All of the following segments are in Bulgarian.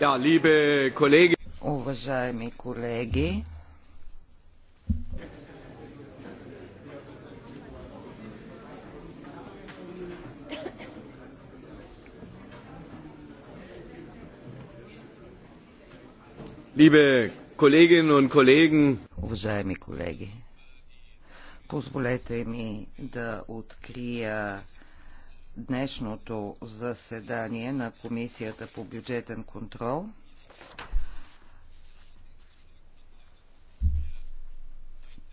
Уважаеми колеги, Liebe Kolleginnen und Kollegen, уважаеми колеги, позволете ми да открия днешното заседание на Комисията по бюджетен контрол.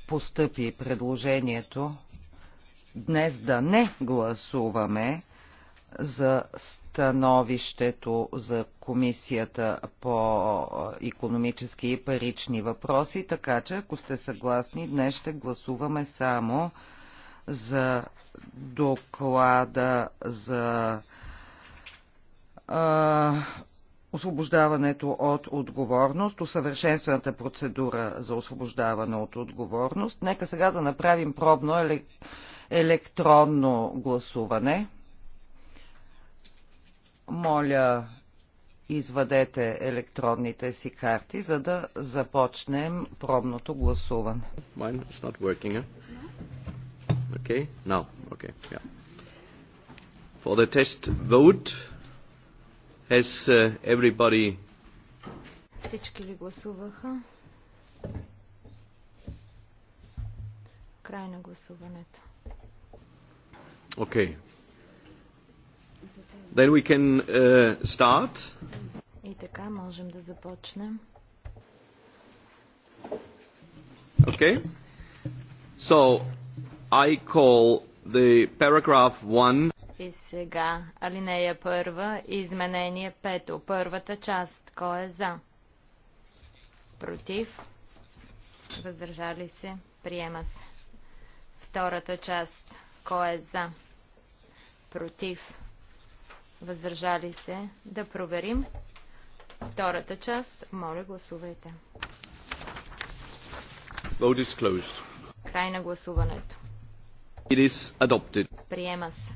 Постъпи предложението днес да не гласуваме за становището за Комисията по економически и парични въпроси, така че ако сте съгласни, днес ще гласуваме само за доклада за а, освобождаването от отговорност, усъвършенствената процедура за освобождаване от отговорност. Нека сега да направим пробно електронно гласуване. Моля, извадете електронните си карти, за да започнем пробното гласуване. Mine not working, eh? Okay? Now. Okay. Yeah. For the test vote, has uh, everybody... Всички ли гласуваха? Край на гласуването. Okay. Then we can uh, start. И така можем да започнем. Okay. So I call the paragraph 1 и сега алинея първа, изменение пето, първата част. Кой е за? Против? Въздържали се? Приема се. Втората част. Кой е за? Против? Въздържали се? Да проверим. Втората част. Моля, гласувайте. Край на гласуването. It is adopted. Приема се.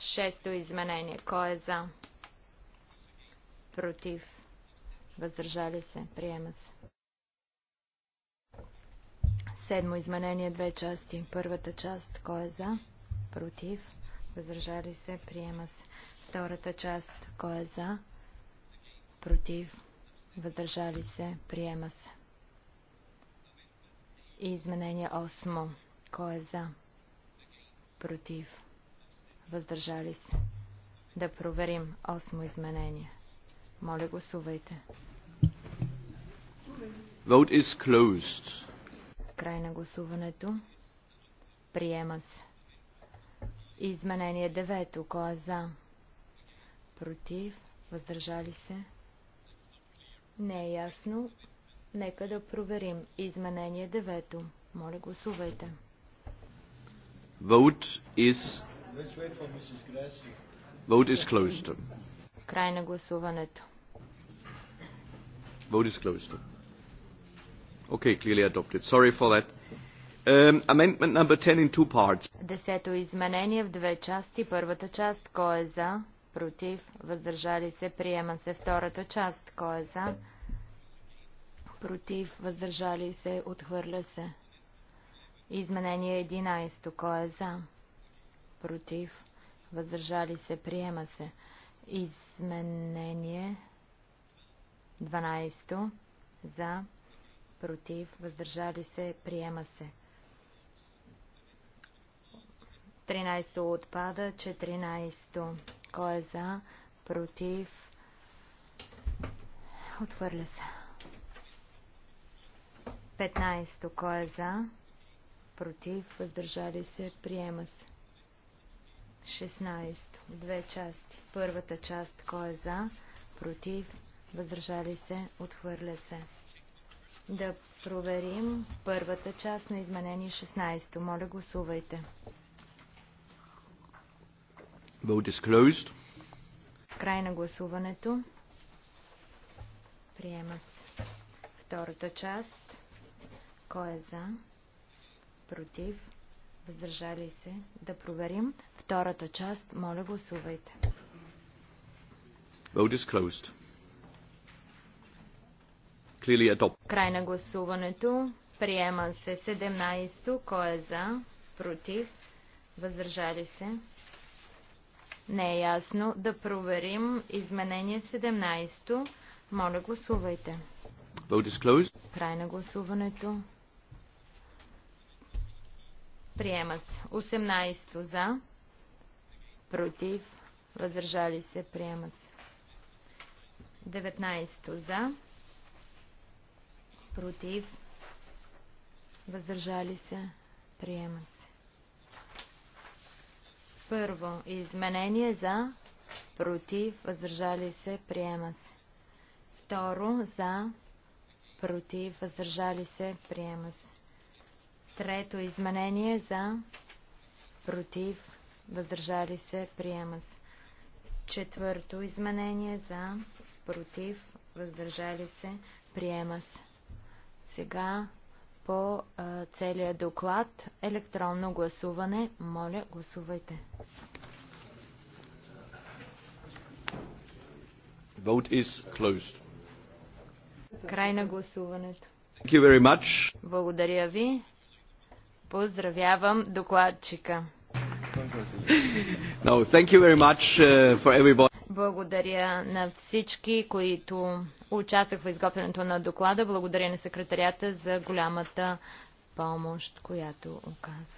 Шесто изменение. Кой е за? Против. Въздържали се. Приема се. Седмо изменение. Две части. Първата част. Кой е за? Против. Въздържали се. Приема се. Втората част. Кой е за? Против. Въздържали се. Приема се. И изменение 8. Кой е за? Против. Въздържали се. Да проверим осмо изменение. Моля, гласувайте. Vote is closed. Край на гласуването. Приема се. Изменение девето. Кой е за? Против. Въздържали се. Не е ясно. Нека да проверим. Изменение девето. Моля, гласувайте. Vote is... Vote is closed. Край на гласуването. Vote is closed. Okay, clearly adopted. Sorry for that. Um, amendment number 10 in two parts. Десето изменение в две части. Първата част, кой е за? Против? Въздържали се? Приема се втората част. Кой е за? Против? Въздържали се? Отхвърля се. Изменение 11. Кой е за? Против. Въздържали се. Приема се. Изменение 12. За. Против. Въздържали се. Приема се. 13 отпада. 14. Кой е за? Против. Отвърля се. 15. Кой е за? против, въздържали се, приема се. 16. Две части. Първата част, кой е за, против, въздържали се, отхвърля се. Да проверим първата част на изменение 16. Моля, гласувайте. Vote is closed. Край на гласуването. Приема се. Втората част. Кой е за? против, въздържали се, да проверим. Втората част, моля гласувайте. Vote is closed. Clearly adopt. Край на гласуването. Приема се 17-то. Кой е за? Против? Въздържали се? Не е ясно. Да проверим изменение 17-то. Моля гласувайте. Vote is closed. Край на гласуването. Приема се. 18 за. Против. Въздържали се. Приема се. 19 за. Против. Въздържали се. Приема се. Първо. Изменение за. Против. Въздържали се. Приема се. Второ. За. Против. Въздържали се. Приема се. Трето изменение за против, въздържали се, приема се. Четвърто изменение за против, въздържали се, приема се. Сега по а, целия доклад електронно гласуване. Моля, гласувайте. Vote is closed. Край на гласуването. Thank you very much. Благодаря ви. Поздравявам докладчика. No, thank you very much uh, for everybody. Благодаря на всички, които участвах в изготвянето на доклада. Благодаря на секретарията за голямата помощ, която оказа.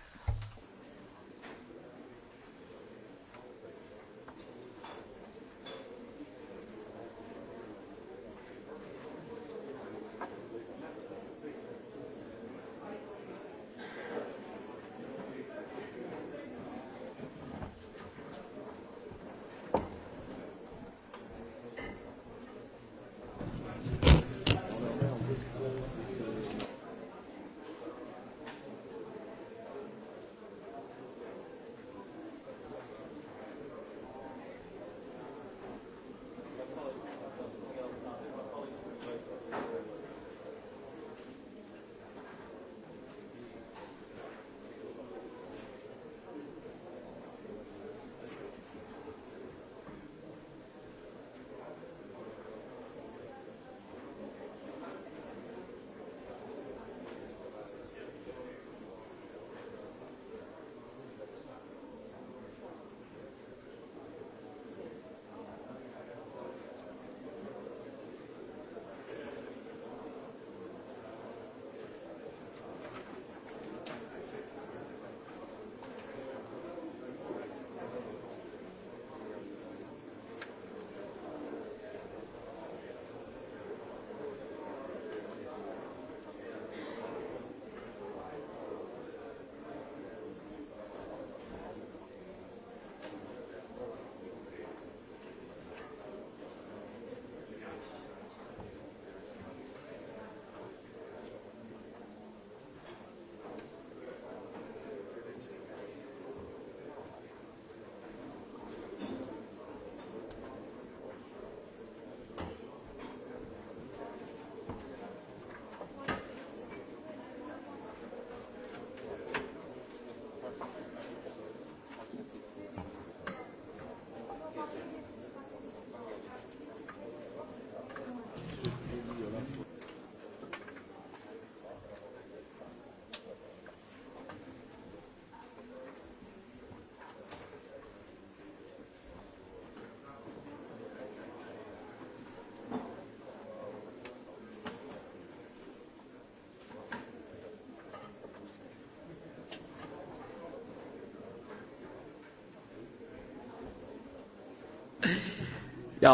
Äh,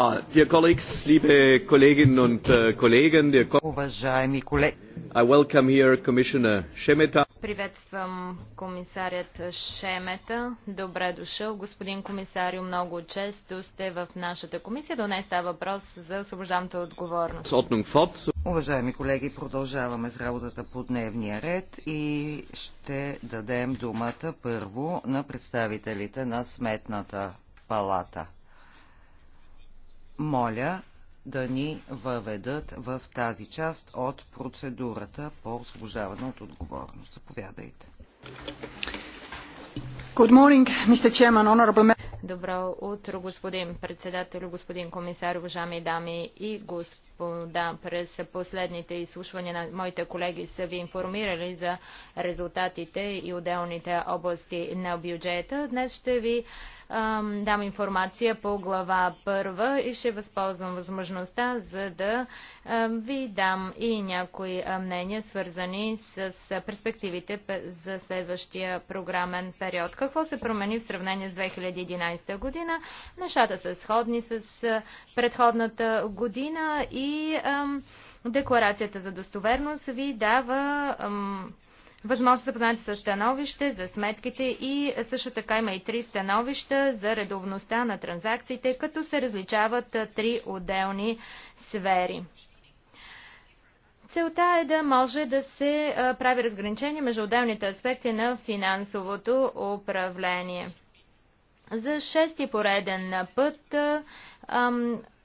Уважаеми колеги, Приветствам комисарят Шемета. Добре дошъл, господин комисарио. Много често сте в нашата комисия. До нея става въпрос за освобождамата отговорност. Уважаеми колеги, продължаваме с работата по дневния ред и ще дадем думата първо на представителите на Сметната палата моля да ни въведат в тази част от процедурата по освобождаване от отговорност. Заповядайте. Good morning, Mr. Chairman, honorable... Добро утро, господин председател, господин комисар, уважаеми дами и господа господа, през последните изслушвания на моите колеги са ви информирали за резултатите и отделните области на бюджета. Днес ще ви дам информация по глава първа и ще възползвам възможността, за да ви дам и някои мнения, свързани с перспективите за следващия програмен период. Какво се промени в сравнение с 2011 година? Нещата са сходни с предходната година и и ам, декларацията за достоверност ви дава ам, възможност да познаете с становище за сметките и също така има и три становища за редовността на транзакциите, като се различават три отделни сфери. Целта е да може да се прави разграничение между отделните аспекти на финансовото управление. За шести пореден път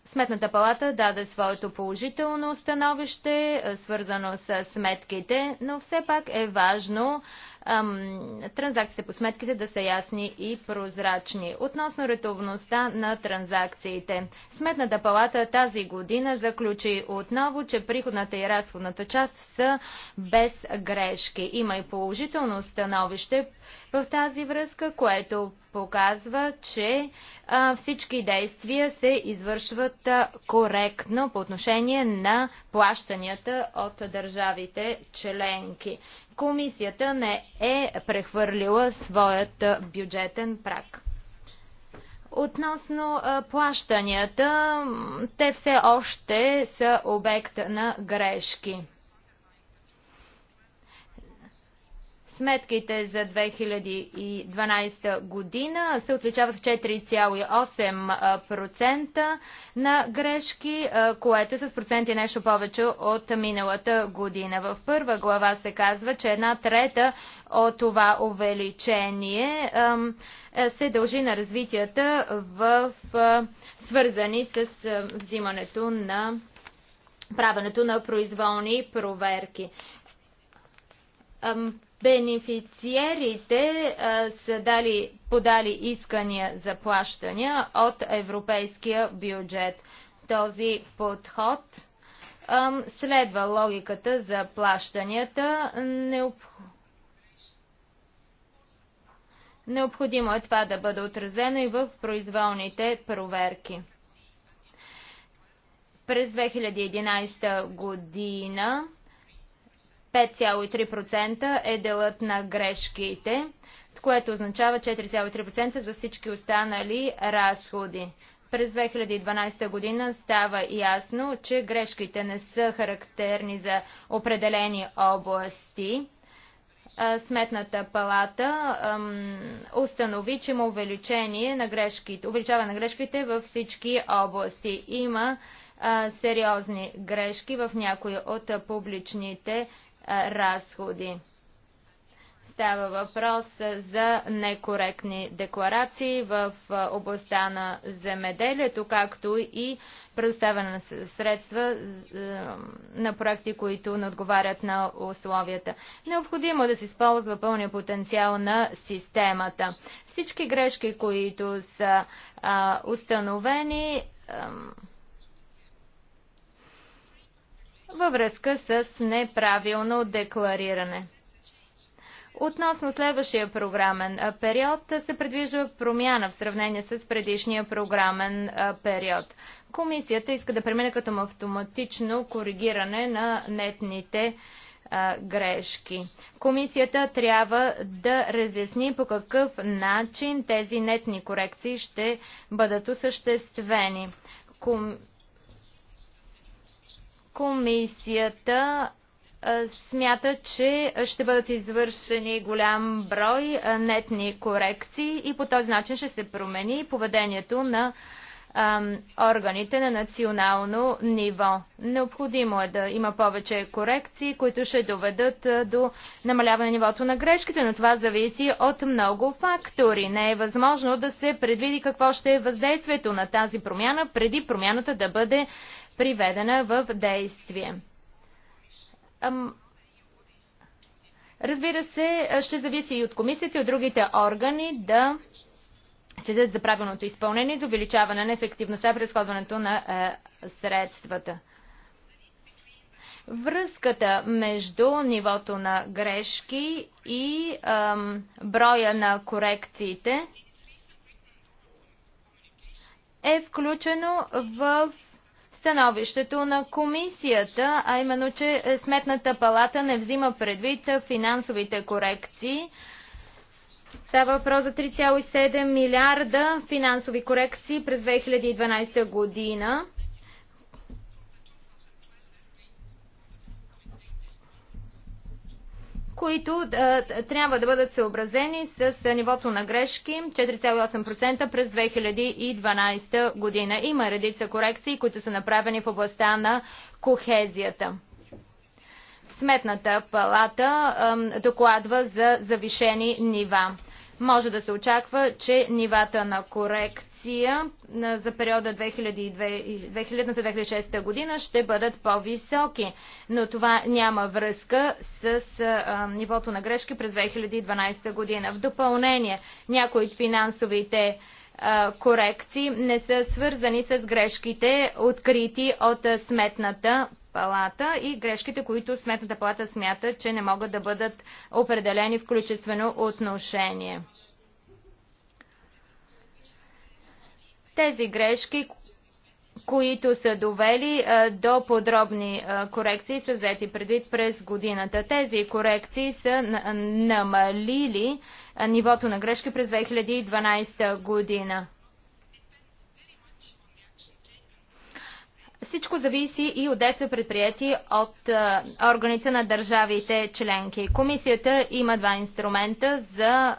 Сметната палата даде своето положително становище, е, свързано с сметките, но все пак е важно транзакциите по сметките да са ясни и прозрачни. Относно ретовността на транзакциите. Сметната палата тази година заключи отново, че приходната и разходната част са без грешки. Има и положително становище в тази връзка, което показва, че а, всички действия се извършват коректно по отношение на плащанията от държавите членки. Комисията не е прехвърлила своят бюджетен прак. Относно плащанията, те все още са обект на грешки. Сметките за 2012 година се отличава с 4,8% на грешки, което е с проценти нещо повече от миналата година. В първа глава се казва, че една трета от това увеличение е, се дължи на развитията в свързани с взимането на правенето на произволни проверки Бенефициерите а, са дали, подали искания за плащания от европейския бюджет. Този подход а, следва логиката за плащанията. Необ... Необходимо е това да бъде отразено и в произволните проверки. През 2011 година 5,3% е делът на грешките, което означава 4,3% за всички останали разходи. През 2012 година става ясно, че грешките не са характерни за определени области. Сметната палата установи, че има увеличение на грешките, увеличава на грешките във всички области. Има сериозни грешки в някои от публичните разходи. Става въпрос за некоректни декларации в областта на земеделието, както и предоставяне на средства на проекти, които не отговарят на условията. Необходимо да се използва пълния потенциал на системата. Всички грешки, които са установени, във връзка с неправилно деклариране. Относно следващия програмен период се предвижда промяна в сравнение с предишния програмен период. Комисията иска да премине като автоматично коригиране на нетните грешки. Комисията трябва да разясни по какъв начин тези нетни корекции ще бъдат осъществени. Комисията смята, че ще бъдат извършени голям брой нетни корекции и по този начин ще се промени поведението на органите на национално ниво. Необходимо е да има повече корекции, които ще доведат до намаляване на нивото на грешките, но това зависи от много фактори. Не е възможно да се предвиди какво ще е въздействието на тази промяна, преди промяната да бъде приведена в действие. Разбира се, ще зависи и от комисията и от другите органи да следят за правилното изпълнение и за увеличаване на ефективността при разходването на е, средствата. Връзката между нивото на грешки и ам, броя на корекциите е включено в становището на комисията, а именно, че е, Сметната палата не взима предвид е, финансовите корекции. Става въпрос за 3,7 милиарда финансови корекции през 2012 година. които а, е, трябва да бъдат съобразени с е, нивото на грешки 4,8% през 2012 година. Има редица корекции, които са направени в областта на кохезията. Сметната палата а, докладва за завишени нива може да се очаква, че нивата на корекция за периода 2000-2006 година ще бъдат по-високи, но това няма връзка с нивото на грешки през 2012 година. В допълнение, някои от финансовите корекции не са свързани с грешките, открити от сметната палата и грешките, които сметната палата смята, че не могат да бъдат определени в количествено отношение. Тези грешки, които са довели а, до подробни а, корекции, са взети предвид през годината. Тези корекции са намалили а, нивото на грешки през 2012 година. Всичко зависи и от действия предприяти от органите на държавите членки. Комисията има два инструмента за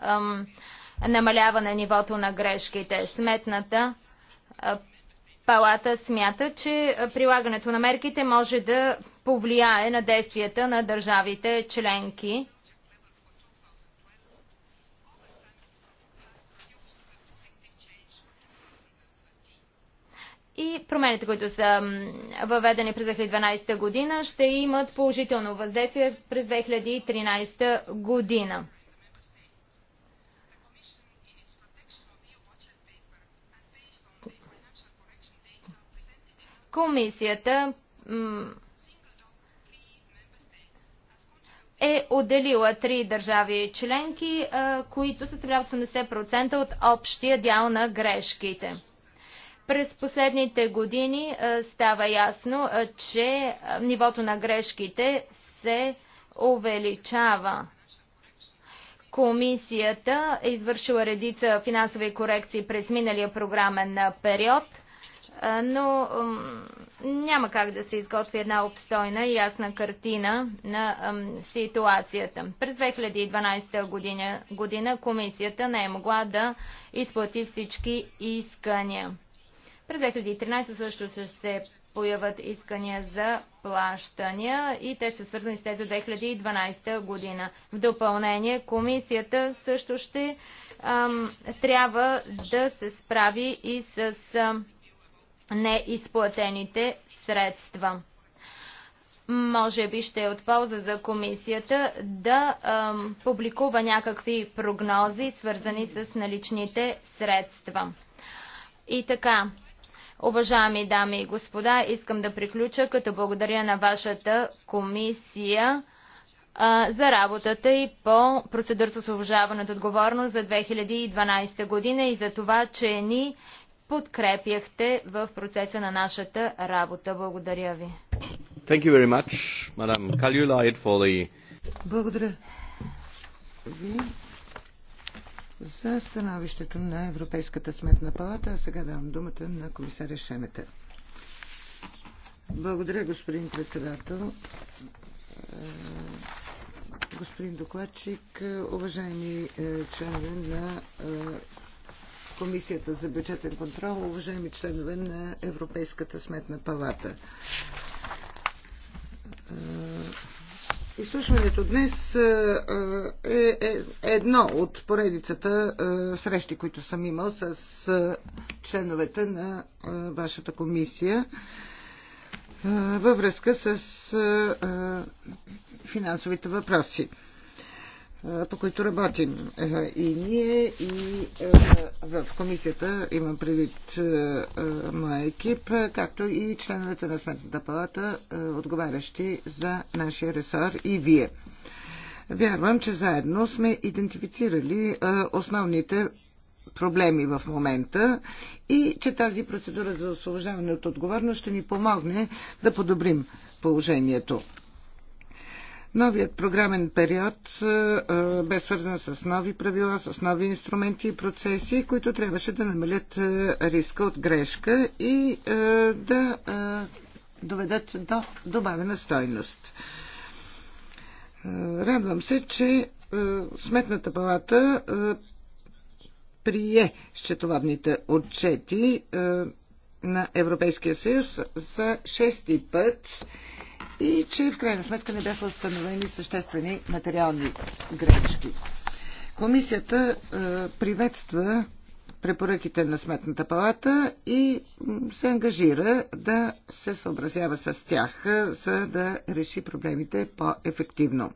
намаляване нивото на грешките. Сметната палата смята, че прилагането на мерките може да повлияе на действията на държавите членки. И промените, които са въведени през 2012 година, ще имат положително въздействие през 2013 година. Комисията е отделила три държави членки, които съставляват 80% от общия дял на грешките. През последните години е, става ясно, е, че е, нивото на грешките се увеличава. Комисията е извършила редица финансови корекции през миналия програмен период, но няма как да се изготви една обстойна и ясна картина на ситуацията. През 2012 година, година комисията не е могла да изплати всички искания. През 2013 също ще се появят искания за плащания и те ще са свързани с тези от 2012 година. В допълнение, комисията също ще ам, трябва да се справи и с ам, неизплатените средства. Може би ще е от полза за комисията да ам, публикува някакви прогнози, свързани с наличните средства. И така, Уважаеми дами и господа, искам да приключа като благодаря на вашата комисия а, за работата и по процедурата с от отговорност за 2012 година и за това, че ни подкрепяхте в процеса на нашата работа. Благодаря ви. Thank you very much, Madam Kaljulaid, for the... Благодаря ви за становището на Европейската сметна палата. А сега давам думата на комисаря Шемета. Благодаря, господин председател. Е, господин докладчик, е, уважаеми е, членове на Комисията за бюджетен контрол, уважаеми членове на Европейската сметна палата. Изслушването днес е, е, едно от поредицата срещи, които съм имал с членовете на вашата комисия във връзка с финансовите въпроси по които работим. Е, и ние, и е, в комисията, имам предвид е, моя екип, както и членовете на Сметната палата, отговарящи за нашия ресор и вие. Вярвам, че заедно сме идентифицирали основните проблеми в момента и че тази процедура за освобождаване от отговорност ще ни помогне да подобрим положението. Новият програмен период е, е, бе свързан с нови правила, с нови инструменти и процеси, които трябваше да намалят е, риска от грешка и да доведат до добавена стойност. Радвам се, че Сметната палата прие счетоводните отчети на Европейския съюз за шести път и че в крайна сметка не бяха установени съществени материални грешки. Комисията е, приветства препоръките на Сметната палата и се ангажира да се съобразява с тях, е, за да реши проблемите по-ефективно.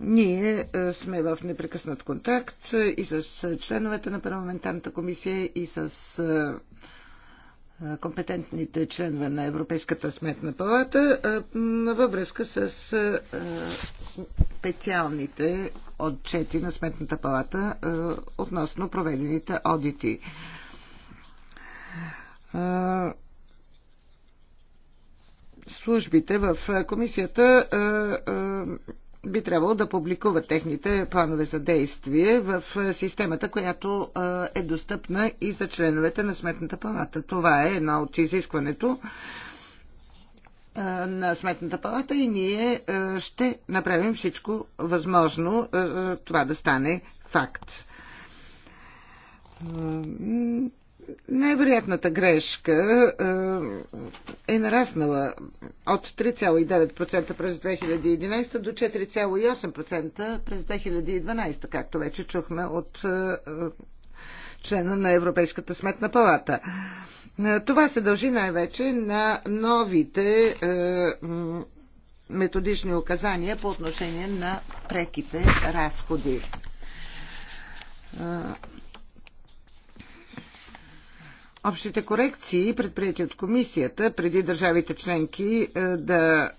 Ние е, сме в непрекъснат контакт и с членовете на парламентарната комисия, и с компетентните членове на Европейската сметна палата във връзка с специалните отчети на Сметната палата относно проведените одити. Службите в комисията би трябвало да публикуват техните планове за действие в системата, която е достъпна и за членовете на Сметната палата. Това е едно от изискването на Сметната палата и ние ще направим всичко възможно това да стане факт най-вероятната грешка е, е нараснала от 3,9% през 2011 до 4,8% през 2012, както вече чухме от е, е, члена на Европейската сметна палата. Това се дължи най-вече на новите методични указания по отношение на преките разходи. Общите корекции, предприяти от комисията, преди държавите членки е, да е,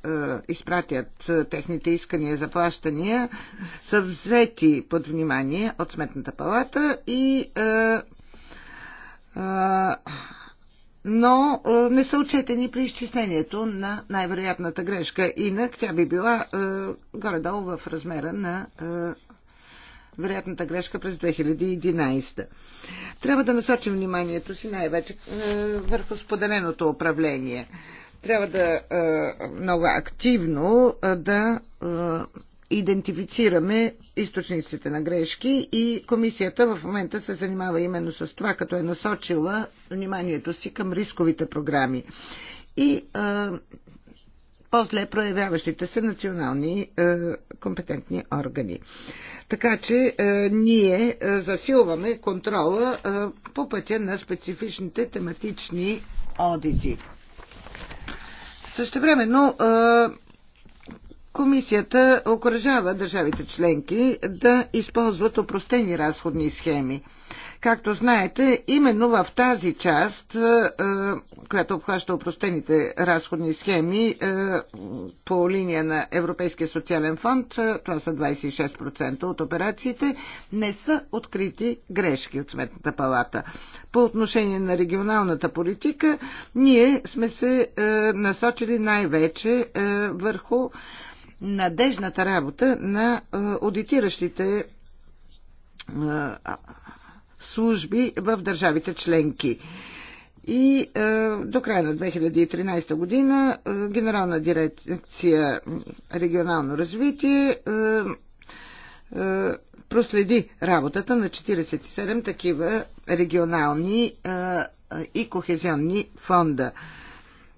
изпратят е, техните искания за плащания, са взети под внимание от Сметната палата и но не са отчетени при изчислението на най-вероятната грешка. Инак тя би била горе-долу в размера на вероятната грешка през 2011. Трябва да насочим вниманието си най-вече е, върху споделеното управление. Трябва да е, много активно е, да идентифицираме източниците на грешки и комисията в момента се занимава именно с това, като е насочила вниманието си към рисковите програми. И по-зле проявяващите се национални е, компетентни органи. Така че е, ние е, засилваме контрола е, по пътя на специфичните тематични одити. Също време, но е, комисията окоръжава държавите членки да използват опростени разходни схеми – Както знаете, именно в тази част, е, е, която обхваща опростените разходни схеми е, по линия на Европейския социален фонд, това са 26% от операциите, не са открити грешки от Сметната палата. По отношение на регионалната политика, ние сме се насочили най-вече върху надежната работа на аудитиращите служби в държавите членки. И е, до края на 2013 година е, Генерална дирекция регионално развитие е, е, проследи работата на 47 такива регионални е, и кохезионни фонда,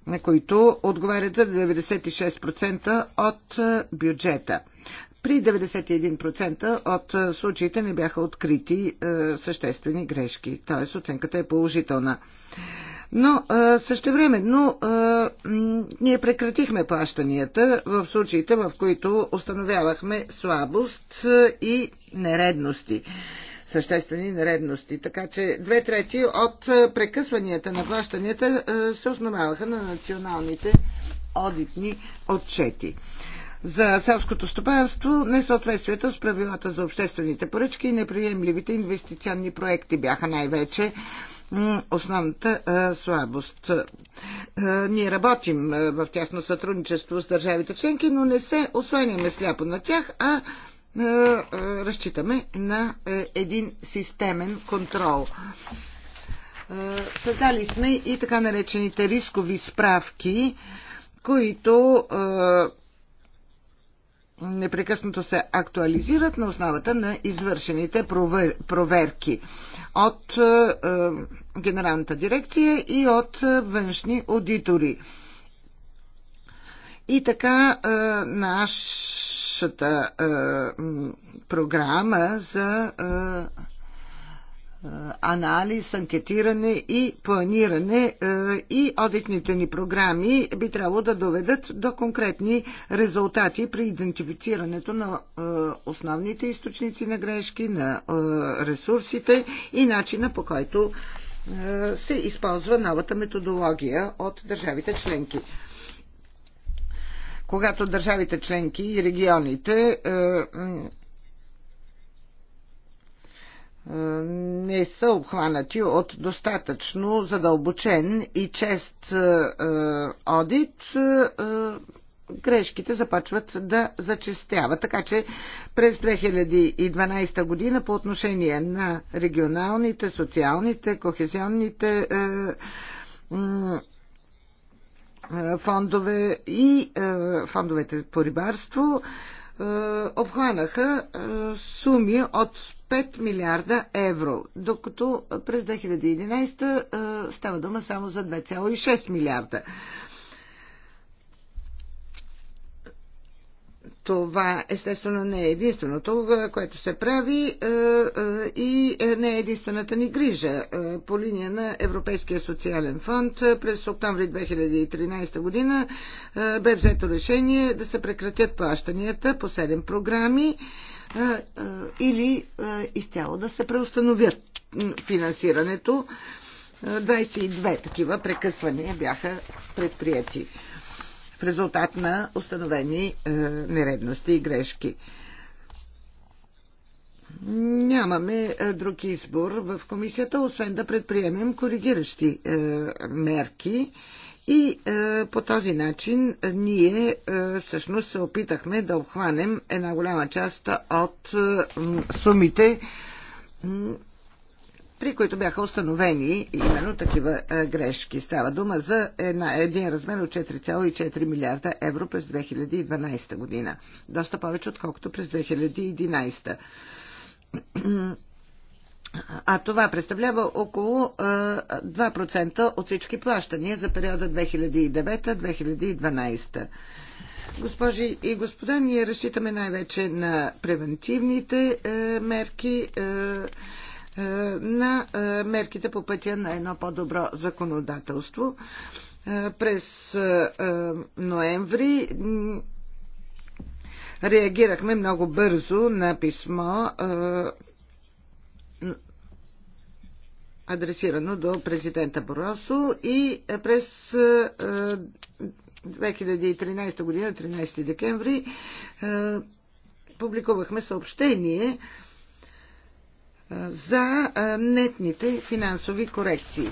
на които отговарят за 96% от е, бюджета. При 91% от е, случаите не бяха открити е, съществени грешки, т.е. оценката е положителна. Но е, същевременно ние прекратихме плащанията в случаите, в които установявахме слабост и нередности съществени нередности. Така че две трети от прекъсванията на плащанията се основаваха на националните одитни отчети за селското стопанство, несъответствието с правилата за обществените поръчки и неприемливите инвестиционни проекти бяха най-вече основната слабост. Ние работим в тясно сътрудничество с държавите членки, но не се освеняме сляпо на тях, а разчитаме на е, един системен контрол. Създали сме и така наречените рискови справки, които непрекъснато се актуализират на основата на извършените проверки от е, е, Генералната дирекция и от е, външни аудитори. И така нашата програма за анализ, анкетиране и планиране и одитните ни програми би трябвало да доведат до конкретни резултати при идентифицирането на основните източници на грешки, на ресурсите и начина по който се използва новата методология от държавите членки. Когато държавите членки и регионите е, не са обхванати от достатъчно задълбочен и чест е, е, одит, грешките започват да зачестяват. Така че през 2012 година по отношение на регионалните, социалните, кохезионните фондове и фондовете по рибарство обхванаха суми от 5 милиарда евро, докато през 2011 става дума само за 2,6 милиарда. Това естествено не е единственото, което се прави и не е единствената ни грижа. По линия на Европейския социален фонд през октомври 2013 година бе взето решение да се прекратят плащанията по 7 програми или изцяло да се преустановят финансирането. 22 такива прекъсвания бяха предприяти в резултат на установени нередности и грешки. Нямаме друг избор в комисията, освен да предприемем коригиращи мерки. И е, по този начин е, ние е, всъщност се опитахме да обхванем една голяма част от е, сумите, при които бяха установени именно такива е, грешки. Става дума за една, един размер от 4,4 милиарда евро през 2012 година. Доста повече, отколкото през 2011. А това представлява около 2% от всички плащания за периода 2009-2012. Госпожи и господа, ние разчитаме най-вече на превентивните е, мерки, е, е, на мерките по пътя на едно по-добро законодателство. През ноември реагирахме много бързо на писмо адресирано до президента Боросо и е, през 2013 е, е, година, 13 декември, публикувахме съобщение за нетните финансови корекции.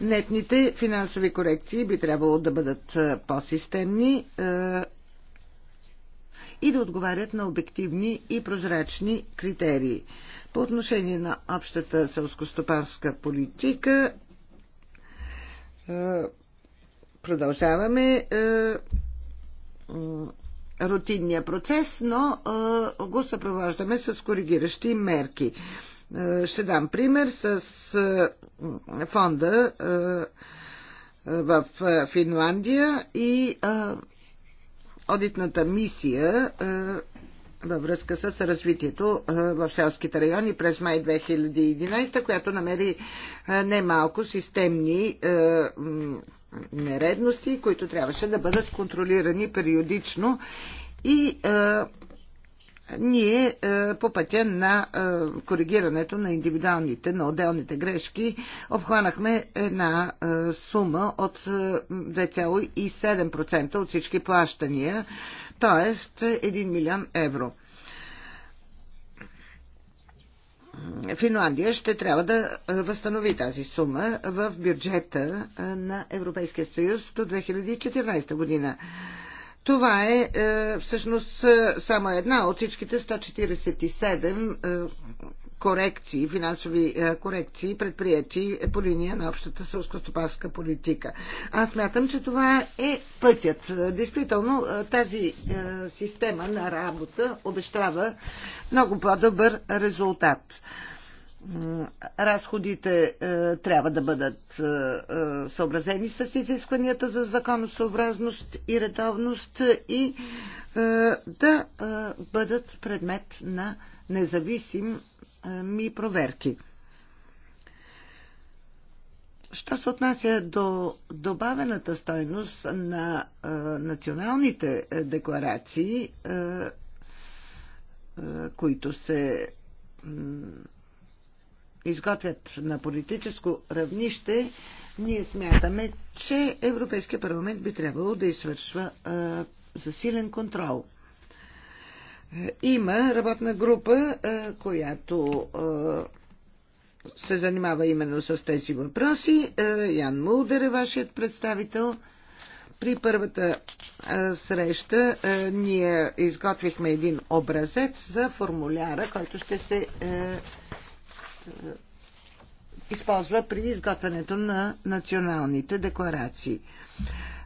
Нетните финансови корекции би трябвало да бъдат по-системни и да отговарят на обективни и прозрачни критерии. По отношение на общата селскостопанска политика е, продължаваме е, рутинния процес, но е, го съпровождаме с коригиращи мерки. Ще дам пример с фонда в Финландия и одитната мисия във връзка с развитието в селските райони през май 2011, която намери немалко системни нередности, които трябваше да бъдат контролирани периодично и ние по пътя на коригирането на индивидуалните, на отделните грешки, обхванахме една сума от 2,7% от всички плащания т.е. 1 милион евро. Финландия ще трябва да възстанови тази сума в бюджета на Европейския съюз до 2014 година. Това е, е всъщност е, само една от всичките 147 корекции, финансови е, корекции, предприяти по линия на общата сълскостопанска политика. Аз смятам, че това е пътят. Действително, е, тази е, система на работа обещава много по-добър резултат разходите е, трябва да бъдат е, съобразени с изискванията за законосъобразност и редовност и е, да бъдат предмет на независим ми проверки. Що се отнася до добавената стойност на е, националните декларации, е, е, които се изготвят на политическо равнище, ние смятаме, че Европейския парламент би трябвало да извършва засилен контрол. Има работна група, която се занимава именно с тези въпроси. Ян Мулдер е вашият представител. При първата среща ние изготвихме един образец за формуляра, който ще се използва при изготвянето на националните декларации.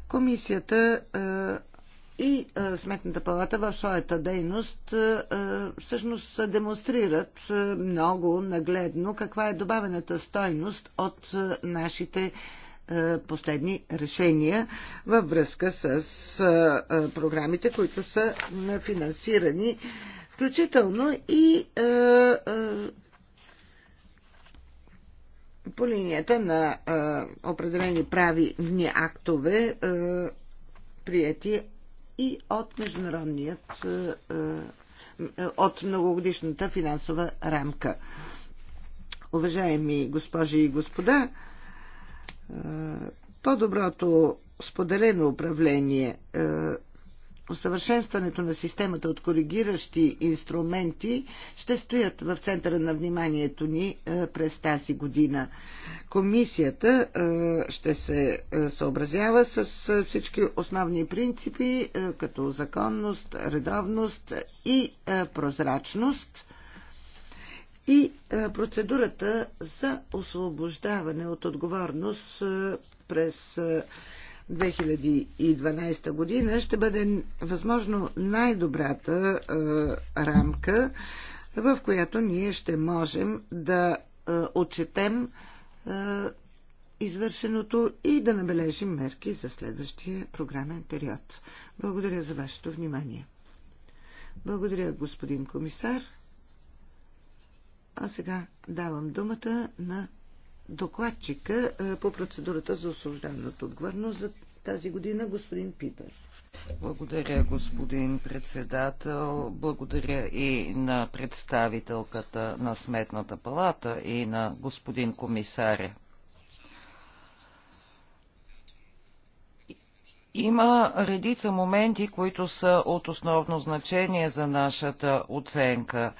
Комисията и Сметната палата в своята дейност всъщност демонстрират много нагледно каква е добавената стойност от нашите последни решения във връзка с програмите, които са финансирани, включително и по линията на определени правни актове, прияти и от международният, е, е, от многогодишната финансова рамка. Уважаеми госпожи и господа, е, по-доброто споделено управление усъвършенстването на системата от коригиращи инструменти ще стоят в центъра на вниманието ни е, през тази година. Комисията е, ще се е, съобразява с всички основни принципи, като законност, редовност и прозрачност и процедурата за освобождаване от отговорност през 2012 година ще бъде възможно най-добрата е, рамка, в която ние ще можем да е, отчетем е, извършеното и да набележим мерки за следващия програмен период. Благодаря за вашето внимание. Благодаря, господин комисар. А сега давам думата на докладчика е, по процедурата за освобождаване от отговорност за тази година, господин Пипер. Благодаря, господин председател. Благодаря и на представителката на Сметната палата и на господин комисаря. Има редица моменти, които са от основно значение за нашата оценка.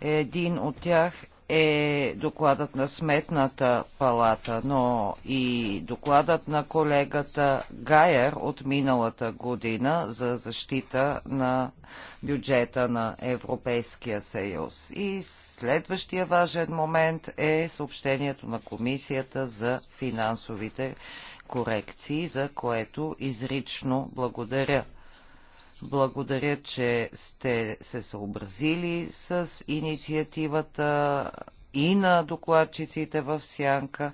Един от тях е докладът на Сметната палата, но и докладът на колегата Гайер от миналата година за защита на бюджета на Европейския съюз. И следващия важен момент е съобщението на комисията за финансовите корекции, за което изрично благодаря благодаря, че сте се съобразили с инициативата и на докладчиците в Сянка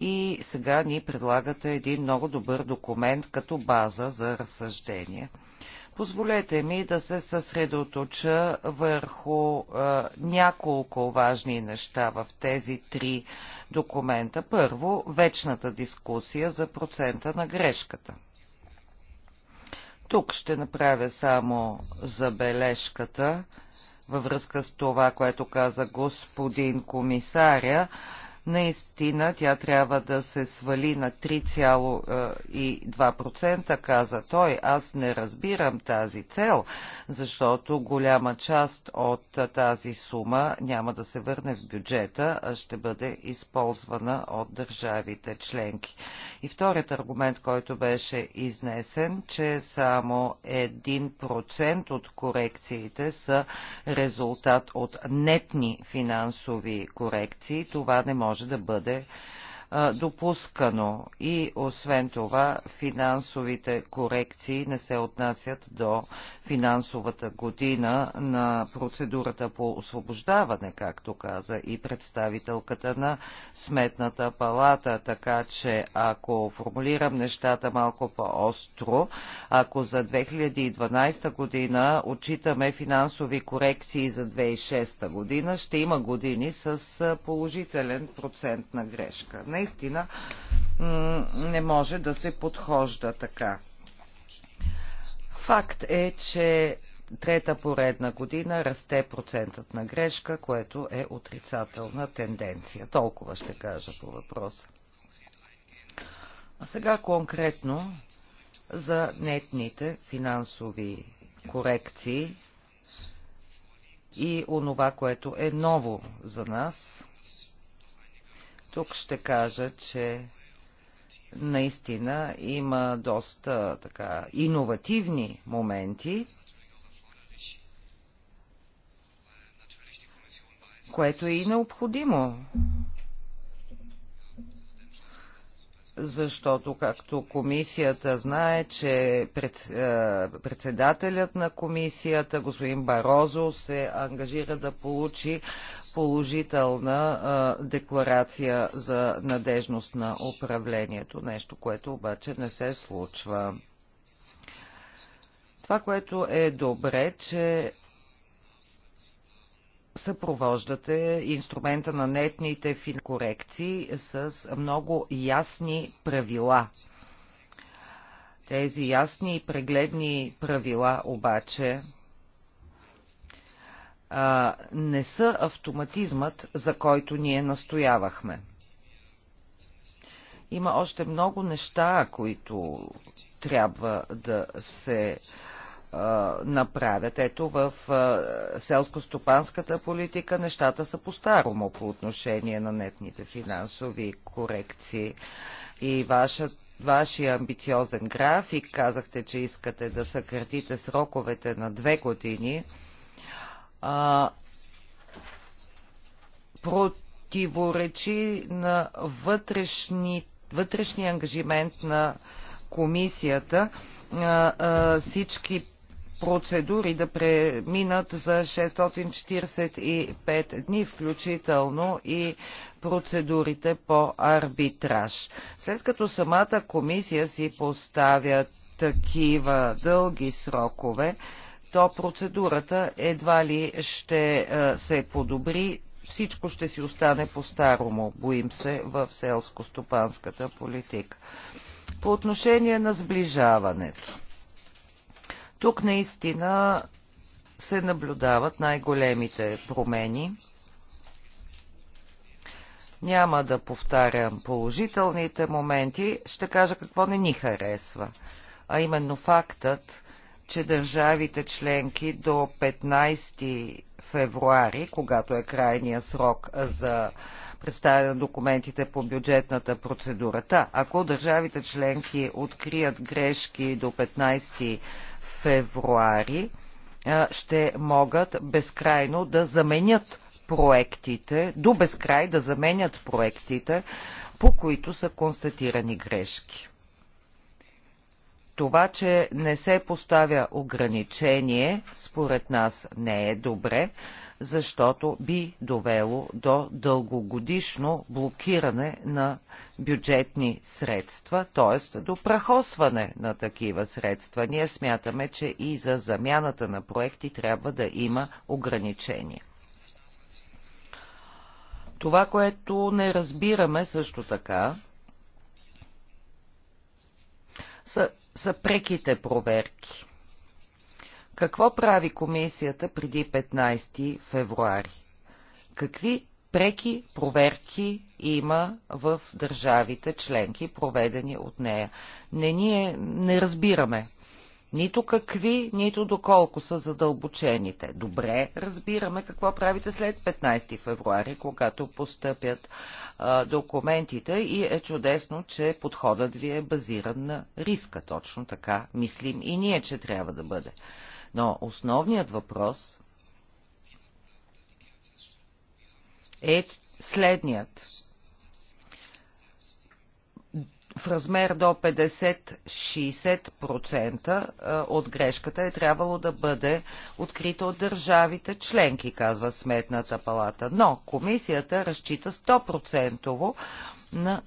и сега ни предлагате един много добър документ като база за разсъждение. Позволете ми да се съсредоточа върху е, няколко важни неща в тези три документа. Първо, вечната дискусия за процента на грешката – тук ще направя само забележката във връзка с това, което каза господин комисаря, Наистина тя трябва да се свали на 3,2%, е, каза той. Аз не разбирам тази цел, защото голяма част от е, тази сума няма да се върне в бюджета, а ще бъде използвана от държавите членки. И вторият аргумент, който беше изнесен, че само 1% от корекциите са резултат от нетни финансови корекции. Това не може може да бъде допускано и освен това финансовите корекции не се отнасят до финансовата година на процедурата по освобождаване, както каза и представителката на Сметната палата, така че ако формулирам нещата малко по-остро, ако за 2012 година отчитаме финансови корекции за 2006 година, ще има години с положителен процент на грешка. Не наистина не може да се подхожда така. Факт е, че трета поредна година расте процентът на грешка, което е отрицателна тенденция. Толкова ще кажа по въпроса. А сега конкретно за нетните финансови корекции и онова, което е ново за нас тук ще кажа, че наистина има доста така иновативни моменти, което е и необходимо, защото, както комисията знае, че пред, е, председателят на комисията, господин Барозо, се ангажира да получи положителна а, е, декларация за надежност на управлението, нещо, което обаче не се случва. Това, което е добре, че съпровождате инструмента на нетните корекции с много ясни правила. Тези ясни и прегледни правила обаче а, не са автоматизмът, за който ние настоявахме. Има още много неща, които трябва да се а, направят. Ето в селско-стопанската политика нещата са по-старому по отношение на нетните финансови корекции. И ваша, вашия амбициозен график, казахте, че искате да съкратите сроковете на две години, а, противоречи на вътрешни, вътрешния ангажимент на комисията всички процедури да преминат за 645 дни, включително и процедурите по арбитраж. След като самата комисия си поставя такива дълги срокове, то процедурата едва ли ще е, се подобри. Всичко ще си остане по-старому, боим се, в селско-стопанската политика. По отношение на сближаването. Тук наистина се наблюдават най-големите промени. Няма да повтарям положителните моменти, ще кажа какво не ни харесва, а именно фактът, че държавите членки до 15 февруари, когато е крайния срок за представяне на документите по бюджетната процедурата, ако държавите членки открият грешки до 15 февруари ще могат безкрайно да заменят проектите, до безкрай да заменят проектите, по които са констатирани грешки. Това, че не се поставя ограничение, според нас не е добре, защото би довело до дългогодишно блокиране на бюджетни средства, т.е. до прахосване на такива средства. Ние смятаме, че и за замяната на проекти трябва да има ограничения. Това, което не разбираме също така, са, са преките проверки. Какво прави комисията преди 15 февруари? Какви преки проверки има в държавите членки, проведени от нея? Не ние не разбираме нито какви, нито доколко са задълбочените. Добре, разбираме какво правите след 15 февруари, когато постъпят а, документите и е чудесно, че подходът ви е базиран на риска. Точно така мислим и ние, че трябва да бъде. Но основният въпрос е следният. В размер до 50-60% от грешката е трябвало да бъде открита от държавите членки, казва Сметната палата. Но комисията разчита 100% на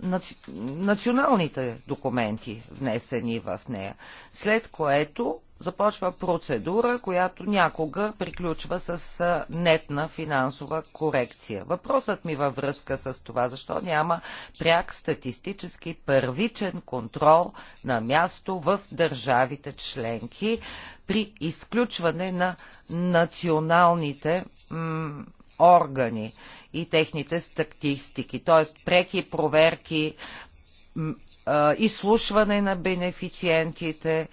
националните документи, внесени в нея, след което започва процедура, която някога приключва с нетна финансова корекция. Въпросът ми във връзка с това, защо няма пряк статистически първичен контрол на място в държавите членки при изключване на националните органи и техните статистики, т.е. преки проверки, изслушване на бенефициентите,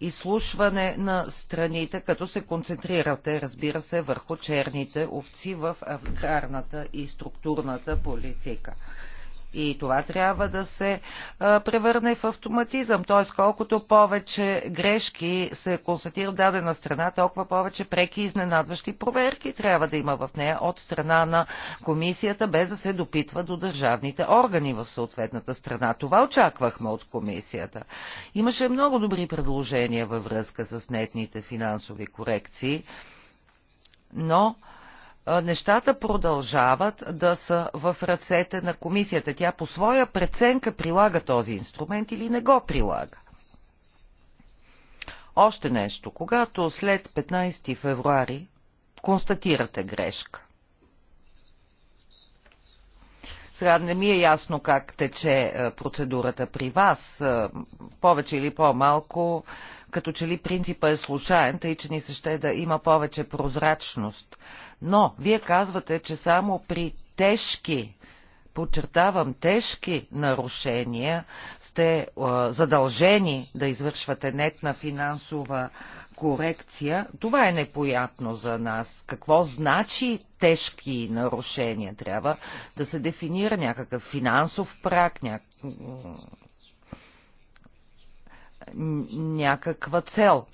изслушване на страните, като се концентрирате, разбира се, върху черните овци в аграрната и структурната политика. И това трябва да се превърне в автоматизъм. Т.е. колкото повече грешки се констатира в дадена страна, толкова повече преки изненадващи проверки трябва да има в нея от страна на комисията, без да се допитва до държавните органи в съответната страна. Това очаквахме от комисията. Имаше много добри предложения във връзка с нетните финансови корекции, но е, нещата продължават да са в ръцете на комисията. Тя по своя преценка прилага този инструмент или не го прилага. Още нещо. Когато след 15 февруари констатирате грешка, сега не ми е ясно как тече е, процедурата при вас. Е, повече или по-малко като че ли принципа е случайен, тъй че ни се ще да има повече прозрачност. Но вие казвате, че само при тежки подчертавам, тежки нарушения, сте е, задължени да извършвате нетна финансова корекция. Това е непоятно за нас. Какво значи тежки нарушения? Трябва да се дефинира някакъв финансов прак, някакъв някаква цел.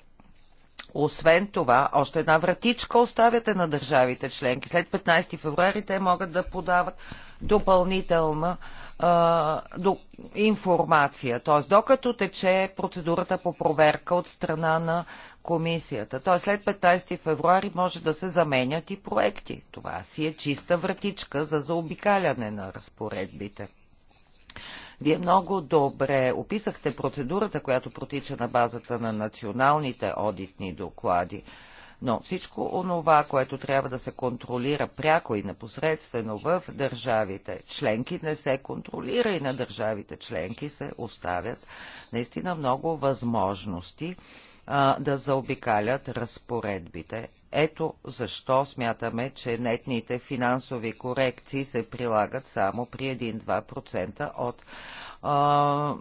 Освен това, още една вратичка оставяте на държавите членки. След 15 февруари те могат да подават допълнителна а, до, информация. Т.е. докато тече процедурата по проверка от страна на комисията. Т.е. след 15 февруари може да се заменят и проекти. Това си е чиста вратичка за заобикаляне на разпоредбите. Вие много добре описахте процедурата, която протича на базата на националните одитни доклади. Но всичко онова, което трябва да се контролира пряко и непосредствено в държавите членки, не се контролира и на държавите членки се оставят наистина много възможности а, да заобикалят разпоредбите ето защо смятаме, че нетните финансови корекции се прилагат само при 1-2% от а,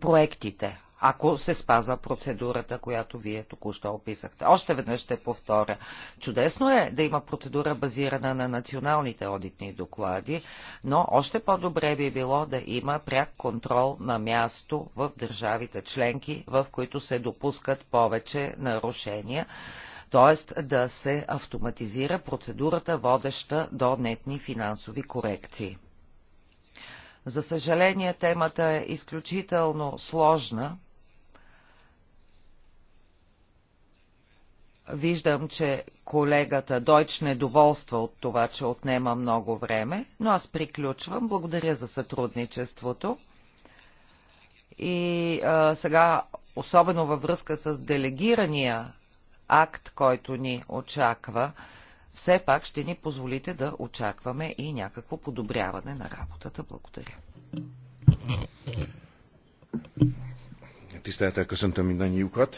проектите, ако се спазва процедурата, която вие току-що описахте. Още веднъж ще повторя. Чудесно е да има процедура базирана на националните одитни доклади, но още по-добре би било да има пряк контрол на място в държавите членки, в които се допускат повече нарушения т.е. да се автоматизира процедурата, водеща до нетни финансови корекции. За съжаление, темата е изключително сложна. Виждам, че колегата Дойч недоволства от това, че отнема много време, но аз приключвам. Благодаря за сътрудничеството. И а, сега, особено във връзка с делегирания акт, който ни очаква, все пак ще ни позволите да очакваме и някакво подобряване на работата. Благодаря. Tisztelettel köszöntöm mindannyiukat.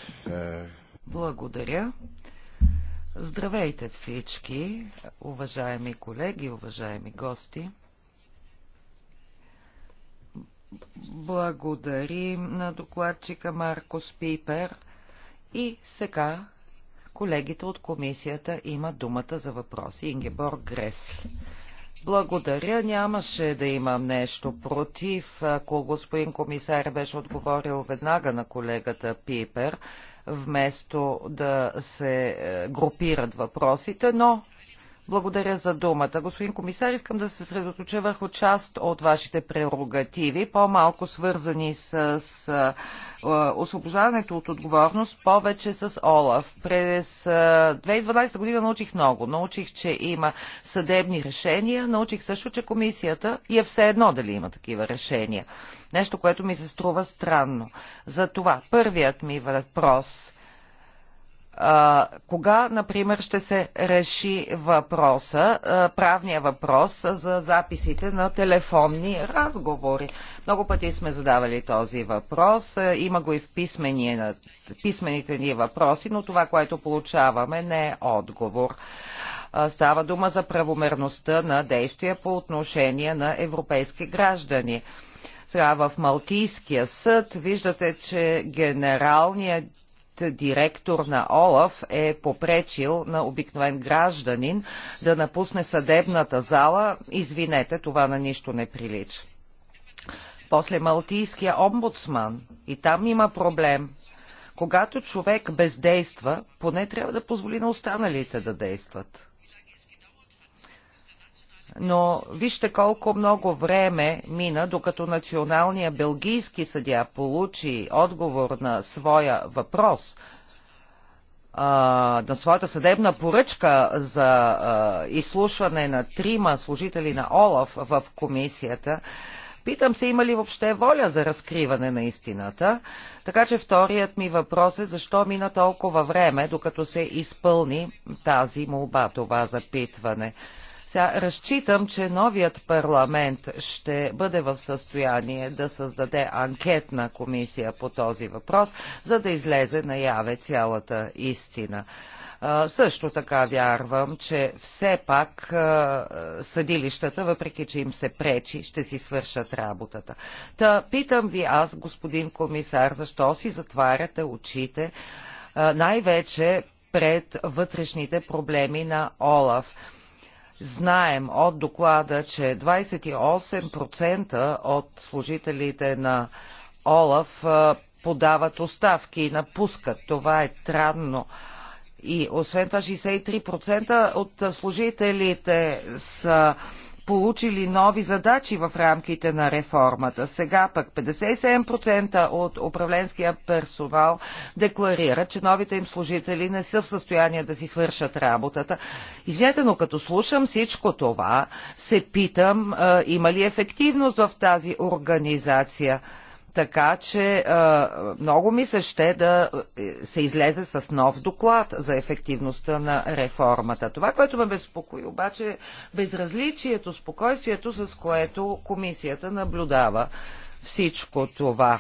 Благодаря. Здравейте всички, уважаеми колеги, уважаеми гости. Благодарим на докладчика Маркос Пипер. И сега Колегите от комисията имат думата за въпроси. Ингеборг Гресли. Благодаря. Нямаше да имам нещо против, ако господин комисар беше отговорил веднага на колегата Пипер, вместо да се е, групират въпросите, но благодаря за думата. Господин комисар, искам да се средоточа върху част от вашите прерогативи, по-малко свързани с освобождаването от отговорност, повече с ОЛАФ. През 2012 година научих много. Научих, че има съдебни решения, научих също, че комисията и е все едно дали има такива решения. Нещо, което ми се струва странно. За това първият ми въпрос а, кога, например, ще се реши въпроса, а, правния въпрос за записите на телефонни разговори? Много пъти сме задавали този въпрос. А, има го и в писмените ни въпроси, но това, което получаваме, не е отговор. Става дума за правомерността на действия по отношение на европейски граждани. Сега в Малтийския съд виждате, че генералният директор на ОЛАФ е попречил на обикновен гражданин да напусне съдебната зала, извинете, това на нищо не прилича. После Малтийския омбудсман. И там има проблем. Когато човек бездейства, поне трябва да позволи на останалите да действат но вижте колко много време мина, докато националният белгийски съдя получи отговор на своя въпрос, на своята съдебна поръчка за изслушване на трима служители на ОЛАФ в комисията. Питам се, има ли въобще воля за разкриване на истината? Така че вторият ми въпрос е, защо мина толкова време, докато се изпълни тази молба, това запитване. Сега разчитам, че новият парламент ще бъде в състояние да създаде анкетна комисия по този въпрос, за да излезе наяве цялата истина. Също така вярвам, че все пак съдилищата, въпреки че им се пречи, ще си свършат работата. Та питам ви аз, господин комисар, защо си затваряте очите най-вече пред вътрешните проблеми на Олаф Знаем от доклада, че 28% от служителите на ОЛАФ подават оставки и напускат. Това е транно. И освен това 63% от служителите са получили нови задачи в рамките на реформата. Сега пък 57% от управленския персонал декларират, че новите им служители не са в състояние да си свършат работата. Извинете, но като слушам всичко това, се питам, има ли ефективност в тази организация? Така че много ми се ще да е, се излезе с нов доклад за ефективността на реформата. Това, което ме безпокои обаче, е безразличието, спокойствието, с което комисията наблюдава всичко това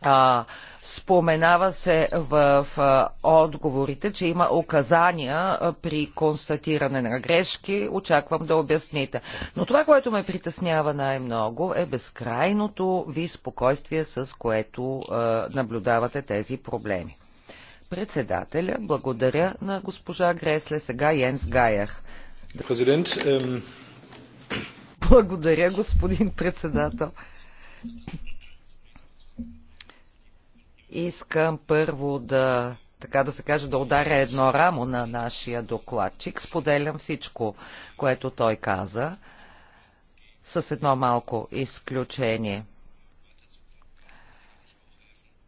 а, споменава се в в отговорите, че има указания при констатиране на грешки. Очаквам да обясните. Но това, което ме притеснява най-много е безкрайното ви спокойствие, с което а, наблюдавате тези проблеми. Председателя, благодаря на госпожа Гресле, сега Йенс Гаях. Президент, ем... Благодаря, господин председател. Искам първо да, така да се каже, да ударя едно рамо на нашия докладчик. Споделям всичко, което той каза, с едно малко изключение.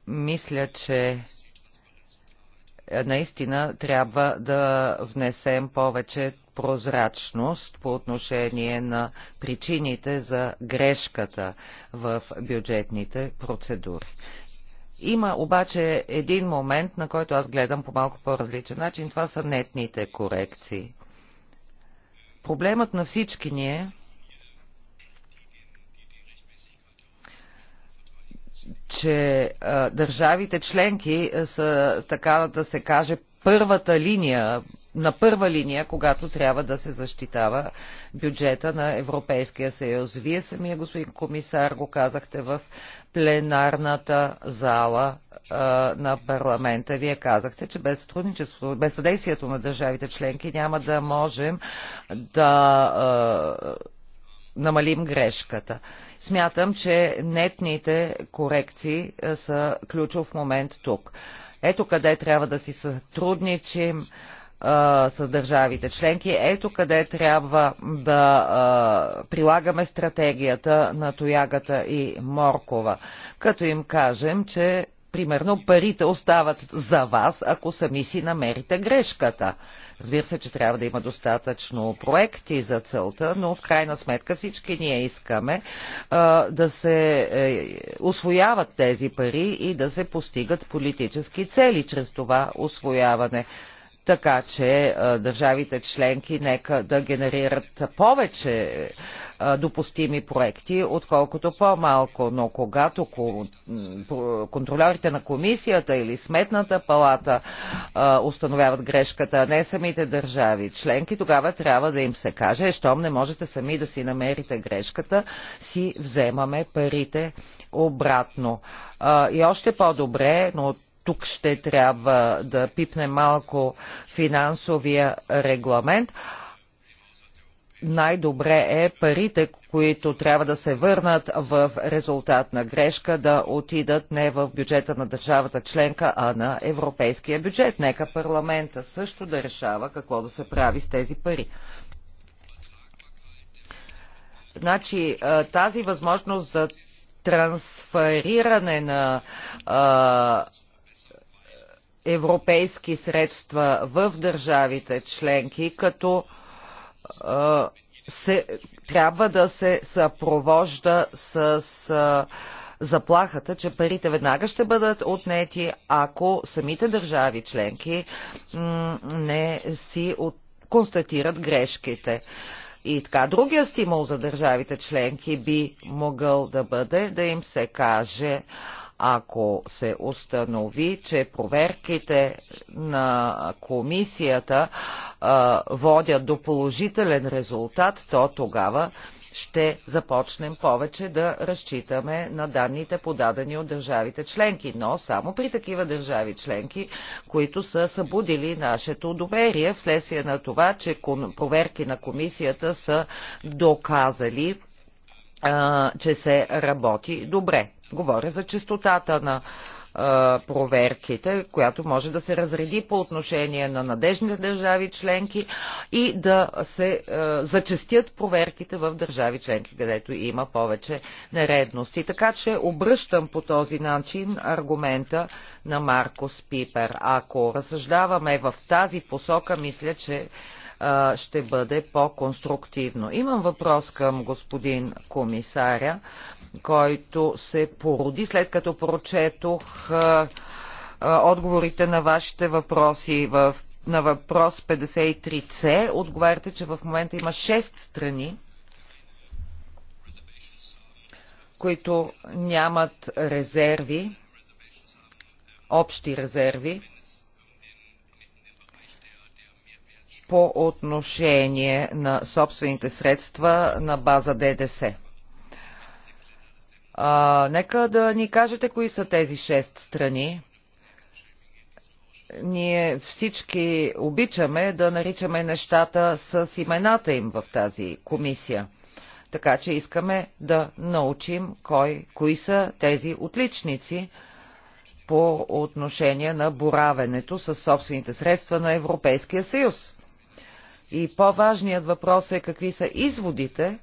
Мисля, че е, наистина трябва да внесем повече прозрачност по отношение на причините за грешката в бюджетните процедури. Има обаче един момент, на който аз гледам по малко по-различен начин. Това са нетните корекции. Проблемът на всички ни е, че а, държавите членки са, така да се каже, първата линия, на първа линия, когато трябва да се защитава бюджета на Европейския съюз. Вие самия, господин комисар, го казахте в пленарната зала а, на парламента. Вие казахте, че без без съдействието на държавите членки няма да можем да а, намалим грешката. Смятам, че нетните корекции са ключов момент тук. Ето къде трябва да си сътрудничим а, с държавите членки. Ето къде трябва да а, прилагаме стратегията на Тоягата и Моркова, като им кажем, че примерно парите остават за вас, ако сами си намерите грешката. Разбира се, че трябва да има достатъчно проекти за целта, но в крайна сметка всички ние искаме а, да се е, освояват тези пари и да се постигат политически цели чрез това освояване така че държавите членки нека да генерират повече допустими проекти, отколкото по-малко. Но когато контролерите на комисията или сметната палата установяват грешката, а не самите държави членки, тогава трябва да им се каже, щом не можете сами да си намерите грешката, си вземаме парите обратно. И още по-добре, но тук ще трябва да пипне малко финансовия регламент, най-добре е парите, които трябва да се върнат в резултат на грешка, да отидат не в бюджета на държавата членка, а на европейския бюджет. Нека парламента също да решава какво да се прави с тези пари. Значи, тази възможност за трансфериране на а, европейски средства в държавите членки, като се, трябва да се съпровожда с а, заплахата, че парите веднага ще бъдат отнети, ако самите държави членки не си от... констатират грешките. И така, другия стимул за държавите членки би могъл да бъде да им се каже, ако се установи, че проверките на комисията а, водят до положителен резултат, то тогава ще започнем повече да разчитаме на данните подадени от държавите членки, но само при такива държави членки, които са събудили нашето доверие вследствие на това, че проверки на комисията са доказали, че се работи добре. Говоря за частотата на проверките, която може да се разреди по отношение на надежните държави членки и да се е, зачестят проверките в държави членки, където има повече нередности. Така че обръщам по този начин аргумента на Маркос Пипер. Ако разсъждаваме в тази посока, мисля, че е, ще бъде по-конструктивно. Имам въпрос към господин комисаря който се породи след като прочетох отговорите на вашите въпроси в на въпрос 53C отговаряте, че в момента има 6 страни, които нямат резерви, общи резерви по отношение на собствените средства на база ДДС. А, нека да ни кажете кои са тези шест страни. Ние всички обичаме да наричаме нещата с имената им в тази комисия. Така че искаме да научим кой, кои са тези отличници по отношение на боравенето с собствените средства на Европейския съюз. И по-важният въпрос е какви са изводите,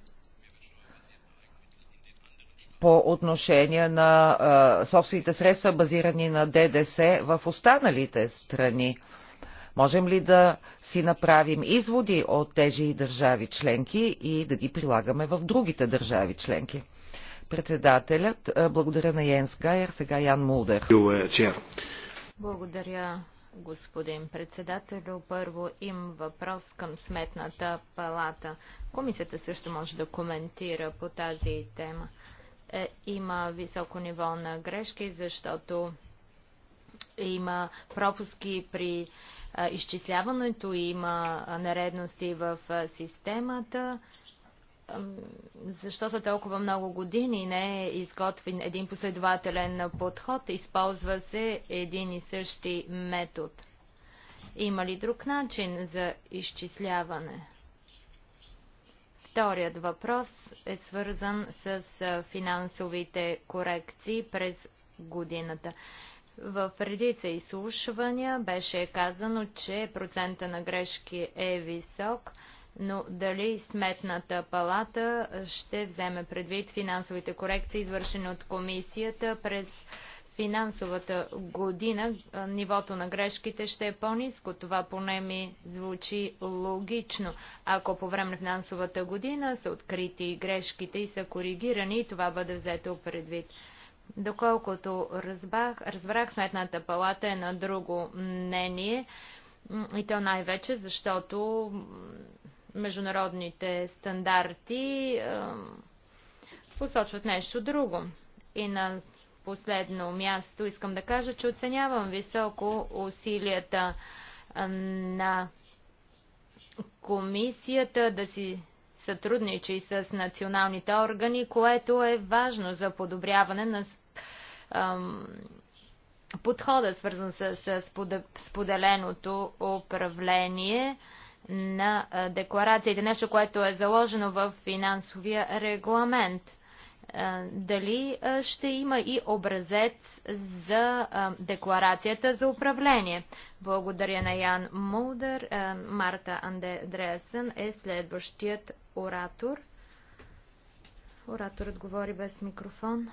по отношение на а, собствените средства, базирани на ДДС в останалите страни. Можем ли да си направим изводи от тези държави членки и да ги прилагаме в другите държави членки? Председателят, благодаря на Йенс Гайер, сега Ян Мулдер. Благодаря, господин председател, Първо им въпрос към сметната палата. Комисията също може да коментира по тази тема. Е, има високо ниво на грешки, защото има пропуски при изчисляването, има нередности в системата. Защо са толкова много години не е изготвен един последователен подход, използва се един и същи метод. Има ли друг начин за изчисляване? Вторият въпрос е свързан с финансовите корекции през годината. В редица изслушвания беше казано, че процента на грешки е висок, но дали сметната палата ще вземе предвид финансовите корекции, извършени от комисията през финансовата година нивото на грешките ще е по-низко. Това поне ми звучи логично. Ако по време на финансовата година са открити грешките и са коригирани, това бъде взето предвид. Доколкото разбрах, разбрах сметната палата е на друго мнение и то най-вече, защото международните стандарти е, посочват нещо друго. И на последно място искам да кажа, че оценявам високо усилията на комисията да си сътрудничи с националните органи, което е важно за подобряване на подхода, свързан с, с споделеното управление на декларациите, нещо, което е заложено в финансовия регламент дали ще има и образец за декларацията за управление. Благодаря на Ян Мулдър. Марта Андреасън е следващият оратор. Ораторът говори без микрофон.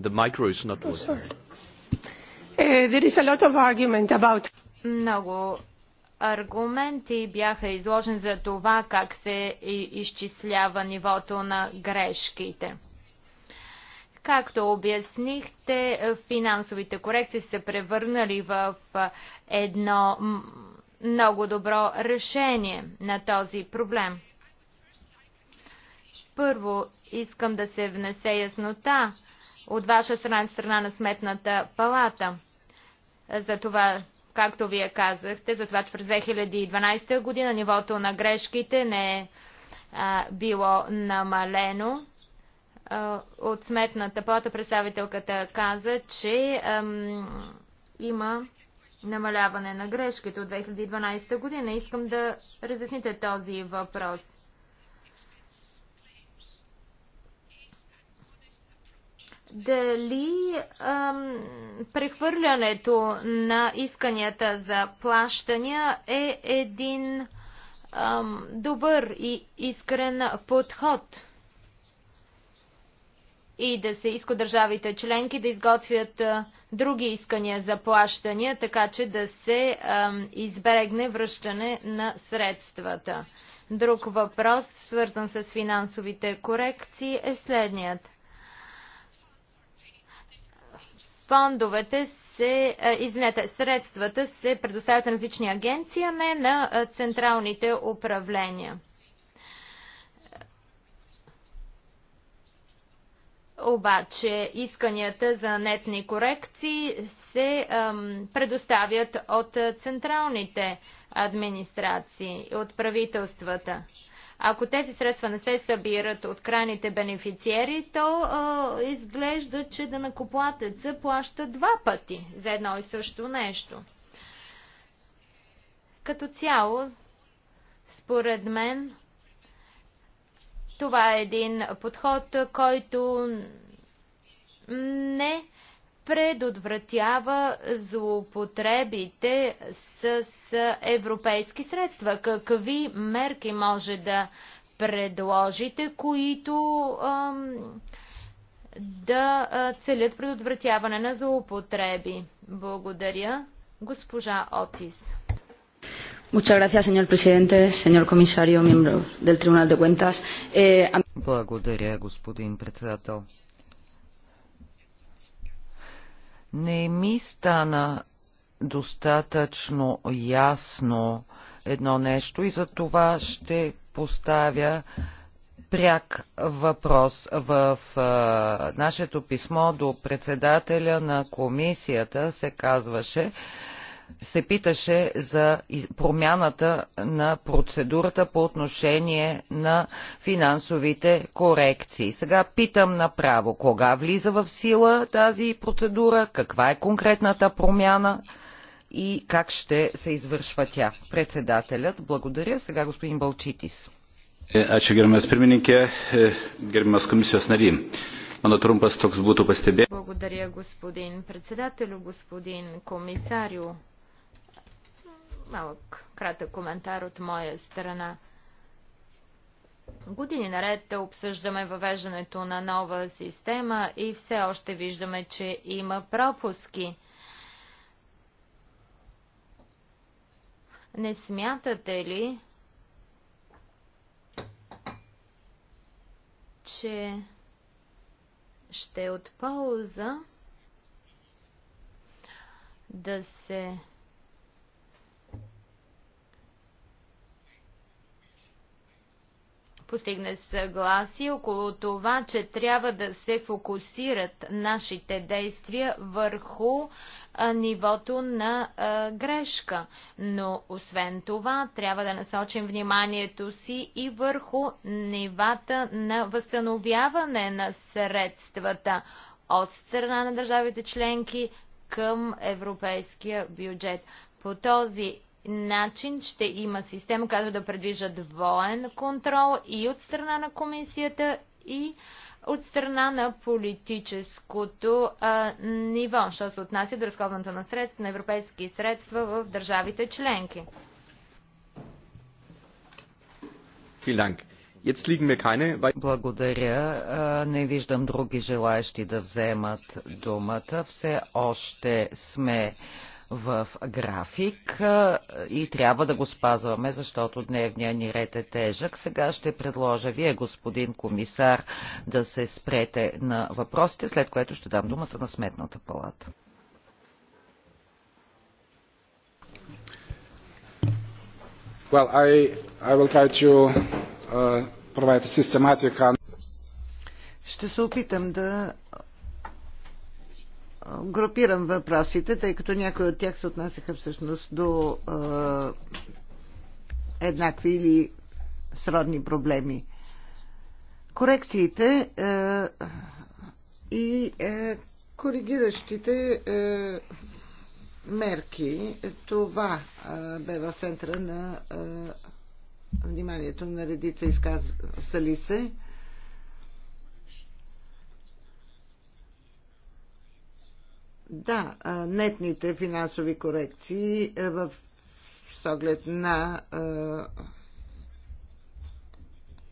The micro is not working. Е, there is a lot of argument about... Много Аргументи бяха изложени за това как се изчислява нивото на грешките. Както обяснихте, финансовите корекции се превърнали в едно много добро решение на този проблем. Първо, искам да се внесе яснота от ваша страна, страна на Сметната палата, за това както вие казахте, за това, че през 2012 година нивото на грешките не е а, било намалено. А, от сметната плата представителката каза, че ам, има намаляване на грешките от 2012 година. Искам да разясните този въпрос. дали ам, прехвърлянето на исканията за плащания е един ам, добър и искрен подход и да се иска държавите членки да изготвят а, други искания за плащания, така че да се а, избегне връщане на средствата. Друг въпрос, свързан с финансовите корекции, е следният. фондовете се, е, извинете, средствата се предоставят на различни агенции, а не на е, централните управления. Обаче исканията за нетни корекции се ем, предоставят от е, централните администрации, от правителствата. Ако тези средства не се събират от крайните бенефициери, то а, изглежда, че да накоплатеца плаща два пъти за едно и също нещо. Като цяло, според мен, това е един подход, който не предотвратява злоупотребите с европейски средства. Какви мерки може да предложите, които ам, да целят предотвратяване на злоупотреби? Благодаря. Госпожа Отис. Muchas gracias, señor presidente, señor comisario, miembro del Tribunal de Cuentas. Eh, Благодаря, господин председател. Не ми стана достатъчно ясно едно нещо и за това ще поставя пряк въпрос. В а, нашето писмо до председателя на комисията се казваше, се питаше за промяната на процедурата по отношение на финансовите корекции. Сега питам направо, кога влиза в сила тази процедура, каква е конкретната промяна и как ще се извършва тя. Председателят, благодаря. Сега господин Балчитис. Ačiū gerbiamas pirmininkė, gerbiamas komisijos nariai. Mano trumpas toks būtų pastebėjimas. Благодаря господин председателю, господин комисарю. Малък, кратък коментар от моя страна. Години наред обсъждаме въвеждането на нова система и все още виждаме, че има пропуски. Не смятате ли, че ще е от полза да се постигне съгласие около това, че трябва да се фокусират нашите действия върху нивото на а, грешка. Но освен това, трябва да насочим вниманието си и върху нивата на възстановяване на средствата от страна на държавите членки към европейския бюджет. По този начин ще има система, която да предвижда двоен контрол и от страна на комисията, и от страна на политическото а, ниво, що се отнася до разходването на средства, на европейски средства в държавите членки. Благодаря. Не виждам други желаящи да вземат думата. Все още сме в график и трябва да го спазваме, защото дневния ни ред е тежък. Сега ще предложа вие, господин комисар, да се спрете на въпросите, след което ще дам думата на Сметната палата. Well, I, I will try to uh, Ще се опитам да групирам въпросите, тъй като някои от тях се отнасяха всъщност до е, еднакви или сродни проблеми. Корекциите е, и е, коригиращите е, мерки, това е, бе в центъра на е, вниманието на редица изказали се. Да, нетните финансови корекции в оглед на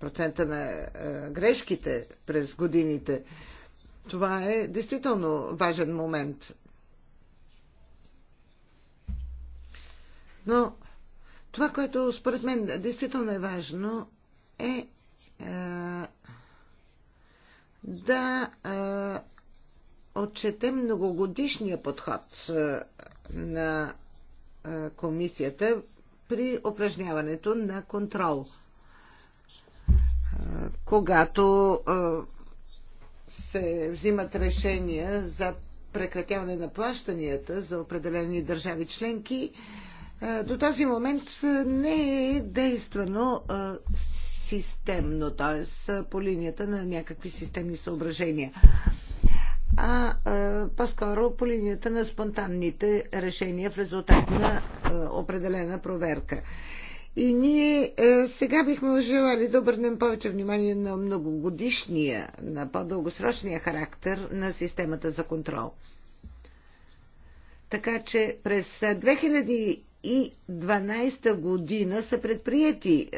процента на грешките през годините. Това е действително важен момент. Но това, което според мен действително е важно, е, е да е, отчете многогодишния подход е, на е, комисията при упражняването на контрол. Е, когато се взимат решения за прекратяване на плащанията за определени държави членки, до този момент не е действано системно, т.е. по линията на някакви системни съображения а по-скоро по линията на спонтанните решения в резултат на определена проверка. И ние сега бихме желали да обърнем повече внимание на многогодишния, на по-дългосрочния характер на системата за контрол. Така че през 2012 година са предприяти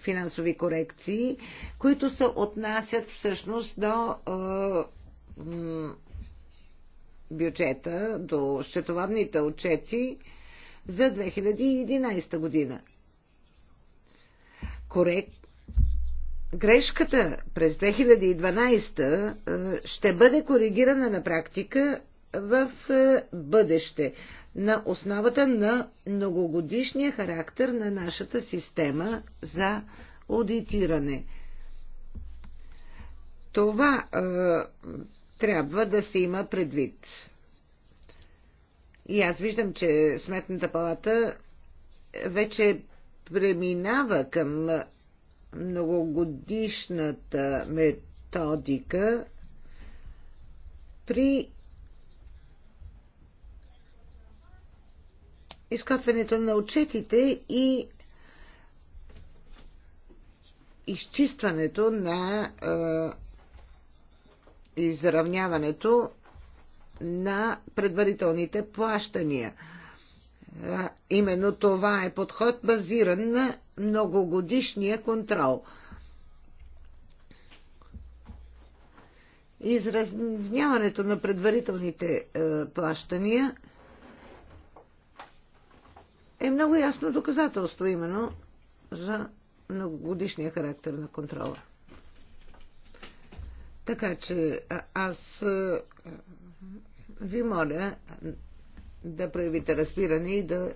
финансови корекции, които се отнасят всъщност до е, бюджета, до счетоводните отчети за 2011 година. Корект. Грешката през 2012 е, ще бъде коригирана на практика в е, бъдеще на основата на многогодишния характер на нашата система за аудитиране. Това е, трябва да се има предвид. И аз виждам, че Сметната палата вече преминава към многогодишната методика при Изкатването на отчетите и изчистването на е, изравняването на предварителните плащания. Именно това е подход базиран на многогодишния контрол. изразняването на предварителните е, плащания е много ясно доказателство именно за многогодишния характер на контрола. Така че аз ви моля да проявите разбиране и да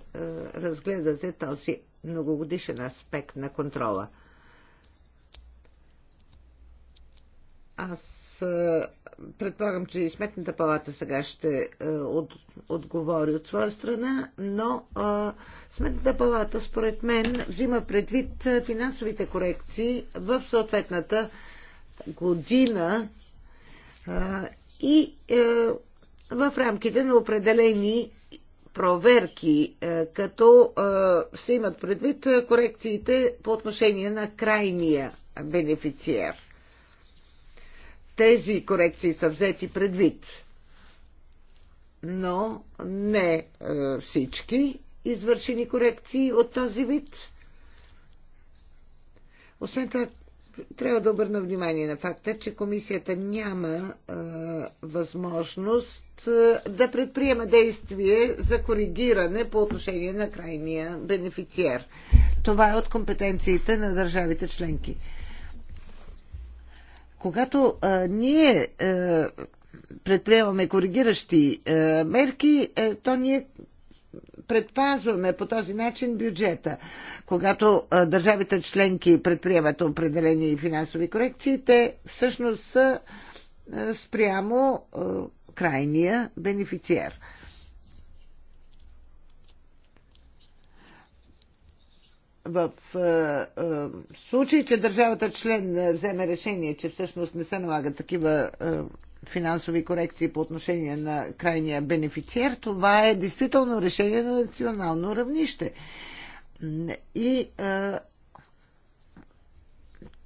разгледате този многогодишен аспект на контрола. Аз предполагам, че и Сметната палата сега ще е, от, отговори от своя страна, но а, е, Сметната палата, според мен, взима предвид е, финансовите корекции в съответната година а, и а, в рамките на определени проверки, като се имат предвид корекциите по отношение на крайния бенефициер тези корекции са взети предвид. Но не е, всички извършени корекции от този вид. Освен това, трябва да обърна внимание на факта, че комисията няма е, възможност е, да предприема действие за коригиране по отношение на крайния бенефициер. Това е от компетенциите на държавите членки. Когато а, ние а, предприемаме коригиращи а, мерки, а, то ние предпазваме по този начин бюджета. Когато а, държавите членки предприемат определени финансови корекции, те всъщност са а, спрямо а, крайния бенефициер. в е, е, случай, че държавата член вземе решение, че всъщност не се налагат такива е, финансови корекции по отношение на крайния бенефициер, това е действително решение на национално равнище. И е,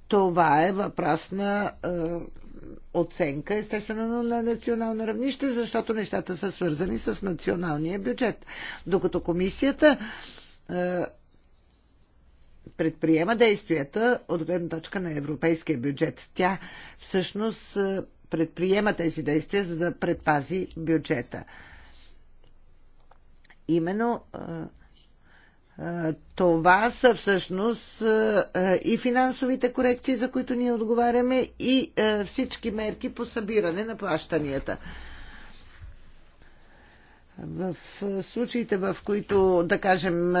това е въпрос на е, оценка, естествено, на национално равнище, защото нещата са свързани с националния бюджет. Докато комисията предприема действията от гледна точка на европейския бюджет. Тя всъщност е, предприема тези действия, за да предпази бюджета. Именно е, е, това са всъщност и финансовите корекции, за които ние отговаряме, и всички мерки по събиране на плащанията. В случаите, в които, да кажем,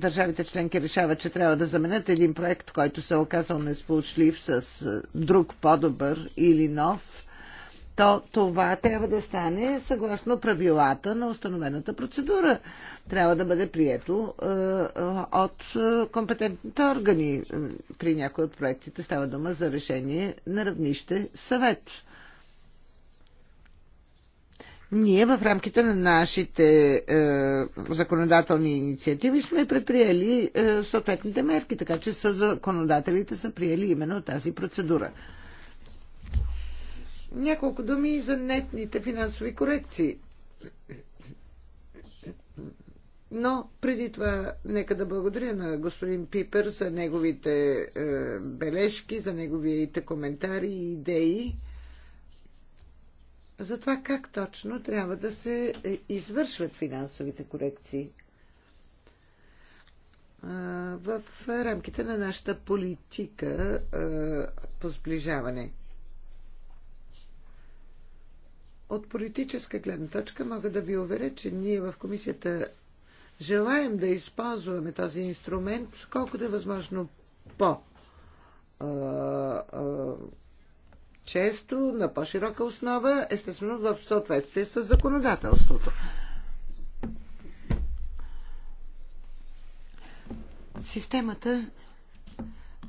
държавите членки решават, че трябва да заменят един проект, който се е оказал несполучлив с друг по-добър или нов, то това трябва да стане съгласно правилата на установената процедура. Трябва да бъде прието от компетентните органи. При някои от проектите става дума за решение на равнище съвет. Ние в рамките на нашите е, законодателни инициативи сме предприели е, съответните мерки, така че са законодателите са приели именно тази процедура. Няколко думи за нетните финансови корекции. Но преди това нека да благодаря на господин Пипер за неговите е, бележки, за неговите коментари и идеи за това как точно трябва да се е, извършват финансовите корекции в рамките на нашата политика по сближаване. От политическа гледна точка мога да ви уверя, че ние в комисията желаем да използваме този инструмент колкото да е възможно по често на по-широка основа, естествено в съответствие с законодателството. Системата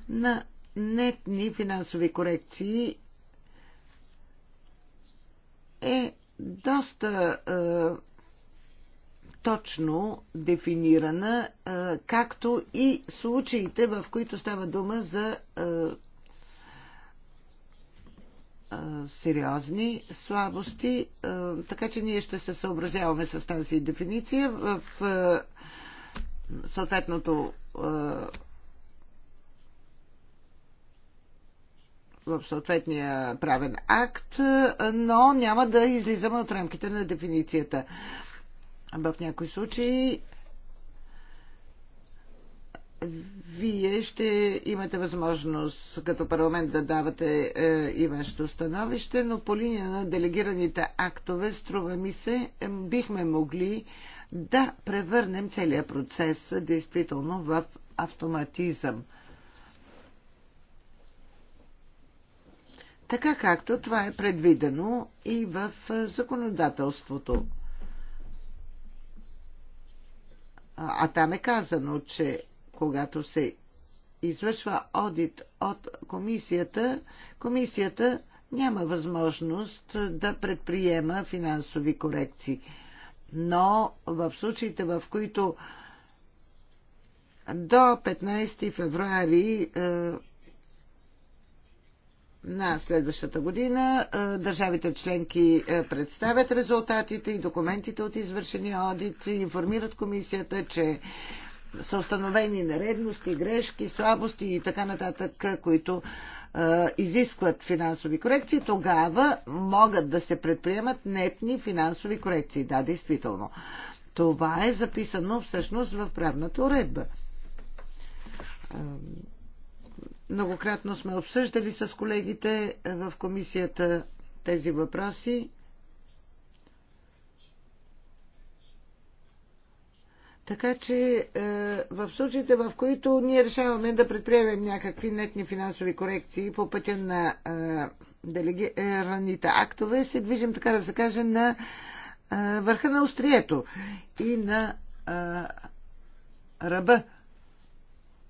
на нетни финансови корекции е доста е, точно дефинирана, е, както и случаите, в които става дума за е, сериозни слабости, така че ние ще се съобразяваме с тази дефиниция в съответното в съответния правен акт, но няма да излизаме от рамките на дефиницията. В някои случаи вие ще имате възможност като парламент да давате е, и вашето становище, но по линия на делегираните актове, струва ми се, е, бихме могли да превърнем целият процес действително в автоматизъм. Така както това е предвидено и в е, законодателството. А, а там е казано, че когато се извършва одит от комисията, комисията няма възможност да предприема финансови корекции. Но в случаите, в които до 15 февруари е, на следващата година е, държавите членки е, представят резултатите и документите от извършения одит и информират комисията, че са установени нередности, грешки, слабости и така нататък, които е, изискват финансови корекции, тогава могат да се предприемат нетни финансови корекции. Да, действително. Това е записано всъщност в правната уредба. Многократно сме обсъждали с колегите в комисията тези въпроси. Така че е, в случаите, в които ние решаваме да предприемем някакви нетни финансови корекции по пътя на е, делегираните актове, се движим, така да се каже, на е, върха на острието и на ръба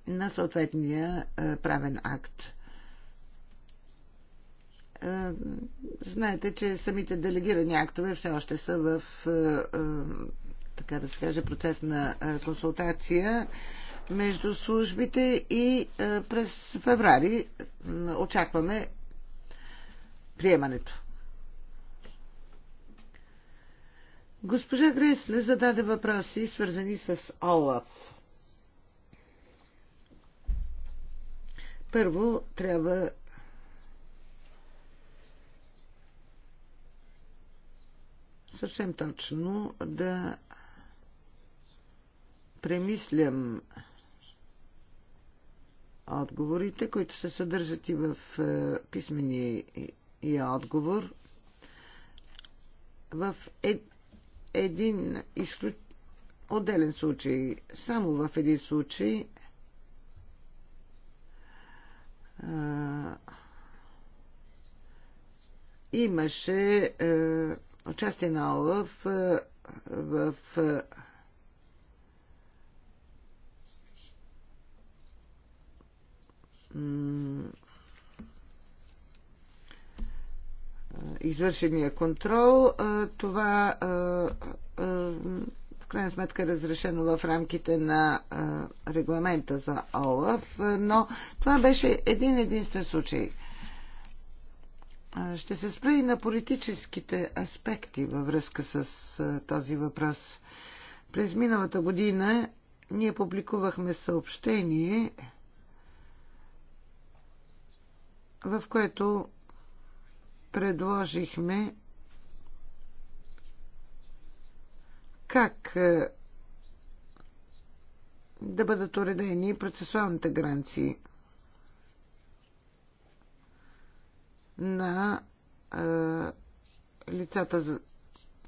на съответния правен акт. Знаете, че самите делегирани актове все още са в така да се каже, процес на консултация между службите и през феврари очакваме приемането. Госпожа Гресле зададе въпроси, свързани с ОЛАФ. Първо трябва съвсем точно да премислям отговорите, които се съдържат и в е, писмения и отговор. В е, един отделен случай, само в един случай, е, имаше участие на ОЛАФ в, в, в извършения контрол. Това в крайна сметка е разрешено в рамките на регламента за ОЛАФ, но това беше един единствен случай. Ще се спра и на политическите аспекти във връзка с този въпрос. През миналата година ние публикувахме съобщение в което предложихме как е, да бъдат уредени процесуалните гаранции на е, лицата,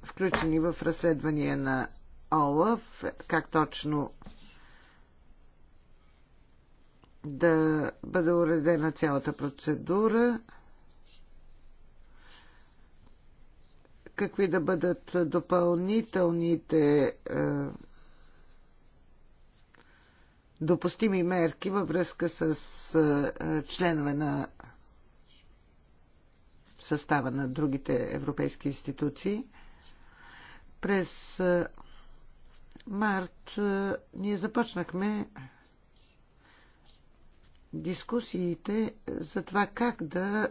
включени в разследвания на ОЛАФ, как точно да бъде уредена цялата процедура, какви да бъдат допълнителните е, допустими мерки във връзка с е, членове на състава на другите европейски институции. През е, март е, ние започнахме дискусиите за това как да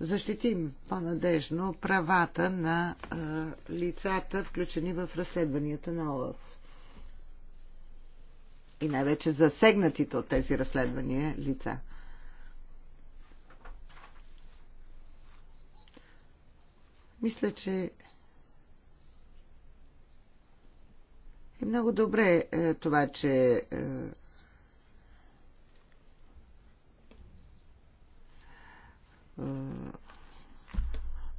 защитим по-надежно правата на лицата, включени в разследванията на ОЛАФ. И най-вече засегнатите от тези разследвания лица. Мисля, че е много добре е, това, че е,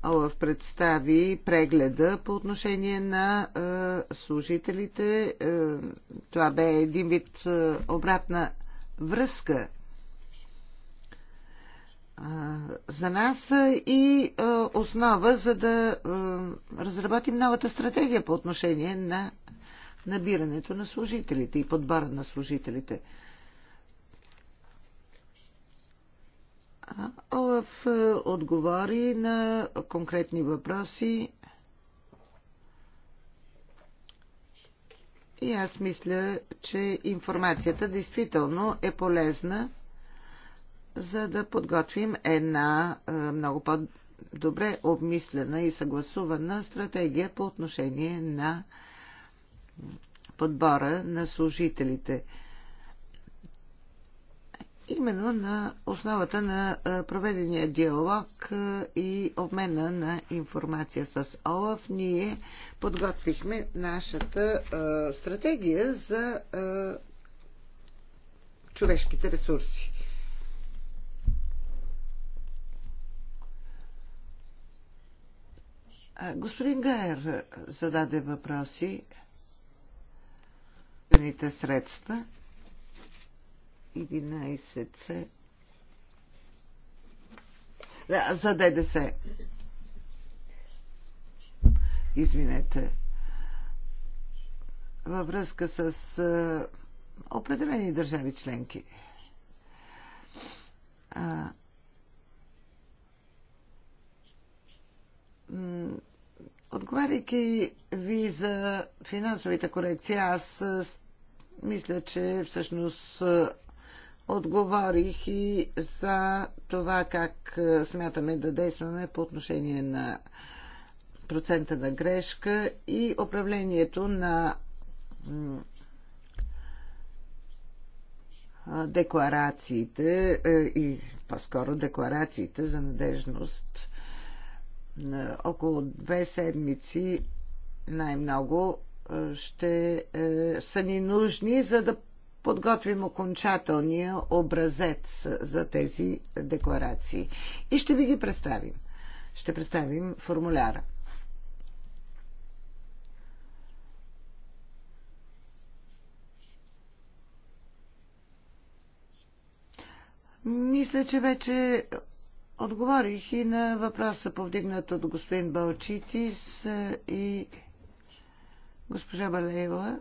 Алъв представи прегледа по отношение на служителите. това бе един вид обратна връзка. За нас и основа, за да разработим новата стратегия по отношение на набирането на служителите и подбора на служителите. Олаф е, отговори на конкретни въпроси. И аз мисля, че информацията действително е полезна, за да подготвим една е, много по-добре обмислена и съгласувана стратегия по отношение на подбора на служителите именно на основата на проведения диалог и обмена на информация с ОЛАФ, ние подготвихме нашата стратегия за човешките ресурси. Господин Гайер зададе въпроси средства 11C. Да, за ДДС. Извинете. Във връзка с определени държави членки. А, отговаряйки ви за финансовите корекции, аз мисля, че всъщност отговорих и за това как е, смятаме да действаме по отношение на процента на грешка и управлението на декларациите е, и по-скоро декларациите за надежност. Около две седмици най-много е, ще са ни нужни, за да подготвим окончателния образец за тези декларации. И ще ви ги представим. Ще представим формуляра. Мисля, че вече отговорих и на въпроса, повдигнат от господин Балчитис и госпожа Балеева.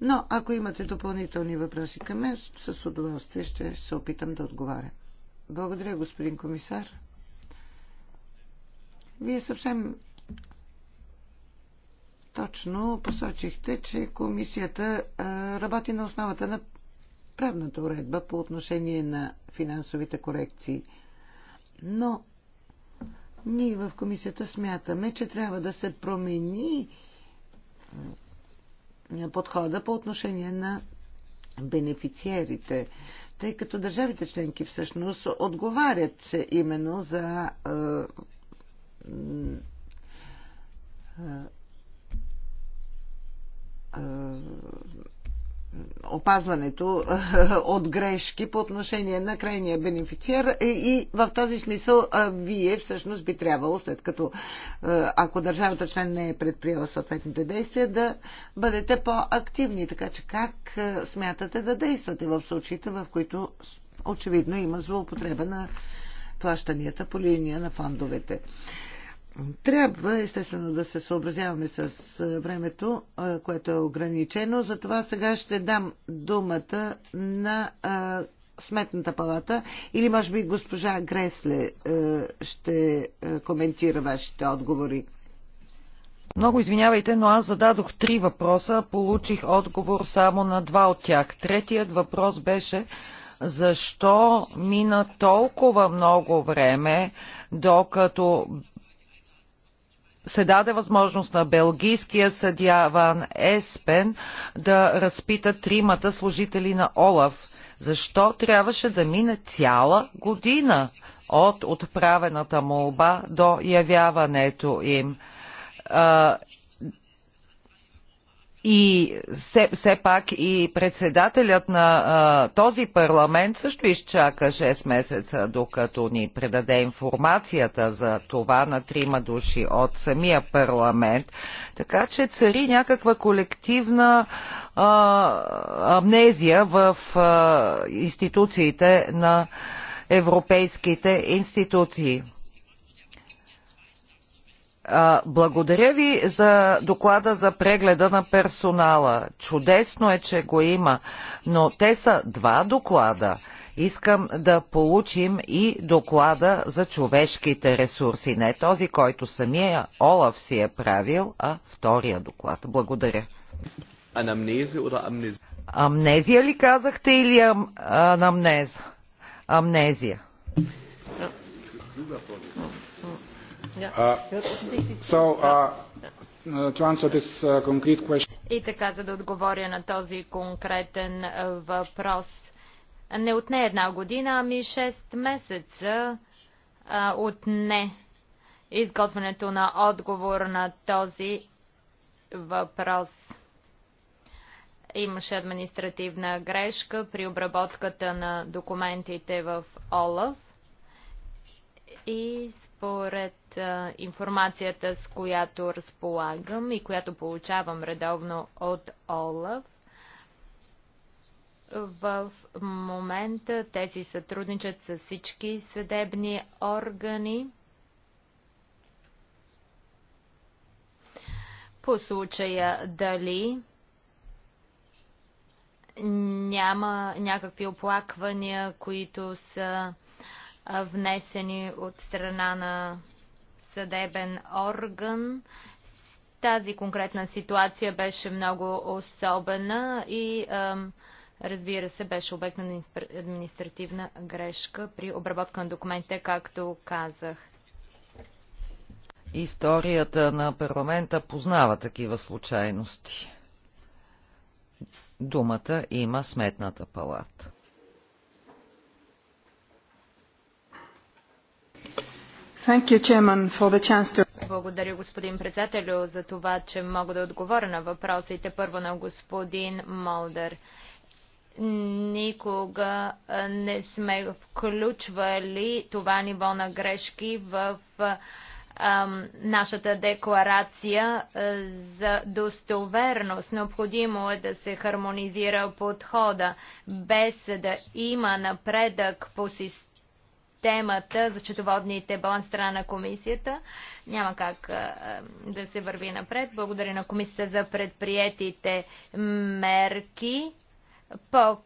Но ако имате допълнителни въпроси към мен, с удоволствие ще се опитам да отговаря. Благодаря, господин комисар. Вие съвсем точно посочихте, че комисията работи на основата на правната уредба по отношение на финансовите корекции. Но ние в комисията смятаме, че трябва да се промени подхода по отношение на бенефициерите, тъй като държавите членки всъщност отговарят именно за опазването от грешки по отношение на крайния бенефициер е, и в този смисъл вие всъщност би трябвало, след като ако държавата член не е предприела съответните действия, да бъдете по-активни. Така че как смятате да действате в случаите, в които очевидно има злоупотреба на плащанията по линия на фондовете? Трябва, естествено, да се съобразяваме с времето, което е ограничено. Затова сега ще дам думата на Сметната палата или може би госпожа Гресле ще коментира вашите отговори. Много извинявайте, но аз зададох три въпроса, получих отговор само на два от тях. Третият въпрос беше защо мина толкова много време, докато се даде възможност на белгийския съдия Ван Еспен да разпита тримата служители на Олаф. Защо трябваше да мине цяла година от отправената молба до явяването им? И все, все пак и председателят на а, този парламент също изчака 6 месеца, докато ни предаде информацията за това на трима души от самия парламент. Така че цари някаква колективна а, амнезия в а, институциите на европейските институции. Благодаря ви за доклада за прегледа на персонала. Чудесно е, че го има, но те са два доклада. Искам да получим и доклада за човешките ресурси. Не този, който самия Олаф си е правил, а втория доклад. Благодаря. Анамнезия или амнезия? Амнезия ли казахте или ам... анамнеза? Амнезия. No. Uh, uh, uh, и така, за да отговоря на този конкретен въпрос. Не отне една година, ами 6 месеца отне изготвянето на отговор на този въпрос. Имаше административна грешка при обработката на документите в ОЛАВ и според а, информацията, с която разполагам и която получавам редовно от ОЛАВ, в момента те си сътрудничат с всички съдебни органи по случая дали няма някакви оплаквания, които са внесени от страна на съдебен орган. Тази конкретна ситуация беше много особена и разбира се беше обект на административна грешка при обработка на документите, както казах. Историята на парламента познава такива случайности. Думата има Сметната палата. Благодаря, господин председателю, за това, че мога да отговоря на въпросите. Първо на господин Молдер. Никога не сме включвали това ниво на грешки в нашата декларация за достоверност. Необходимо е да се хармонизира подхода, без да има напредък по системата темата за четоводните баланс страна на комисията. Няма как да се върви напред. Благодаря на комисията за предприетите мерки. По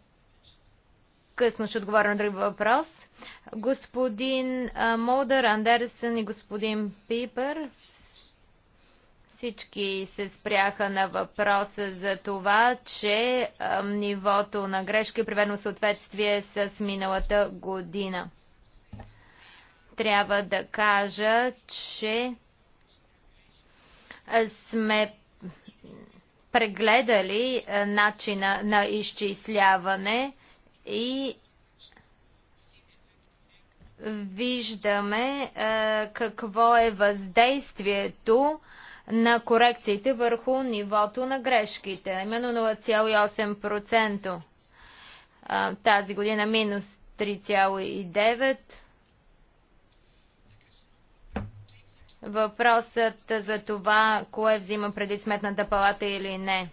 късно ще отговоря на друг въпрос. Господин Молдър, Андерсън и господин Пипер, всички се спряха на въпроса за това, че а, нивото на грешка е приведено в съответствие с миналата година трябва да кажа, че сме прегледали начина на изчисляване и виждаме какво е въздействието на корекциите върху нивото на грешките, именно 0,8%. Тази година минус 3,9%. Въпросът за това, кое взима преди сметната палата или не.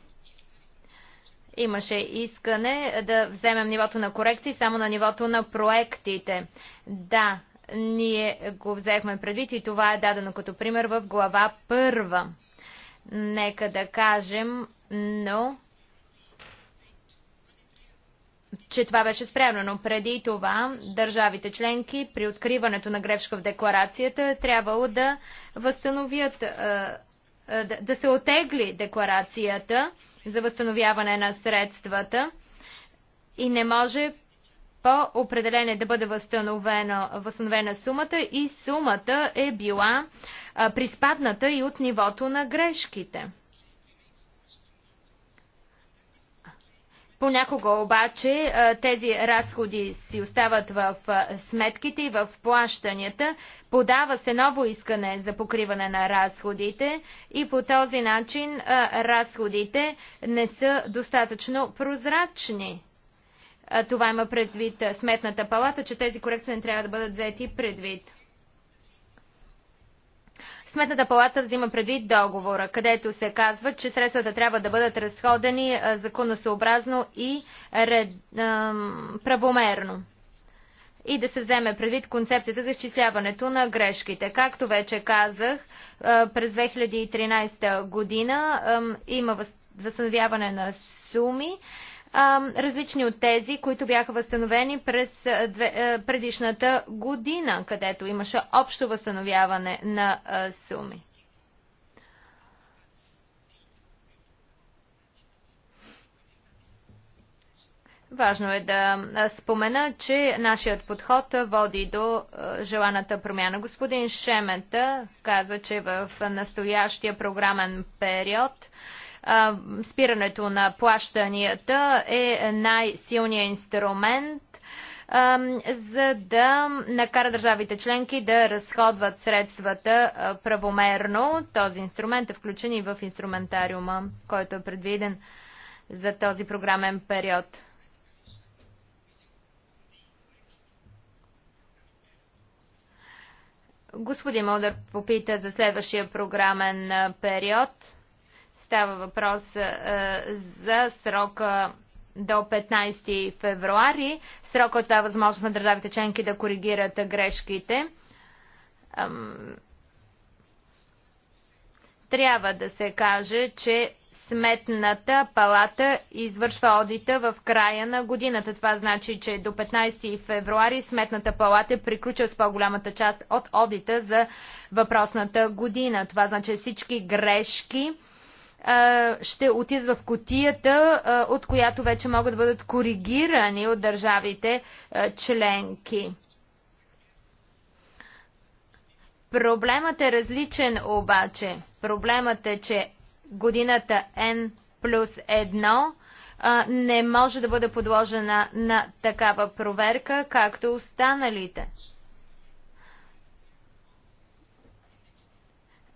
Имаше искане да вземем нивото на корекции само на нивото на проектите. Да, ние го взехме предвид и това е дадено като пример в глава първа. Нека да кажем, но че това беше спряно, но преди това държавите членки при откриването на грешка в декларацията трябвало да възстановят, е, е, да се отегли декларацията за възстановяване на средствата и не може по определение да бъде възстановена, възстановена сумата и сумата е била е, приспадната и от нивото на грешките. Понякога обаче тези разходи си остават в сметките и в плащанията. Подава се ново искане за покриване на разходите и по този начин разходите не са достатъчно прозрачни. Това има предвид Сметната палата, че тези корекции не трябва да бъдат взети предвид. Сметната палата взима предвид договора, където се казва, че средствата трябва да бъдат разходени законосъобразно и ред, правомерно и да се вземе предвид концепцията за изчисляването на грешките. Както вече казах, през 2013 година има възстановяване на суми различни от тези, които бяха възстановени през предишната година, където имаше общо възстановяване на суми. Важно е да спомена, че нашият подход води до желаната промяна. Господин Шемета каза, че в настоящия програмен период – спирането на плащанията е най-силният инструмент за да накара държавите членки да разходват средствата правомерно. Този инструмент е включен и в инструментариума, който е предвиден за този програмен период. Господин Молдър попита за следващия програмен период. Става въпрос за срока до 15 февруари. Срокът дава възможност на държавите членки да коригират грешките. Трябва да се каже, че Сметната палата извършва одита в края на годината. Това значи, че до 15 февруари Сметната палата е приключва с по-голямата част от одита за въпросната година. Това значи че всички грешки ще отидат в котията, от която вече могат да бъдат коригирани от държавите членки. Проблемът е различен обаче. Проблемът е, че годината N плюс 1 не може да бъде подложена на такава проверка, както останалите.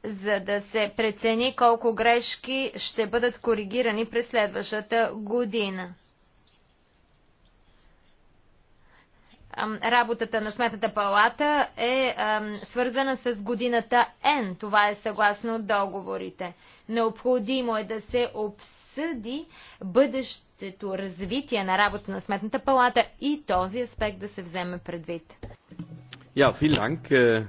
за да се прецени колко грешки ще бъдат коригирани през следващата година. Работата на Сметната палата е свързана с годината Н. Това е съгласно договорите. Необходимо е да се обсъди бъдещето развитие на работа на Сметната палата и този аспект да се вземе предвид. Ja, vielen Dank äh,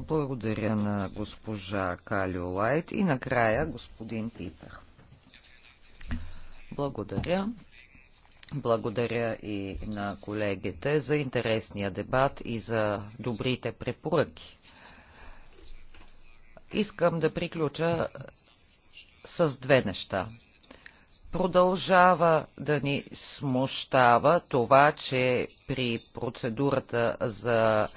благодаря на госпожа Калю Лайт и накрая господин Питър. Благодаря. Благодаря и на колегите за интересния дебат и за добрите препоръки. Искам да приключа с две неща. Продължава да ни смущава това, че при процедурата за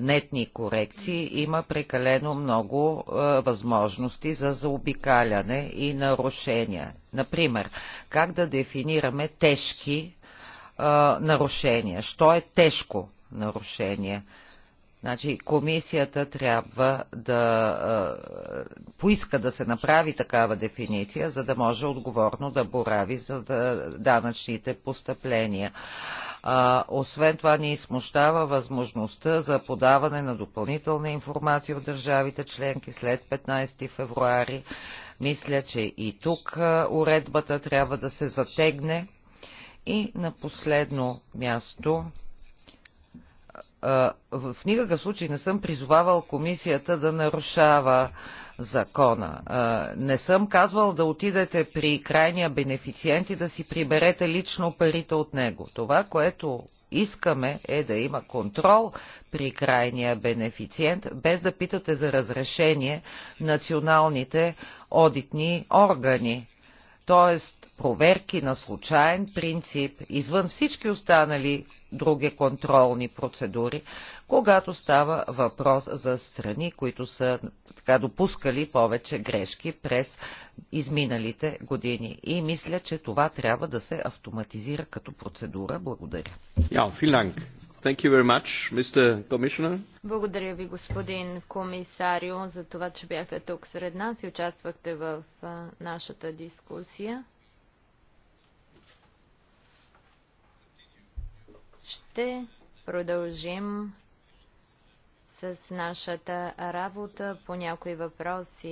нетни корекции има прекалено много е, възможности за заобикаляне и нарушения. Например, как да дефинираме тежки е, нарушения? Що е тежко нарушение? Значи комисията трябва да е, поиска да се направи такава дефиниция, за да може отговорно да борави за да, данъчните постъпления. А, освен това ни смущава възможността за подаване на допълнителна информация от държавите членки след 15 февруари. Мисля, че и тук а, уредбата трябва да се затегне. И на последно място в никакъв случай не съм призовавал комисията да нарушава закона. Не съм казвал да отидете при крайния бенефициент и да си приберете лично парите от него. Това, което искаме е да има контрол при крайния бенефициент, без да питате за разрешение националните одитни органи. Тоест, проверки на случайен принцип, извън всички останали други контролни процедури, когато става въпрос за страни, които са така допускали повече грешки през изминалите години. И мисля, че това трябва да се автоматизира като процедура. Благодаря. Yeah, Thank you very much, Mr. Commissioner. Благодаря ви, господин комисарио, за това, че бяхте тук сред нас и участвахте в нашата дискусия. Ще продължим с нашата работа. По някои въпроси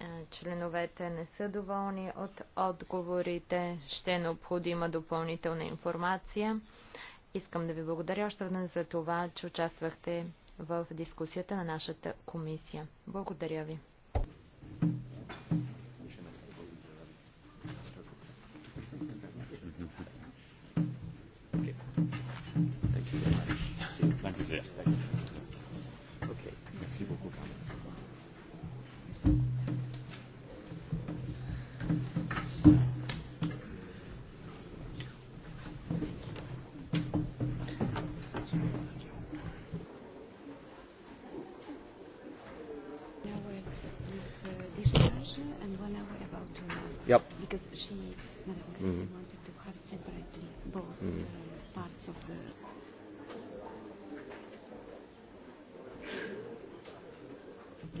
е, членовете не са доволни от отговорите. Ще е необходима допълнителна информация. Искам да ви благодаря още веднъж за това, че участвахте в дискусията на нашата комисия. Благодаря ви. parts of the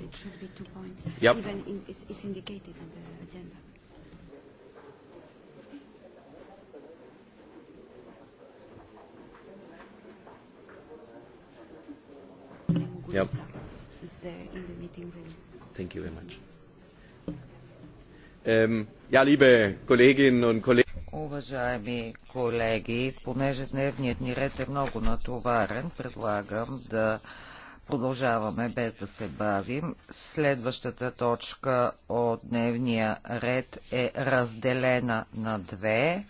it should be two points. Yep. Even in, it's, it's indicated in the agenda. Yep. Is there in the meeting room. Thank you very much. Ähm, ja, liebe Kolleginnen und Kollegen. Уважаеми колеги, понеже дневният ни ред е много натоварен, предлагам да продължаваме без да се бавим. Следващата точка от дневния ред е разделена на две.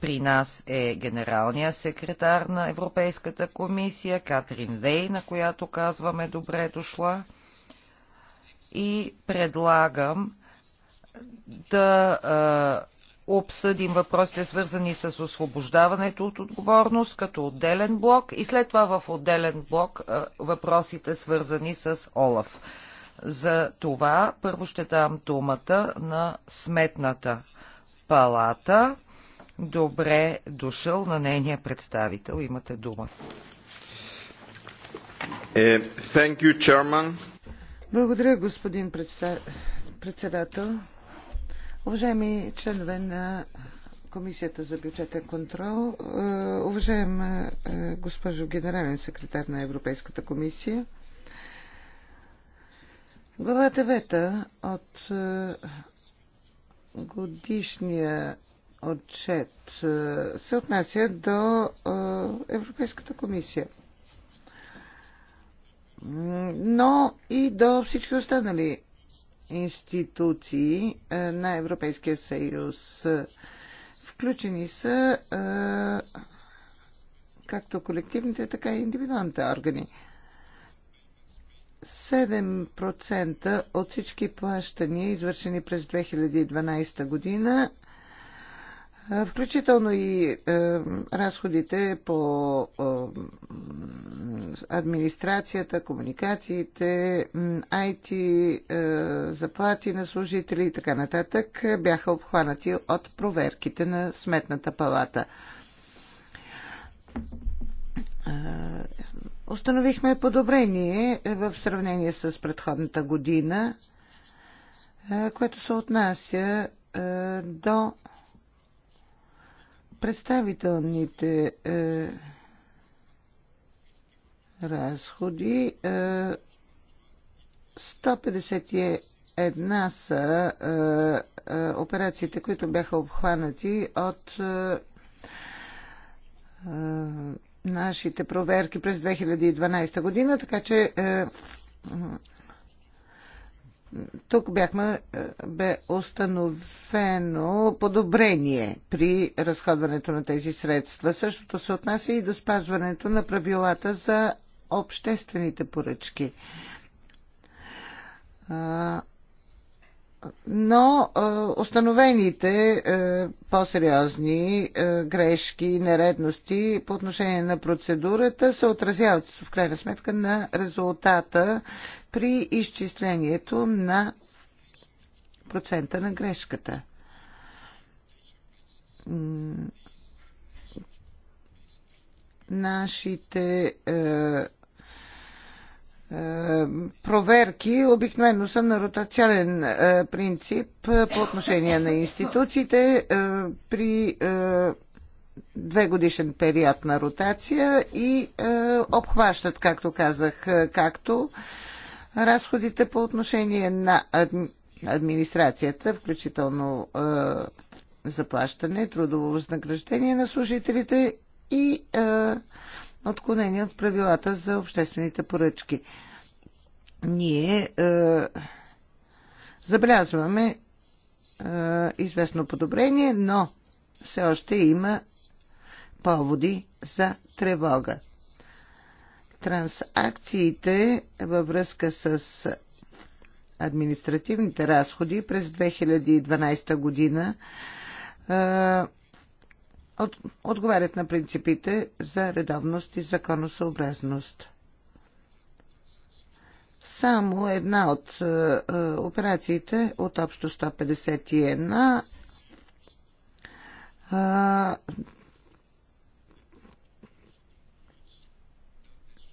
При нас е генералният секретар на Европейската комисия Катрин Вей, на която казваме добре е дошла. И предлагам да обсъдим въпросите свързани с освобождаването от отговорност като отделен блок и след това в отделен блок въпросите свързани с ОЛАФ. За това първо ще дам думата на Сметната палата. Добре дошъл на нейния представител. Имате дума. Е, Благодаря, господин председател. Уважаеми членове на Комисията за бюджетен контрол, е, уважаема е, госпожо генерален секретар на Европейската комисия, глава 9 от е, годишния отчет се отнася до Европейската комисия но и до всички останали институции е, на Европейския съюз. Включени са е, както колективните, така и индивидуалните органи. 7% от всички плащания, извършени през 2012 година, включително и е, разходите по е, администрацията, комуникациите, IT, е, заплати на служители и така нататък бяха обхванати от проверките на Сметната палата. Установихме подобрение в сравнение с предходната година, което се отнася до представителните е, разходи е, 151 са е, е, операциите, които бяха обхванати от е, е нашите проверки през 2012 година, така че е, тук бяхме, е, бе установено подобрение при разходването на тези средства. Същото се отнася и до спазването на правилата за обществените поръчки но установените по-сериозни грешки, нередности по отношение на процедурата се отразяват в крайна сметка на резултата при изчислението на процента на грешката. Нашите проверки обикновено са на ротационен е, принцип е, по отношение на институциите е, при две годишен период на ротация и обхващат, както казах, както разходите по отношение на администрацията, включително заплащане, трудово възнаграждение на служителите и отклонение от правилата за обществените поръчки. Ние е, забелязваме е, известно подобрение, но все още има поводи за тревога. Трансакциите във връзка с административните разходи през 2012 година е, от, отговарят на принципите за редовност и законосъобразност. Само една от е, е операциите от общо 151 е,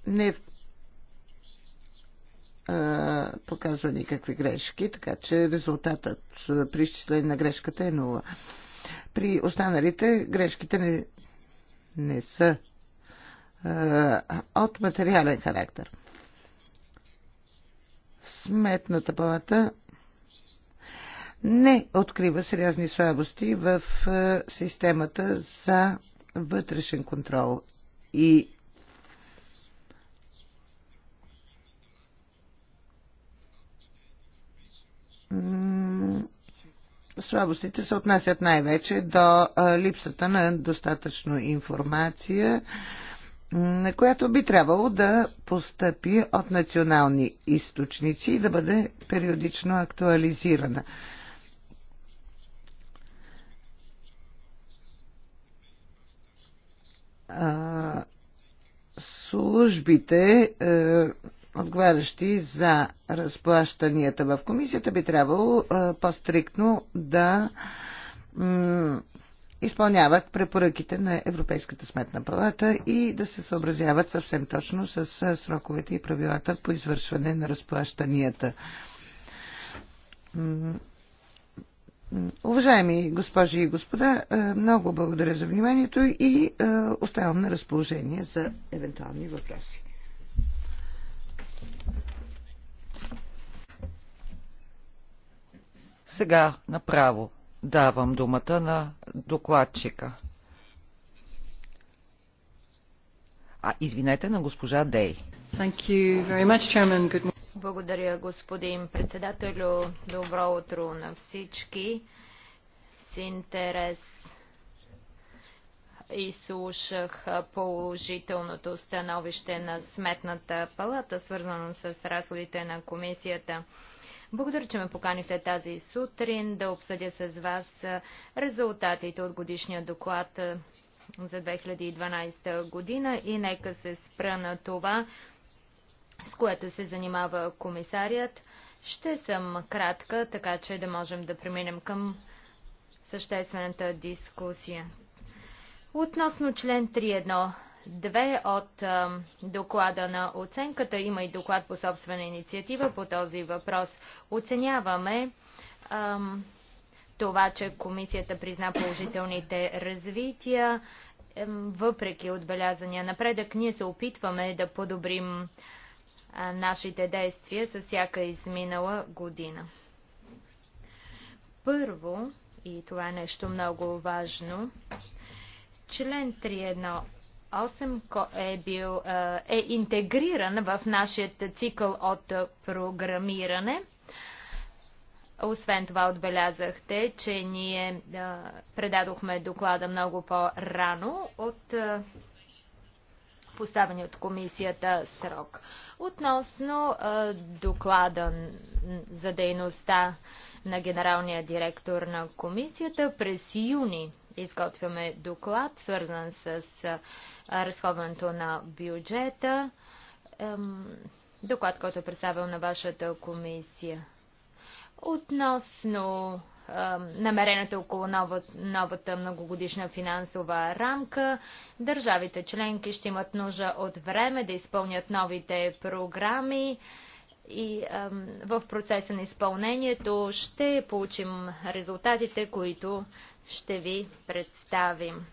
не е, показва никакви грешки, така че резултатът е, при изчисление на грешката е нула. При останалите грешките не, не са от материален характер. Сметната палата не открива сериозни слабости в системата за вътрешен контрол и Слабостите се отнасят най-вече до липсата на достатъчно информация, която би трябвало да постъпи от национални източници и да бъде периодично актуализирана. службите отговарящи за разплащанията в комисията, би трябвало по-стриктно да изпълняват препоръките на Европейската сметна палата и да се съобразяват съвсем точно с сроковете и правилата по извършване на разплащанията. Уважаеми госпожи и господа, много благодаря за вниманието и оставам на разположение за евентуални въпроси. Сега направо давам думата на докладчика. А, извинете, на госпожа Дей. Much, Благодаря, господин председателю. Добро утро на всички. С интерес изслушах положителното становище на Сметната палата, свързано с разходите на комисията. Благодаря, че ме поканите тази сутрин да обсъдя с вас резултатите от годишния доклад за 2012 година и нека се спра на това, с което се занимава комисарият. Ще съм кратка, така че да можем да преминем към съществената дискусия. Относно член Две от доклада на оценката. Има и доклад по собствена инициатива по този въпрос. Оценяваме това, че комисията призна положителните развития. Въпреки отбелязания напредък, ние се опитваме да подобрим нашите действия с всяка изминала година. Първо, и това е нещо много важно, член 3.1 8 е, бил, е, е интегриран в нашия цикъл от програмиране. Освен това отбелязахте, че ние е, предадохме доклада много по-рано от е, поставени от комисията срок. Относно доклада за дейността на генералния директор на комисията през юни изготвяме доклад, свързан с разходването на бюджета. Доклад, който е представил на вашата комисия. Относно намерената около новата, новата многогодишна финансова рамка. Държавите членки ще имат нужда от време да изпълнят новите програми и ам, в процеса на изпълнението ще получим резултатите, които ще ви представим.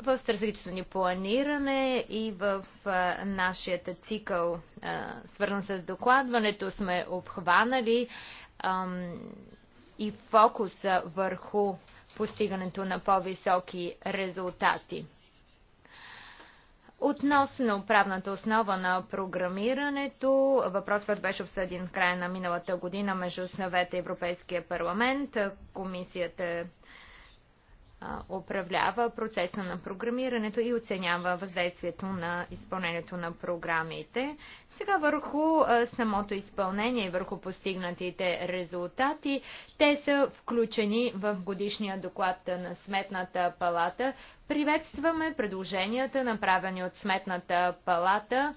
В стратегическото ни планиране и в нашия цикъл, свързан с докладването, сме обхванали и фокуса върху постигането на по-високи резултати. Относно правната основа на програмирането, въпросът беше обсъден в края на миналата година между съвета и Европейския парламент. Комисията управлява процеса на програмирането и оценява въздействието на изпълнението на програмите. Сега върху самото изпълнение и върху постигнатите резултати, те са включени в годишния доклад на Сметната палата. Приветстваме предложенията, направени от Сметната палата.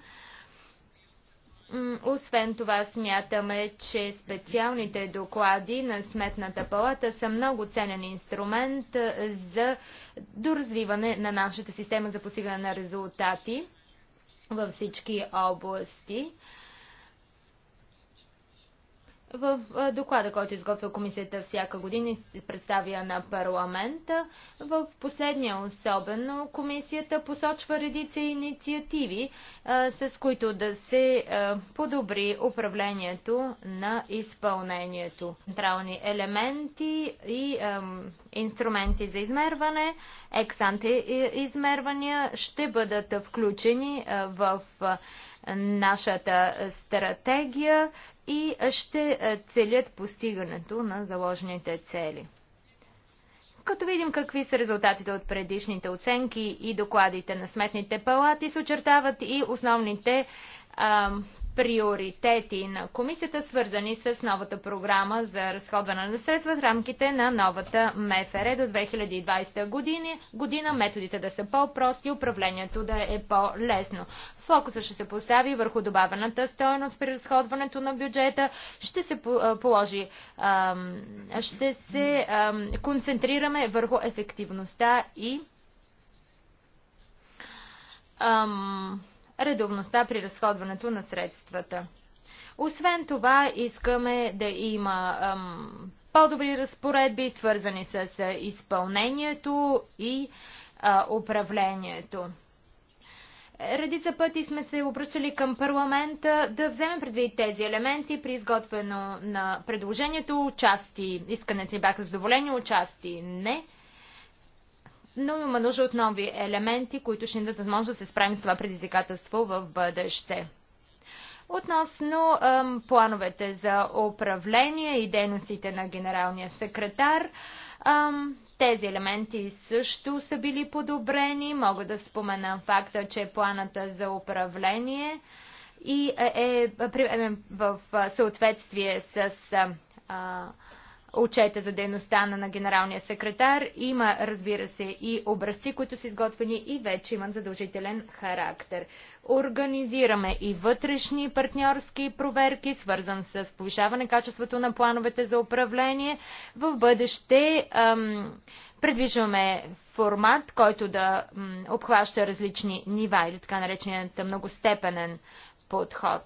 Освен това смятаме, че специалните доклади на Сметната палата са много ценен инструмент е, за доразвиване на нашата система за постигане на резултати във всички области. В доклада, който изготвя комисията всяка година и се представя на парламента, в последния особено комисията посочва редица инициативи, с които да се подобри управлението на изпълнението. Централни елементи и инструменти за измерване, ексанти измервания ще бъдат включени в нашата стратегия и ще е, целят постигането на заложените цели. Като видим какви са резултатите от предишните оценки и докладите на сметните палати, се очертават и основните а, приоритети на комисията, свързани с новата програма за разходване на средства в рамките на новата МФР до 2020 година, година методите да са по-прости, управлението да е по-лесно. Фокусът ще се постави върху добавената стоеност при разходването на бюджета, ще се положи, ще се концентрираме върху ефективността и редовността при разходването на средствата. Освен това, искаме да има по-добри разпоредби, свързани с изпълнението и а, управлението. Редица пъти сме се обръщали към парламента да вземем предвид тези елементи при изготвяне на предложението. Части искането ни бяха задоволени, части не но има нужда от нови елементи, които ще ни дадат възможност да се справим с това предизвикателство в бъдеще. Относно ем, плановете за управление и дейностите на генералния секретар, ем, тези елементи също са били подобрени. Мога да спомена факта, че планата за управление и е, е, е в съответствие с а, отчета за дейността на, на генералния секретар. Има, разбира се, и образци, които са изготвени и вече имат задължителен характер. Организираме и вътрешни партньорски проверки, свързан с повишаване качеството на плановете за управление. В бъдеще ам, предвиждаме формат, който да м, обхваща различни нива или така наречената многостепенен подход.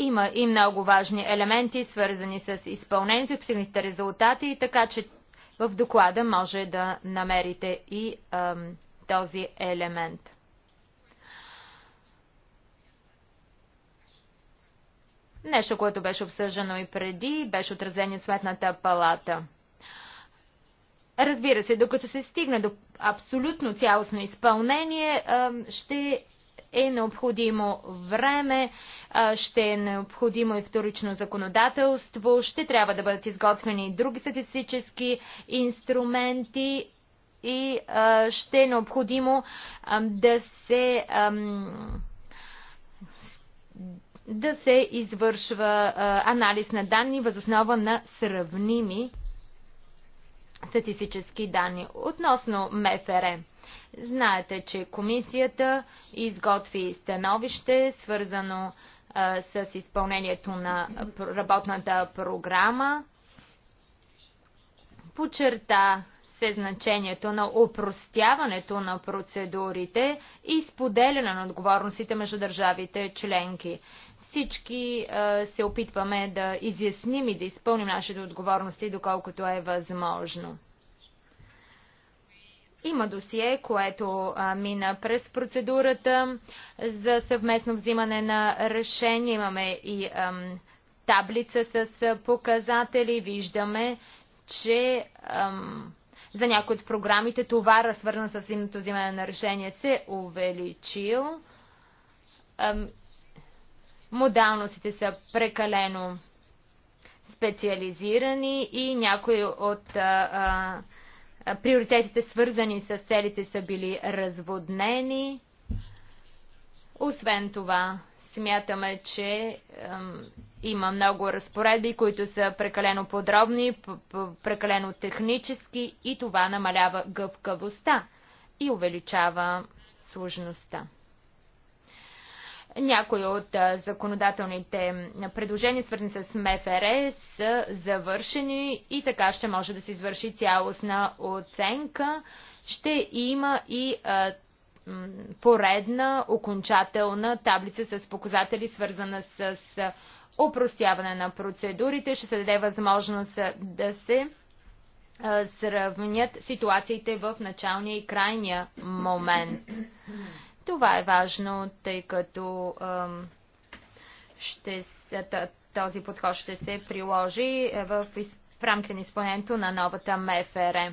Има и много важни елементи, свързани с изпълнението и постигнатите резултати, така че в доклада може да намерите и ам, този елемент. Нещо, което беше обсъждано и преди, беше отразение от Светната палата. Разбира се, докато се стигне до абсолютно цялостно изпълнение, ще е необходимо време, ще е необходимо и вторично законодателство, ще трябва да бъдат изготвени и други статистически инструменти и ще е необходимо да се да се извършва анализ на данни възоснова на сравними статистически данни. Относно МФРМ. Знаете, че комисията изготви становище, свързано а, с изпълнението на работната програма. Почерта се значението на упростяването на процедурите и споделяне на отговорностите между държавите членки. Всички се опитваме да изясним и да изпълним нашите отговорности, доколкото е възможно. Има досие, което а, мина през процедурата за съвместно взимане на решение. Имаме и ам, таблица с показатели. Виждаме, че ам, за някои от програмите товара, свързан с взимното взимане на решение, се увеличил. Ам, модалностите са прекалено специализирани и някои от а, а, Приоритетите, свързани с целите, са били разводнени. Освен това, смятаме, че има много разпоредби, които са прекалено подробни, прекалено технически и това намалява гъвкавостта и увеличава сложността. Някои от законодателните предложения, свързани с МФР, са завършени и така ще може да се извърши цялостна оценка. Ще има и поредна окончателна таблица с показатели, свързана с опростяване на процедурите. Ще се даде възможност да се сравнят ситуациите в началния и крайния момент. Това е важно, тъй като ще, този подход ще се приложи в, в рамките на изпълнението на новата МФР.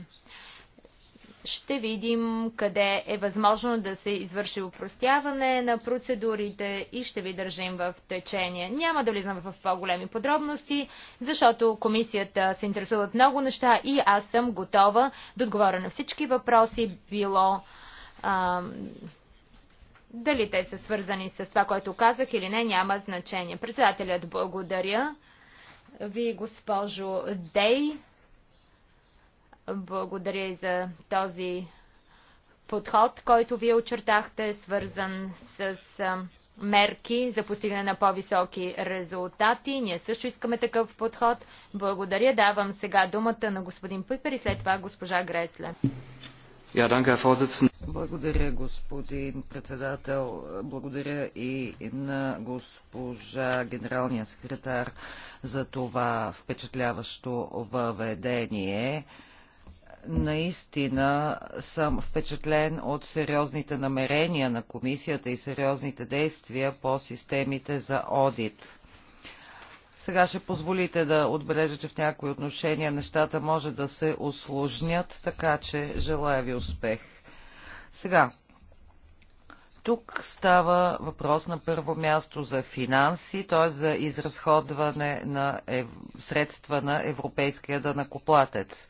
Ще видим къде е възможно да се извърши упростяване на процедурите и ще ви държим в течение. Няма да влизам в по-големи подробности, защото комисията се интересува от много неща и аз съм готова да отговоря на всички въпроси, било дали те са свързани с това, което казах или не, няма значение. Председателят благодаря. Ви, госпожо Дей, благодаря и за този подход, който вие очертахте, свързан с мерки за постигане на по-високи резултати. Ние също искаме такъв подход. Благодаря. Давам сега думата на господин Пипер и след това госпожа Гресле. Herr Благодаря, господин председател. Благодаря и на госпожа генералния секретар за това впечатляващо въведение. Наистина съм впечатлен от сериозните намерения на комисията и сериозните действия по системите за одит сега ще позволите да отбележа, че в някои отношения нещата може да се осложнят, така че желая ви успех. Сега, тук става въпрос на първо място за финанси, т.е. за изразходване на ев... средства на европейския данакоплатец.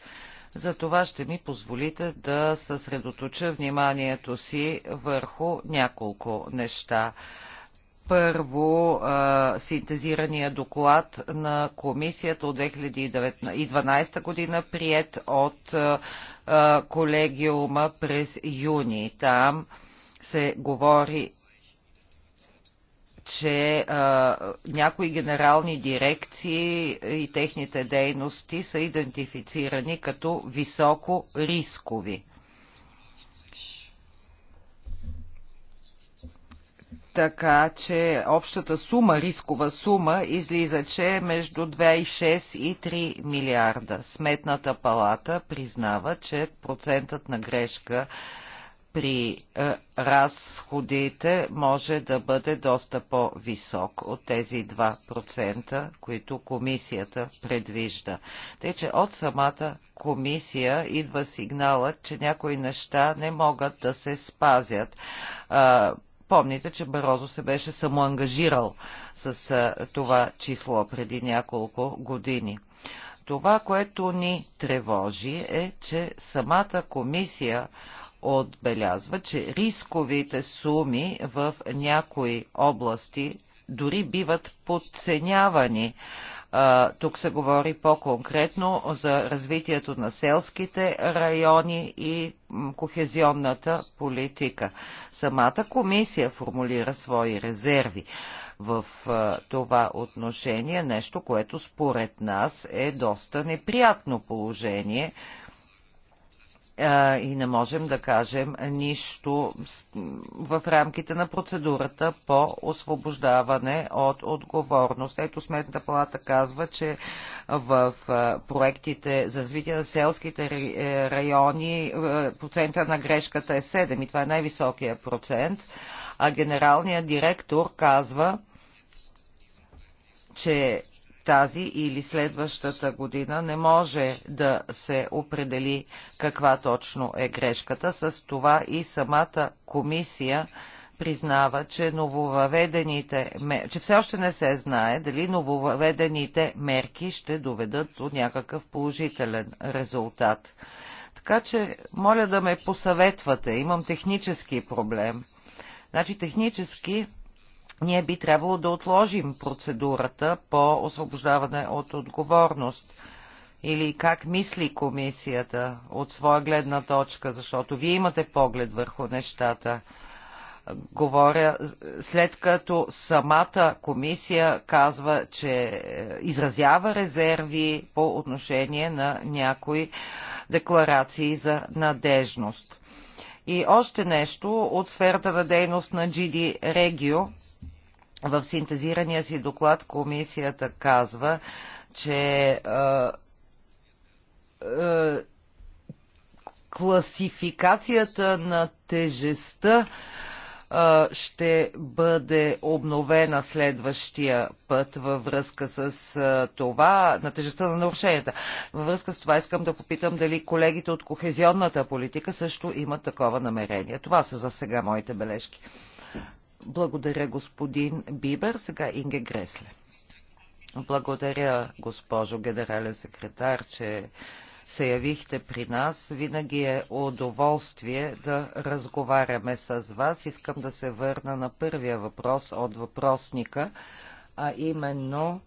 За това ще ми позволите да съсредоточа вниманието си върху няколко неща първо а, синтезирания доклад на комисията от 2012 година, прият от а, колегиума през юни. Там се говори че а, някои генерални дирекции и техните дейности са идентифицирани като високо рискови. така че общата сума, рискова сума, излиза, че е между 2,6 и 3 милиарда. Сметната палата признава, че процентът на грешка при е, разходите може да бъде доста по-висок от тези 2%, които комисията предвижда. Тъй, че от самата комисия идва сигналът, че някои неща не могат да се спазят. Помните, че Барозо се беше самоангажирал с това число преди няколко години. Това, което ни тревожи е, че самата комисия отбелязва, че рисковите суми в някои области дори биват подценявани. Тук се говори по-конкретно за развитието на селските райони и кохезионната политика. Самата комисия формулира свои резерви в това отношение, нещо, което според нас е доста неприятно положение и не можем да кажем нищо в рамките на процедурата по освобождаване от отговорност. Ето Сметната палата казва, че в проектите за развитие на селските е, райони процента на грешката е 7 и това е най-високия процент, а генералният директор казва, че тази или следващата година не може да се определи каква точно е грешката. С това и самата комисия признава, че, нововъведените, че все още не се знае дали нововъведените мерки ще доведат до някакъв положителен резултат. Така че, моля да ме посъветвате. Имам технически проблем. Значи, технически ние би трябвало да отложим процедурата по освобождаване от отговорност. Или как мисли комисията от своя гледна точка, защото вие имате поглед върху нещата. Говоря, след като самата комисия казва, че изразява резерви по отношение на някои декларации за надежност. И още нещо от сферата на дейност на GD Regio. В синтезирания си доклад комисията казва, че класификацията на тежестта ще бъде обновена следващия път във връзка с това, на тежестта на нарушенията. Във връзка с това искам да попитам дали колегите от кохезионната политика също имат такова намерение. Това са за сега моите бележки. Благодаря господин Бибер. Сега Инге Гресле. Благодаря, госпожо генерален секретар, че се явихте при нас. Винаги е удоволствие да разговаряме с вас. Искам да се върна на първия въпрос от въпросника, а именно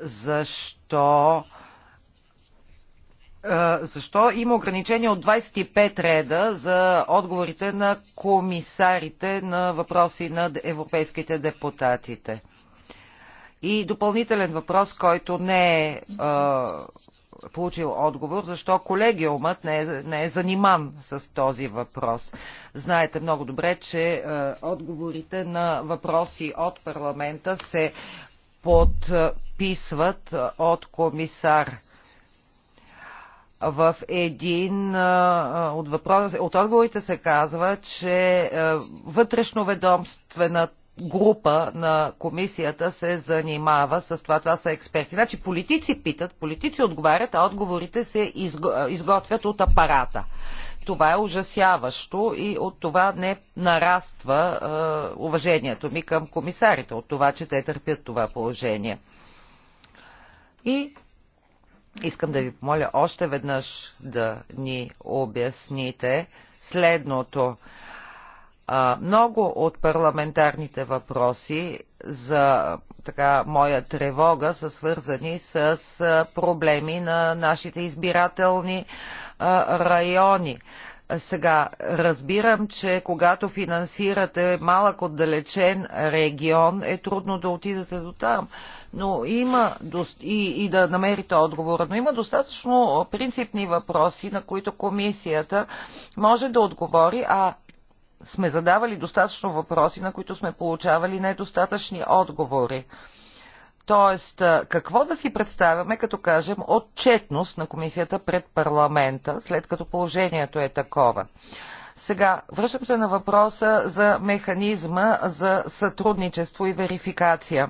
защо защо има ограничение от 25 реда за отговорите на комисарите на въпроси на европейските депутатите? И допълнителен въпрос, който не е а, получил отговор, защо колегиумът не е, не е заниман с този въпрос. Знаете много добре, че е, отговорите на въпроси от парламента се подписват е, от комисар в един е, от, въпрос, от отговорите се казва, че е, вътрешноведомствената група на комисията се занимава с това. Това са експерти. Значи политици питат, политици отговарят, а отговорите се изготвят от апарата. Това е ужасяващо и от това не нараства е, уважението ми към комисарите, от това, че те търпят това положение. И искам да ви помоля още веднъж да ни обясните следното много от парламентарните въпроси за така, моя тревога са свързани с проблеми на нашите избирателни райони. Сега, разбирам, че когато финансирате малък отдалечен регион, е трудно да отидете до там. Но има и, и да намерите отговора. Но има достатъчно принципни въпроси, на които комисията може да отговори, а сме задавали достатъчно въпроси, на които сме получавали недостатъчни отговори. Тоест, какво да си представяме, като кажем отчетност на комисията пред парламента, след като положението е такова? Сега, връщам се на въпроса за механизма за сътрудничество и верификация.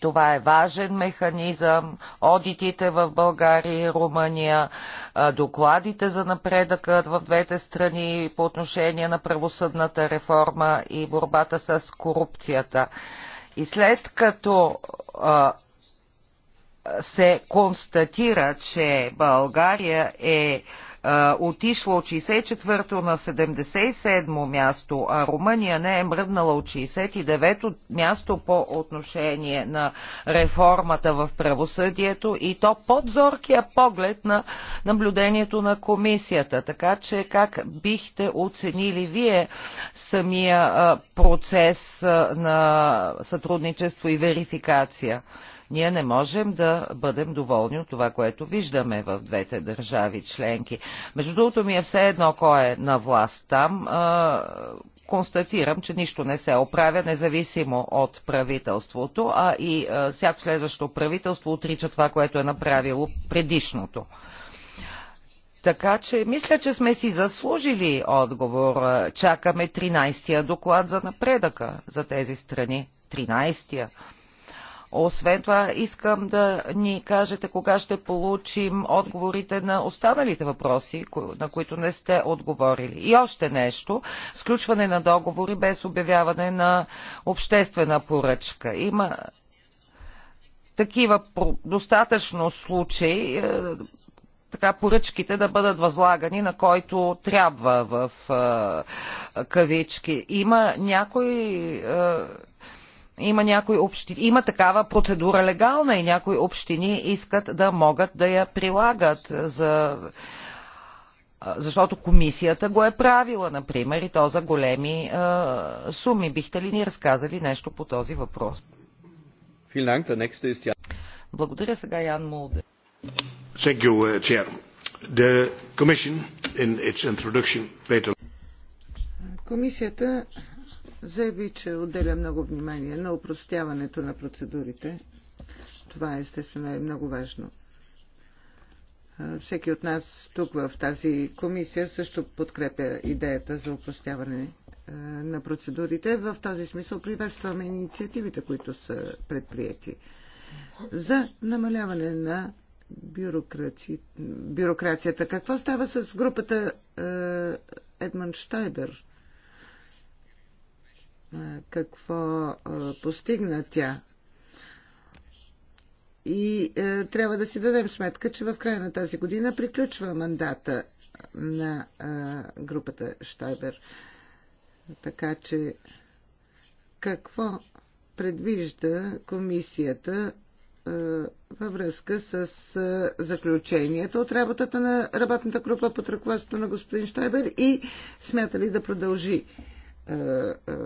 Това е важен механизъм. Одитите в България и Румъния, докладите за напредъка в двете страни по отношение на правосъдната реформа и борбата с корупцията. И след като се констатира, че България е отишла от 64-то на 77-мо място, а Румъния не е мръднала от 69-то място по отношение на реформата в правосъдието и то под зоркия поглед на наблюдението на комисията. Така че как бихте оценили вие самия процес на сътрудничество и верификация? Ние не можем да бъдем доволни от това, което виждаме в двете държави членки. Между другото ми е все едно кой е на власт там. А, констатирам, че нищо не се оправя, независимо от правителството, а и а, всяко следващо правителство отрича това, което е направило предишното. Така че мисля, че сме си заслужили отговор. Чакаме 13-я доклад за напредъка за тези страни. 13-я. Освен това, искам да ни кажете кога ще получим отговорите на останалите въпроси, на които не сте отговорили. И още нещо. Сключване на договори без обявяване на обществена поръчка. Има такива достатъчно случаи, е, така поръчките да бъдат възлагани на който трябва в е, кавички. Има някои е, има, някои общини, има такава процедура легална и някои общини искат да могат да я прилагат, за, защото комисията го е правила, например, и то за големи е, суми. Бихте ли ни разказали нещо по този въпрос? Благодаря сега Ян Мулде. Uh, комисията заяви, че отделя много внимание на упростяването на процедурите. Това естествено е много важно. Всеки от нас тук в тази комисия също подкрепя идеята за упростяване на процедурите. В този смисъл приветстваме инициативите, които са предприяти за намаляване на бюрокраци... бюрокрацията. Какво става с групата Едман Штайбер? какво постигна тя. И е, трябва да си дадем сметка, че в края на тази година приключва мандата на е, групата Штайбер. Така че какво предвижда комисията е, във връзка с е, заключенията от работата на работната група под ръководството на господин Штайбер и смята ли да продължи? В е, е,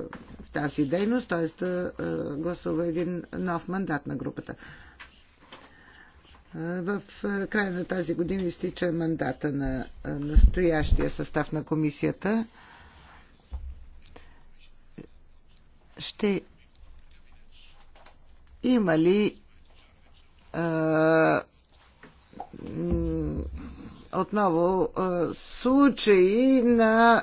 тази дейност, т.е. да е, гласува един нов мандат на групата. В края на тази година изтича мандата на настоящия състав на комисията. Ще има ли отново случаи на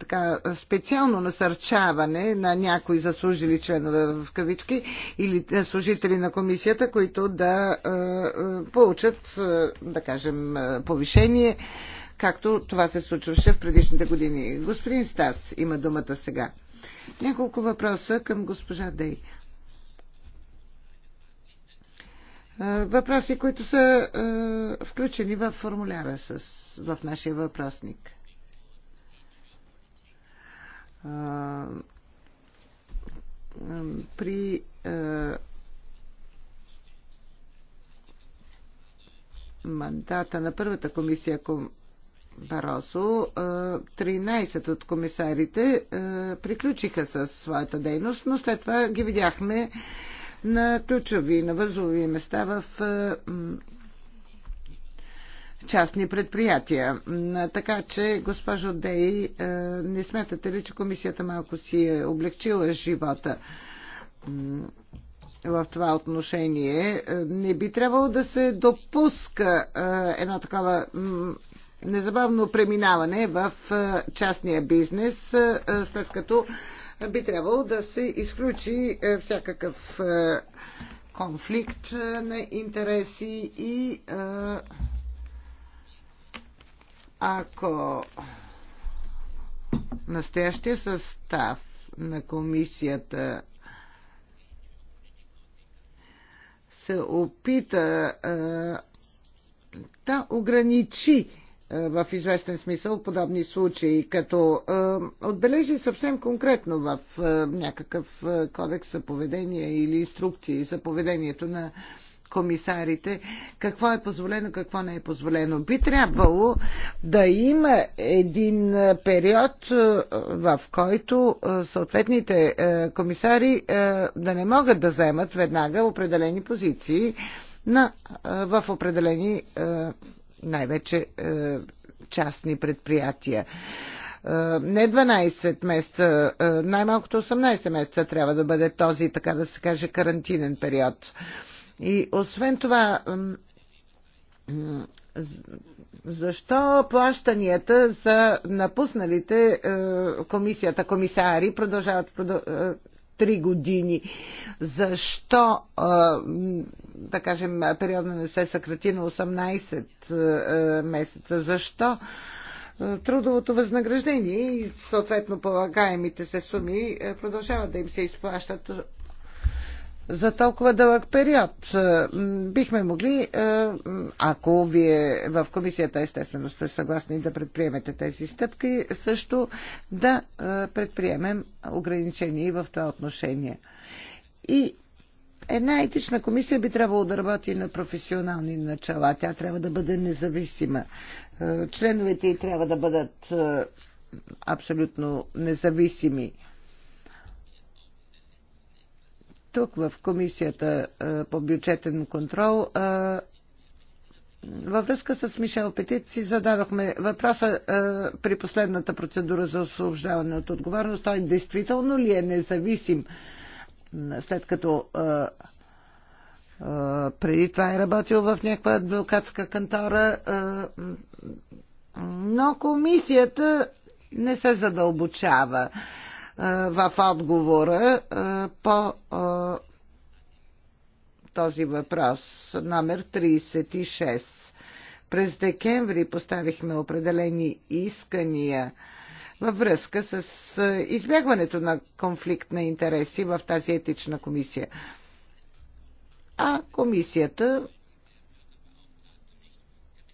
така, специално насърчаване на някои заслужили членове в кавички или служители на комисията, които да получат, да кажем, повишение, както това се случваше в предишните години. Господин Стас има думата сега. Няколко въпроса към госпожа Дей. въпроси, които са а, включени в формуляра с, в нашия въпросник. А, при а, мандата на първата комисия ком, Баросо, 13 от комисарите приключиха с своята дейност, но след това ги видяхме на ключови, на възлови места в е, частни предприятия. Така че, госпожо Дей, е, не смятате ли, че комисията малко си е облегчила живота в това отношение? Е, не би трябвало да се допуска едно такова незабавно преминаване в частния бизнес, след като би трябвало да се изключи е, всякакъв е, конфликт е, на интереси и ако настоящия състав на комисията се опита да ограничи е, в известен смисъл подобни случаи, като е, отбележи съвсем конкретно в е, някакъв е, кодекс за поведение или инструкции за поведението на комисарите, какво е позволено, какво не е позволено. Би трябвало да има един е, период, в който съответните комисари да не могат да вземат веднага определени позиции на, в определени най-вече е, частни предприятия. Е, не 12 месеца, е, най-малкото 18 месеца трябва да бъде този, така да се каже, карантинен период. И освен това, защо плащанията за напусналите комисията комисари продължават 3 години? Защо да кажем, периода не се съкрати на 18 е, е, месеца. Защо? Е, трудовото възнаграждение и съответно полагаемите се суми продължават да им се изплащат за толкова дълъг период. Бихме могли, ако вие в комисията естествено сте съгласни да предприемете тези стъпки, също да предприемем ограничения и в това отношение. И Една етична комисия би трябвало да работи на професионални начала. Тя трябва да бъде независима. Е, членовете й трябва да бъдат е, абсолютно независими. Тук в комисията е, по бюджетен контрол във връзка с Мишел Петит си зададохме въпроса е, при последната процедура за освобождаване от отговорност. Той действително ли е независим? Е, след като преди това е работил в някаква адвокатска кантора, но комисията не се задълбочава в отговора по този въпрос, номер 36. През декември поставихме определени искания във връзка с избягването на конфликт на интереси в тази етична комисия. А комисията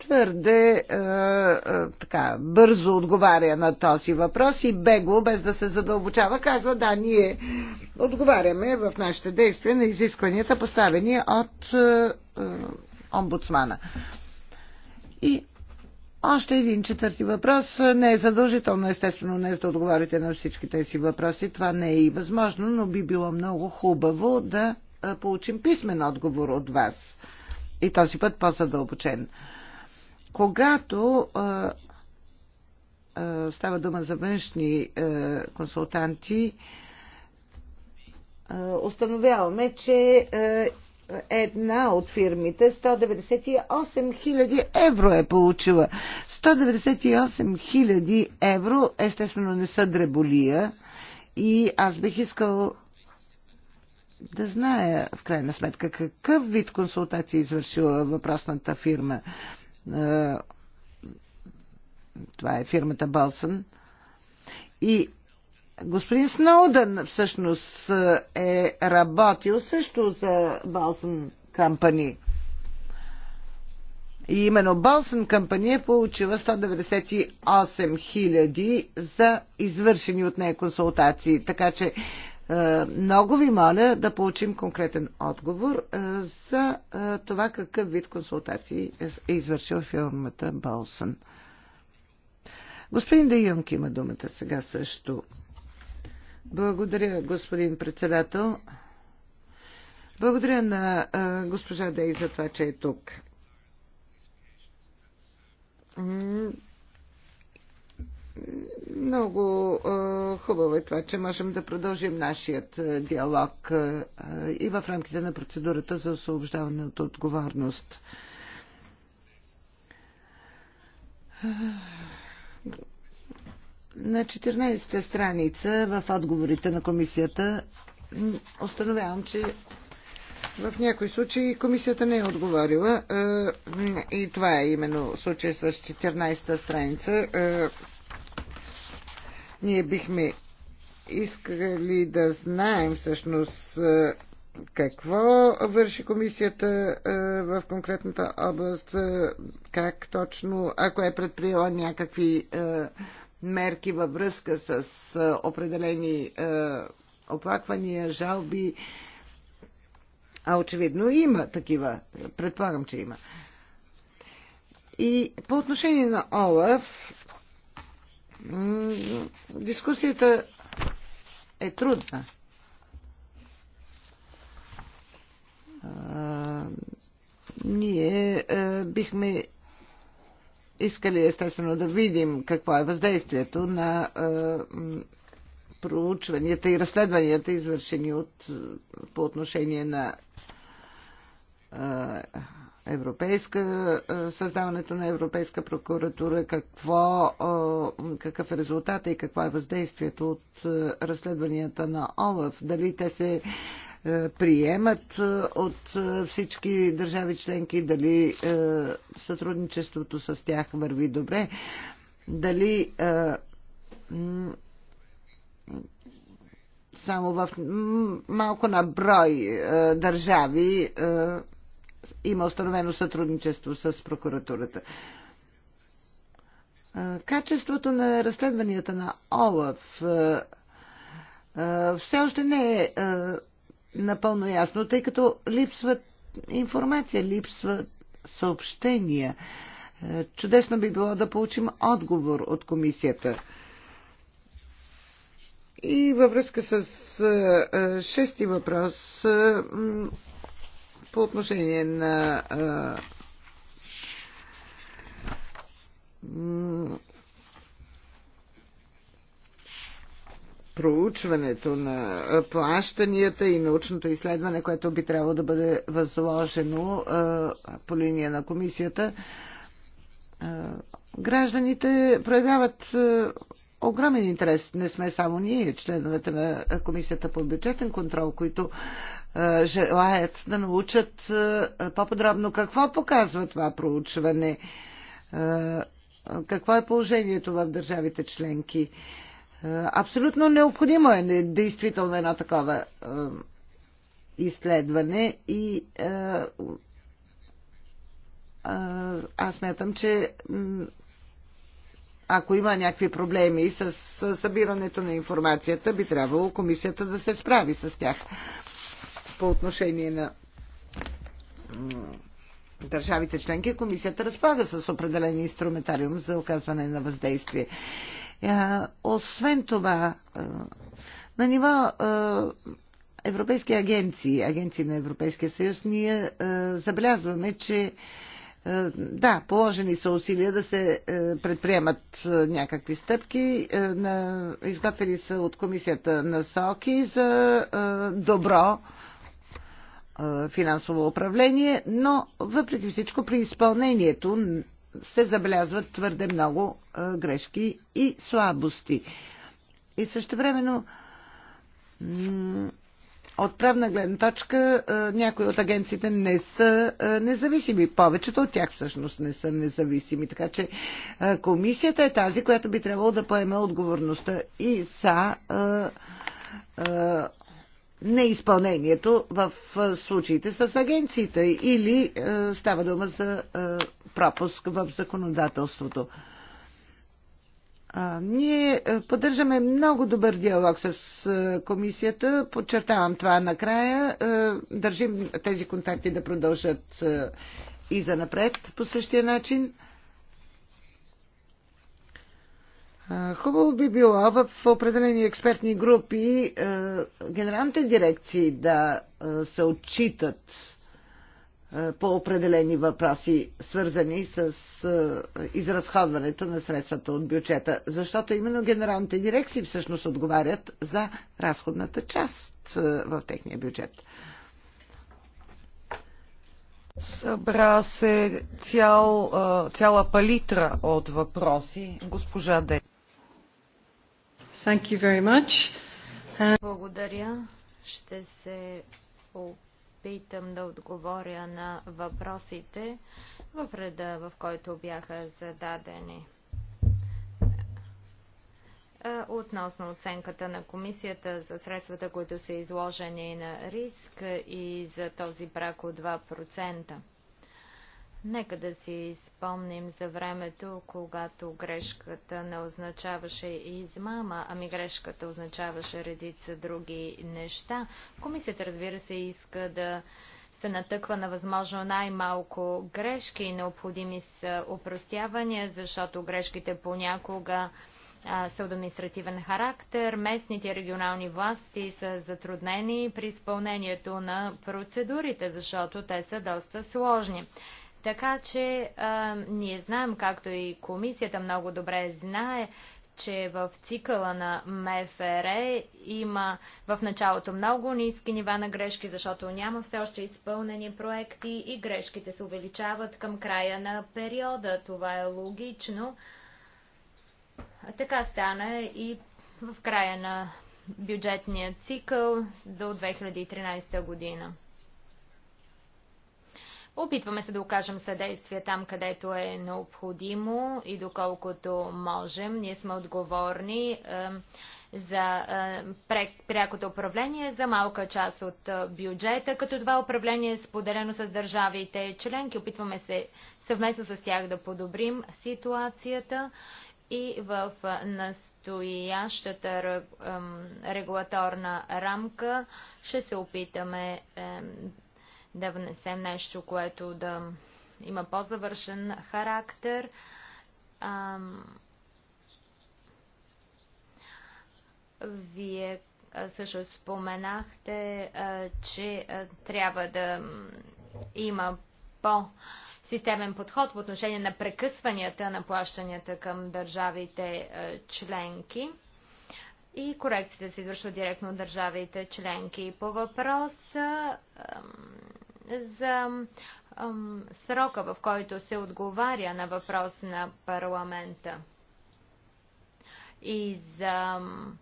твърде е, е, така, бързо отговаря на този въпрос и бегло, без да се задълбочава, казва да, ние отговаряме в нашите действия на изискванията, поставени от е, е, омбудсмана. И още един четвърти въпрос. Не е задължително, естествено, днес да отговорите на всички тези въпроси. Това не е и възможно, но би било много хубаво да получим писмен отговор от вас. И този път по-задълбочен. Когато а, а, става дума за външни а, консултанти, а, установяваме, че а, една от фирмите 198 000 евро е получила. 198 000 евро естествено не са дреболия и аз бих искал да зная в крайна сметка какъв вид консултация е извършила въпросната фирма. Е, това е фирмата Балсън И Господин Сноудън всъщност е, е работил също за Балсън Кампани. И именно Балсън кампания е получила 198 000 за извършени от нея консултации. Така че е, много ви моля да получим конкретен отговор е, за това какъв вид консултации е извършил фирмата Балсън. Господин Де Юнг има думата сега също. Благодаря, господин председател. Благодаря на а, госпожа Дей за това, че е тук. Много а, хубаво е това, че можем да продължим нашият диалог а, и в рамките на процедурата за освобождаване от отговорност на 14-та страница в отговорите на комисията установявам, че в някои случаи комисията не е отговорила е, и това е именно случай с 14-та страница. Е, ние бихме искали да знаем всъщност е, какво върши комисията в конкретната област, как точно, ако е предприела някакви мерки във връзка с определени оплаквания, жалби. А очевидно има такива. Предполагам, че има. И по отношение на Олаф, дискусията е трудна. ние бихме искали естествено да видим какво е въздействието на е, проучванията и разследванията, извършени от, по отношение на е, европейска, е, създаването на Европейска прокуратура, какво, какъв е резултата и какво е въздействието от разследванията на ОЛАФ, дали те се е, приемат е, от е, всички държави членки, дали сътрудничеството с тях върви добре, дали само в малко на брой държави има установено сътрудничество с прокуратурата. Качеството на разследванията на ОЛАФ все още не е напълно ясно, тъй като липсват информация, липсват съобщения. Е, чудесно би било да получим отговор от комисията. И във връзка с е, е, шести въпрос по отношение на проучването на плащанията и научното изследване, което би трябвало да бъде възложено по линия на комисията, гражданите проявяват огромен интерес. Не сме само ние, членовете на Комисията по бюджетен контрол, които желаят да научат по-подробно какво показва това проучване, какво е положението в държавите членки. Е, абсолютно необходимо е действително едно такова е, изследване и е, аз мятам, че ако има някакви проблеми с събирането на информацията, би трябвало комисията да се справи с тях по отношение на държавите членки, комисията разполага с определен инструментариум за оказване на въздействие. Е, освен това, е, на ниво е, европейски агенции, агенции на Европейския съюз, ние забелязваме, че да, положени са усилия да се предприемат някакви стъпки. На, изготвени са от комисията насоки за добро финансово управление, но въпреки всичко при изпълнението се забелязват твърде много грешки и слабости. И също времено от правна гледна точка някои от агенциите не са независими. Повечето от тях всъщност не са независими. Така че комисията е тази, която би трябвало да поеме отговорността и са неизпълнението в случаите с агенциите или става дума за пропуск в законодателството. Ние поддържаме много добър диалог с комисията. Подчертавам това накрая. Държим тези контакти да продължат и за напред по същия начин. Хубаво би било в определени експертни групи генералните дирекции да се отчитат по определени въпроси, свързани с изразходването на средствата от бюджета, защото именно генералните дирекции всъщност отговарят за разходната част в техния бюджет. Събра се цял, цяла палитра от въпроси. Госпожа Дей. Thank you very much. Uh, Благодаря. Ще се опитам да отговоря на въпросите в реда, в който бяха зададени. Е, относно оценката на комисията за средствата, които са изложени на риск и за този брак от 2%. Нека да си спомним за времето, когато грешката не означаваше измама, ами грешката означаваше редица други неща. Комисията, разбира се, иска да се натъква на възможно най-малко грешки и необходими са упростявания, защото грешките понякога са с административен характер. Местните и регионални власти са затруднени при изпълнението на процедурите, защото те са доста сложни. Така че а, ние знаем, както и комисията много добре знае, че в цикъла на МФР има в началото много ниски нива на грешки, защото няма все още изпълнени проекти и грешките се увеличават към края на периода. Това е логично. Така стана и в края на бюджетния цикъл до 2013 година. Опитваме се да окажем съдействие там, където е необходимо и доколкото можем. Ние сме отговорни за прякото управление, за малка част от е, бюджета, като това управление е споделено с държавите членки. Опитваме се съвместно с тях да подобрим ситуацията и в е, настоящата регулаторна рамка ще се опитаме да внесем нещо, което да има по-завършен характер. Ам... Вие също споменахте, а, че а, трябва да има по- системен подход по отношение на прекъсванията на плащанията към държавите а, членки и корекцията се извършва директно от държавите членки. По въпроса за ам, срока, в който се отговаря на въпрос на парламента и за ам,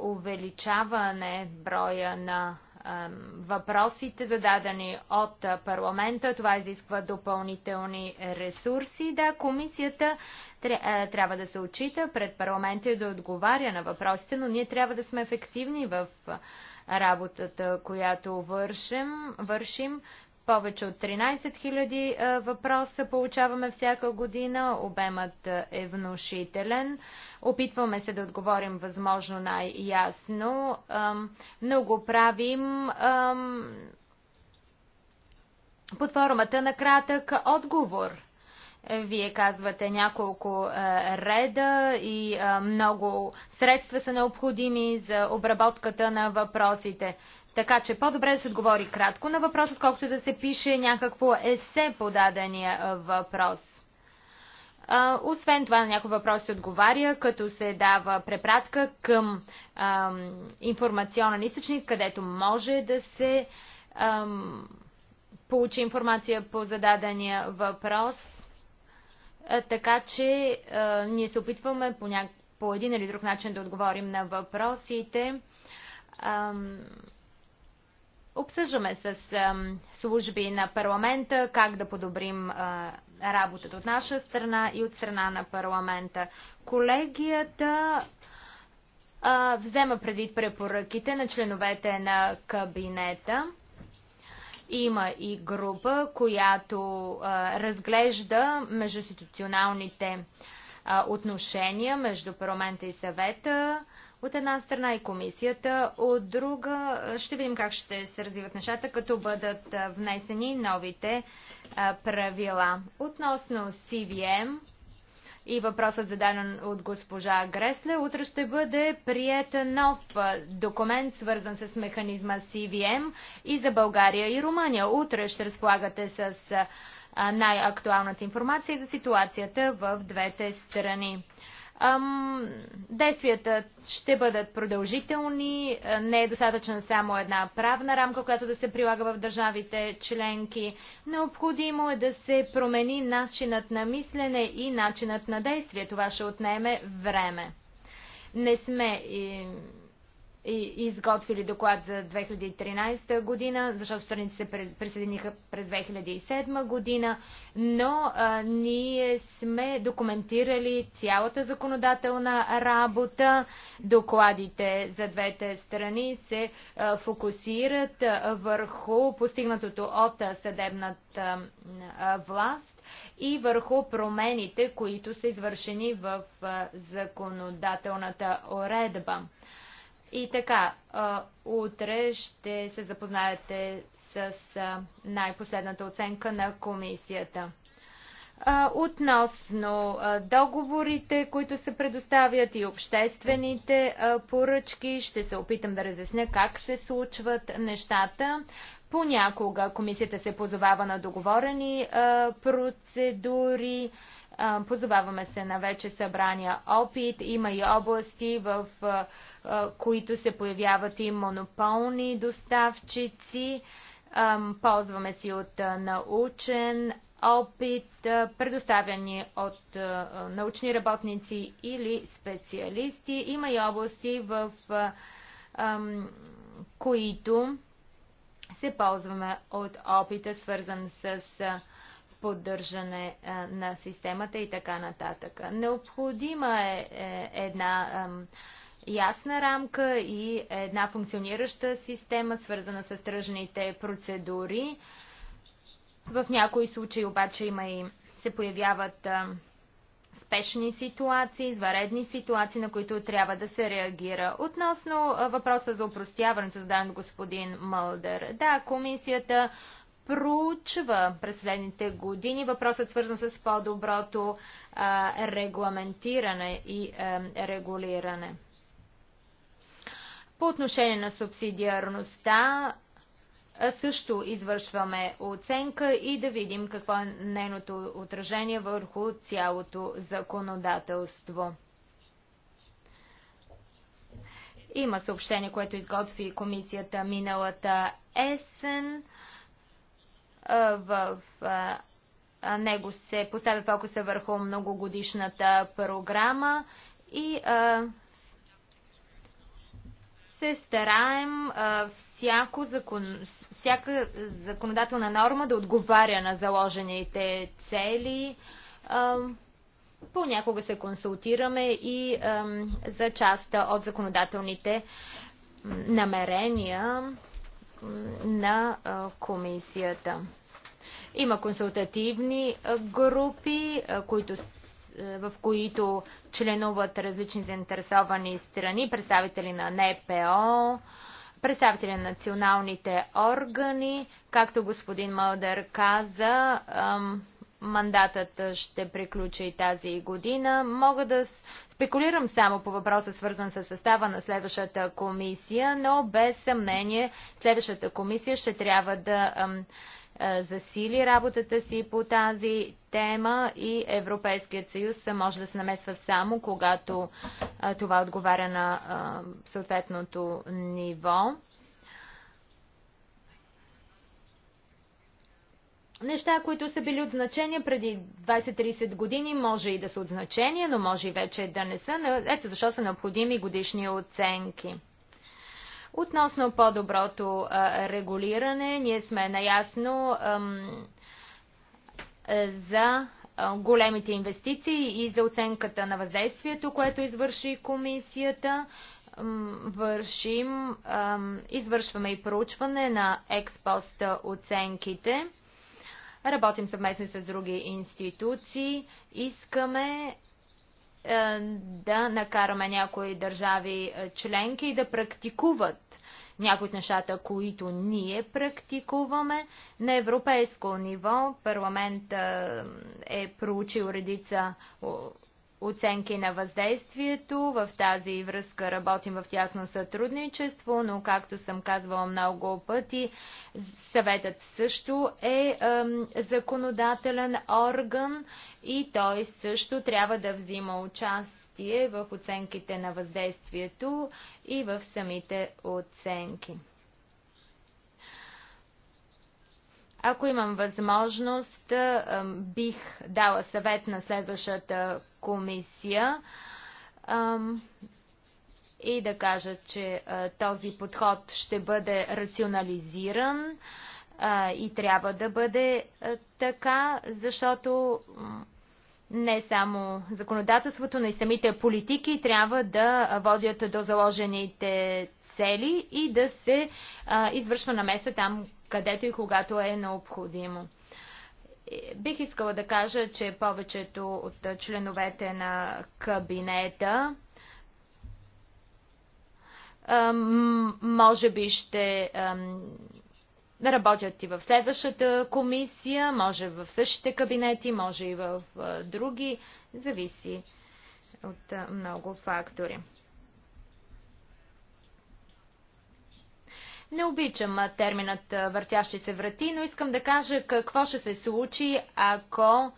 увеличаване броя на въпросите, зададени от парламента. Това изисква допълнителни ресурси. Да, комисията трябва да се отчита пред парламента и да отговаря на въпросите, но ние трябва да сме ефективни в работата, която вършим. вършим. Повече от 13 000 е, въпроса получаваме всяка година. Обемът е внушителен. Опитваме се да отговорим възможно най-ясно. Много правим под формата на кратък отговор. Вие казвате няколко е, реда и е, много средства са необходими за обработката на въпросите. Така че по-добре да се отговори кратко на въпрос, отколкото да се пише някакво есе по дадения е, въпрос. освен това, на някои въпроси отговаря, като се дава препратка към информационен източник, където може да се получи информация по зададения въпрос. Е, така че е, ние се опитваме по, ня... по един или друг начин да отговорим на въпросите. Обсъждаме с служби на парламента как да подобрим работата от наша страна и от страна на парламента. Колегията взема предвид препоръките на членовете на кабинета. Има и група, която а, разглежда междуинституционалните отношения между парламента и съвета от една страна и комисията, от друга ще видим как ще се развиват нещата, като бъдат внесени новите правила. Относно CVM, и въпросът зададен от госпожа Гресле. Утре ще бъде прият нов документ, свързан с механизма CVM и за България и Румъния. Утре ще разполагате с най-актуалната информация за ситуацията в двете страни. Ам, действията ще бъдат продължителни. Е, не е достатъчна само една правна рамка, която да се прилага в държавите членки. Необходимо е да се промени начинът на мислене и начинът на действие. Това ще отнеме време. Не сме и изготвили доклад за 2013 година, защото страните се присъединиха през 2007 година, но а, ние сме документирали цялата законодателна работа. Докладите за двете страни се а, фокусират а, върху постигнатото от съдебната а, власт и върху промените, които са извършени в а, законодателната уредба. И така, утре ще се запознаете с най-последната оценка на комисията. Относно договорите, които се предоставят и обществените поръчки, ще се опитам да разясня как се случват нещата. Понякога комисията се позовава на договорени процедури, Позоваваме се на вече събрания опит. Има и области, в които се появяват и монополни доставчици. Ползваме си от научен опит, предоставяни от научни работници или специалисти. Има и области, в които се ползваме от опита, свързан с поддържане на системата и така нататък. Необходима е, е една ясна рамка и една функционираща система, свързана с тръжните процедури. В някои случаи обаче има и се появяват спешни ситуации, изваредни ситуации, на които трябва да се реагира. Относно въпроса за упростяването, задан господин Мълдър. Да, комисията проучва през следните години. Въпросът е свързан с по-доброто регламентиране и а, регулиране. По отношение на субсидиарността, също извършваме оценка и да видим какво е нейното отражение върху цялото законодателство. Има съобщение, което изготви комисията миналата есен. А, в него се поставя фокуса върху многогодишната програма и се стараем всяко закон... всяка законодателна норма да отговаря на заложените цели. Понякога се консултираме и за част от законодателните намерения на комисията. Има консултативни групи, които, в които членуват различни заинтересовани страни, представители на НПО, представители на националните органи. Както господин Мълдър каза, мандатът ще приключи тази година. Мога да Спекулирам само по въпроса, свързан с състава на следващата комисия, но без съмнение следващата комисия ще трябва да засили работата си по тази тема и Европейският съюз може да се намесва само когато това отговаря на съответното ниво. Неща, които са били от значение преди 20-30 години, може и да са от значение, но може и вече да не са. Ето защо са необходими годишни оценки. Относно по-доброто регулиране, ние сме наясно ам, е, за големите инвестиции и за оценката на въздействието, което извърши комисията. Вършим, ам, извършваме и проучване на експост оценките Работим съвместно с други институции. Искаме е, да накараме някои държави е, членки да практикуват някои от нещата, които ние практикуваме. На европейско ниво парламент е, е проучил редица оценки на въздействието. В тази връзка работим в тясно сътрудничество, но както съм казвала много пъти, съветът също е, е законодателен орган и той също трябва да взима участие в оценките на въздействието и в самите оценки. Ако имам възможност, бих дала съвет на следващата комисия и да кажа, че този подход ще бъде рационализиран и трябва да бъде така, защото не само законодателството, но и самите политики трябва да водят до заложените цели и да се извършва намеса там, където и когато е необходимо. Бих искала да кажа, че повечето от членовете на кабинета може би ще работят и в следващата комисия, може в същите кабинети, може и в други, зависи от много фактори. Не обичам терминът въртящи се врати, но искам да кажа какво ще се случи, ако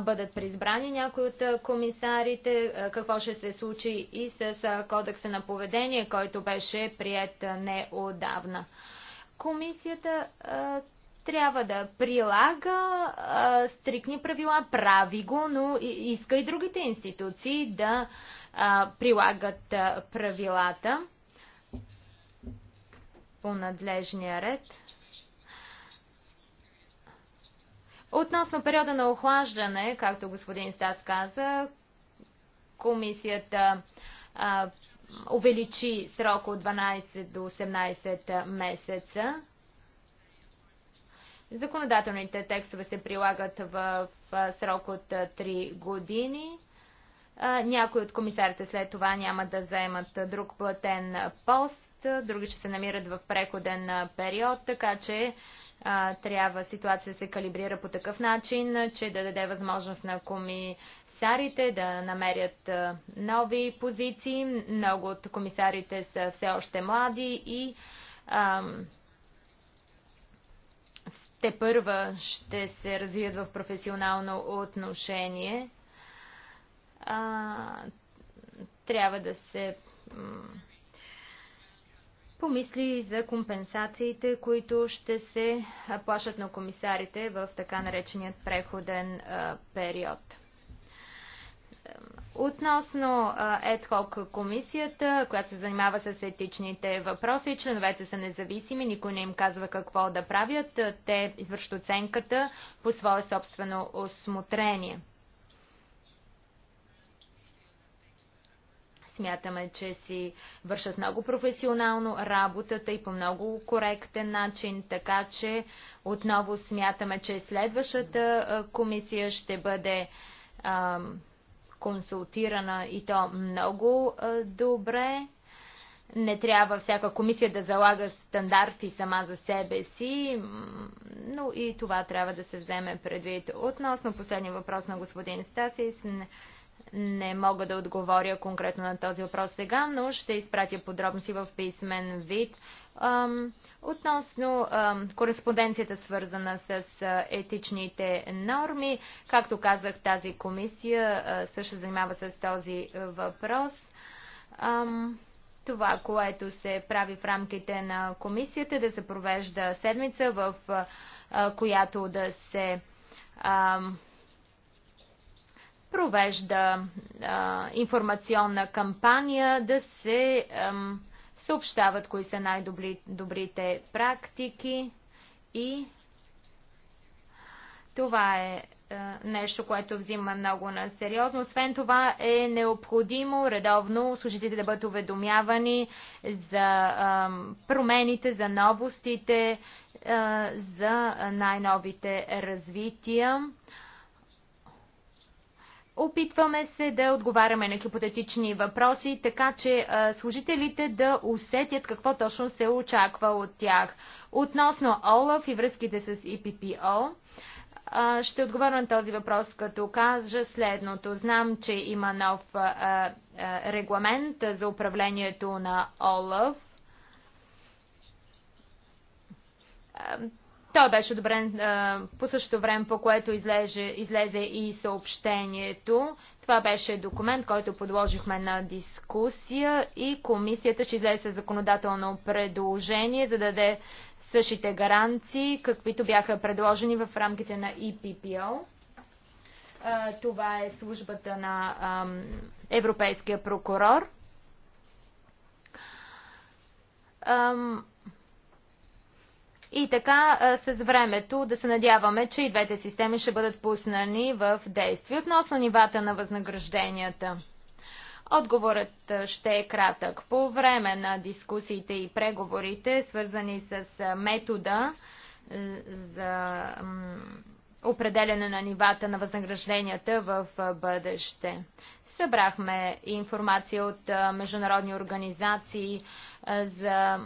бъдат призбрани някои от комисарите, какво ще се случи и с кодекса на поведение, който беше прият неодавна. Комисията трябва да прилага стрикни правила, прави го, но иска и другите институции да прилагат правилата по надлежния ред. Относно периода на охлаждане, както господин Стас каза, комисията а, увеличи срок от 12 до 18 месеца. Законодателните текстове се прилагат в, в срок от 3 години. Някои от комисарите след това няма да вземат друг платен пост други ще се намират в преходен период, така че а, трябва ситуация да се калибрира по такъв начин, че да даде възможност на комисарите да намерят а, нови позиции. Много от комисарите са все още млади и а, те първа ще се развият в професионално отношение. А, трябва да се помисли за компенсациите, които ще се плащат на комисарите в така нареченият преходен период. Относно ЕДХОК комисията, която се занимава с етичните въпроси, членовете са независими, никой не им казва какво да правят. Те извършат оценката по свое собствено осмотрение. Смятаме, че си вършат много професионално работата и по много коректен начин, така че отново смятаме, че следващата комисия ще бъде консултирана и то много добре. Не трябва всяка комисия да залага стандарти сама за себе си, но и това трябва да се вземе предвид. Относно последния въпрос на господин Стасис, не мога да отговоря конкретно на този въпрос сега, но ще изпратя подробности в писмен вид. Относно кореспонденцията свързана с етичните норми, както казах, тази комисия също занимава с този въпрос. Това, което се прави в рамките на комисията, е да се провежда седмица, в която да се провежда а, информационна кампания, да се ам, съобщават кои са най-добрите практики и това е а, нещо, което взима много на сериозно. Освен това е необходимо редовно служителите да бъдат уведомявани за ам, промените, за новостите, а, за най-новите развития. Опитваме се да отговаряме на хипотетични въпроси, така че а, служителите да усетят какво точно се очаква от тях. Относно ОЛАФ и връзките с ИППО, а, ще отговоря на този въпрос, като кажа следното. Знам, че има нов а, регламент за управлението на ОЛАФ той беше одобрен по същото време, по което излезе, излезе и съобщението. Това беше документ, който подложихме на дискусия и комисията ще излезе с законодателно предложение, за да даде същите гаранции, каквито бяха предложени в рамките на EPPO. Това е службата на Европейския прокурор. И така с времето да се надяваме, че и двете системи ще бъдат пуснани в действие. Относно нивата на възнагражденията. Отговорът ще е кратък. По време на дискусиите и преговорите, свързани с метода за определене на нивата на възнагражденията в бъдеще. Събрахме информация от международни организации за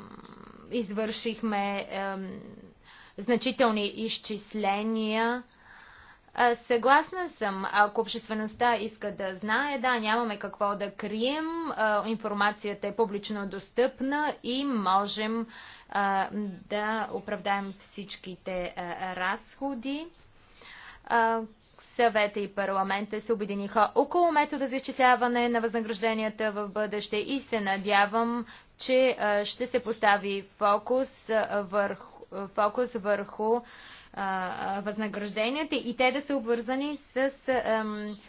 извършихме е, значителни изчисления. Е, съгласна съм, ако обществеността иска да знае, да, нямаме какво да крием, е, информацията е публично достъпна и можем да оправдаем всичките разходи Съвета и парламента се обединиха около метода за изчисляване на възнагражденията в бъдеще и се надявам, че ще се постави фокус върху, фокус върху възнагражденията и те да са обвързани с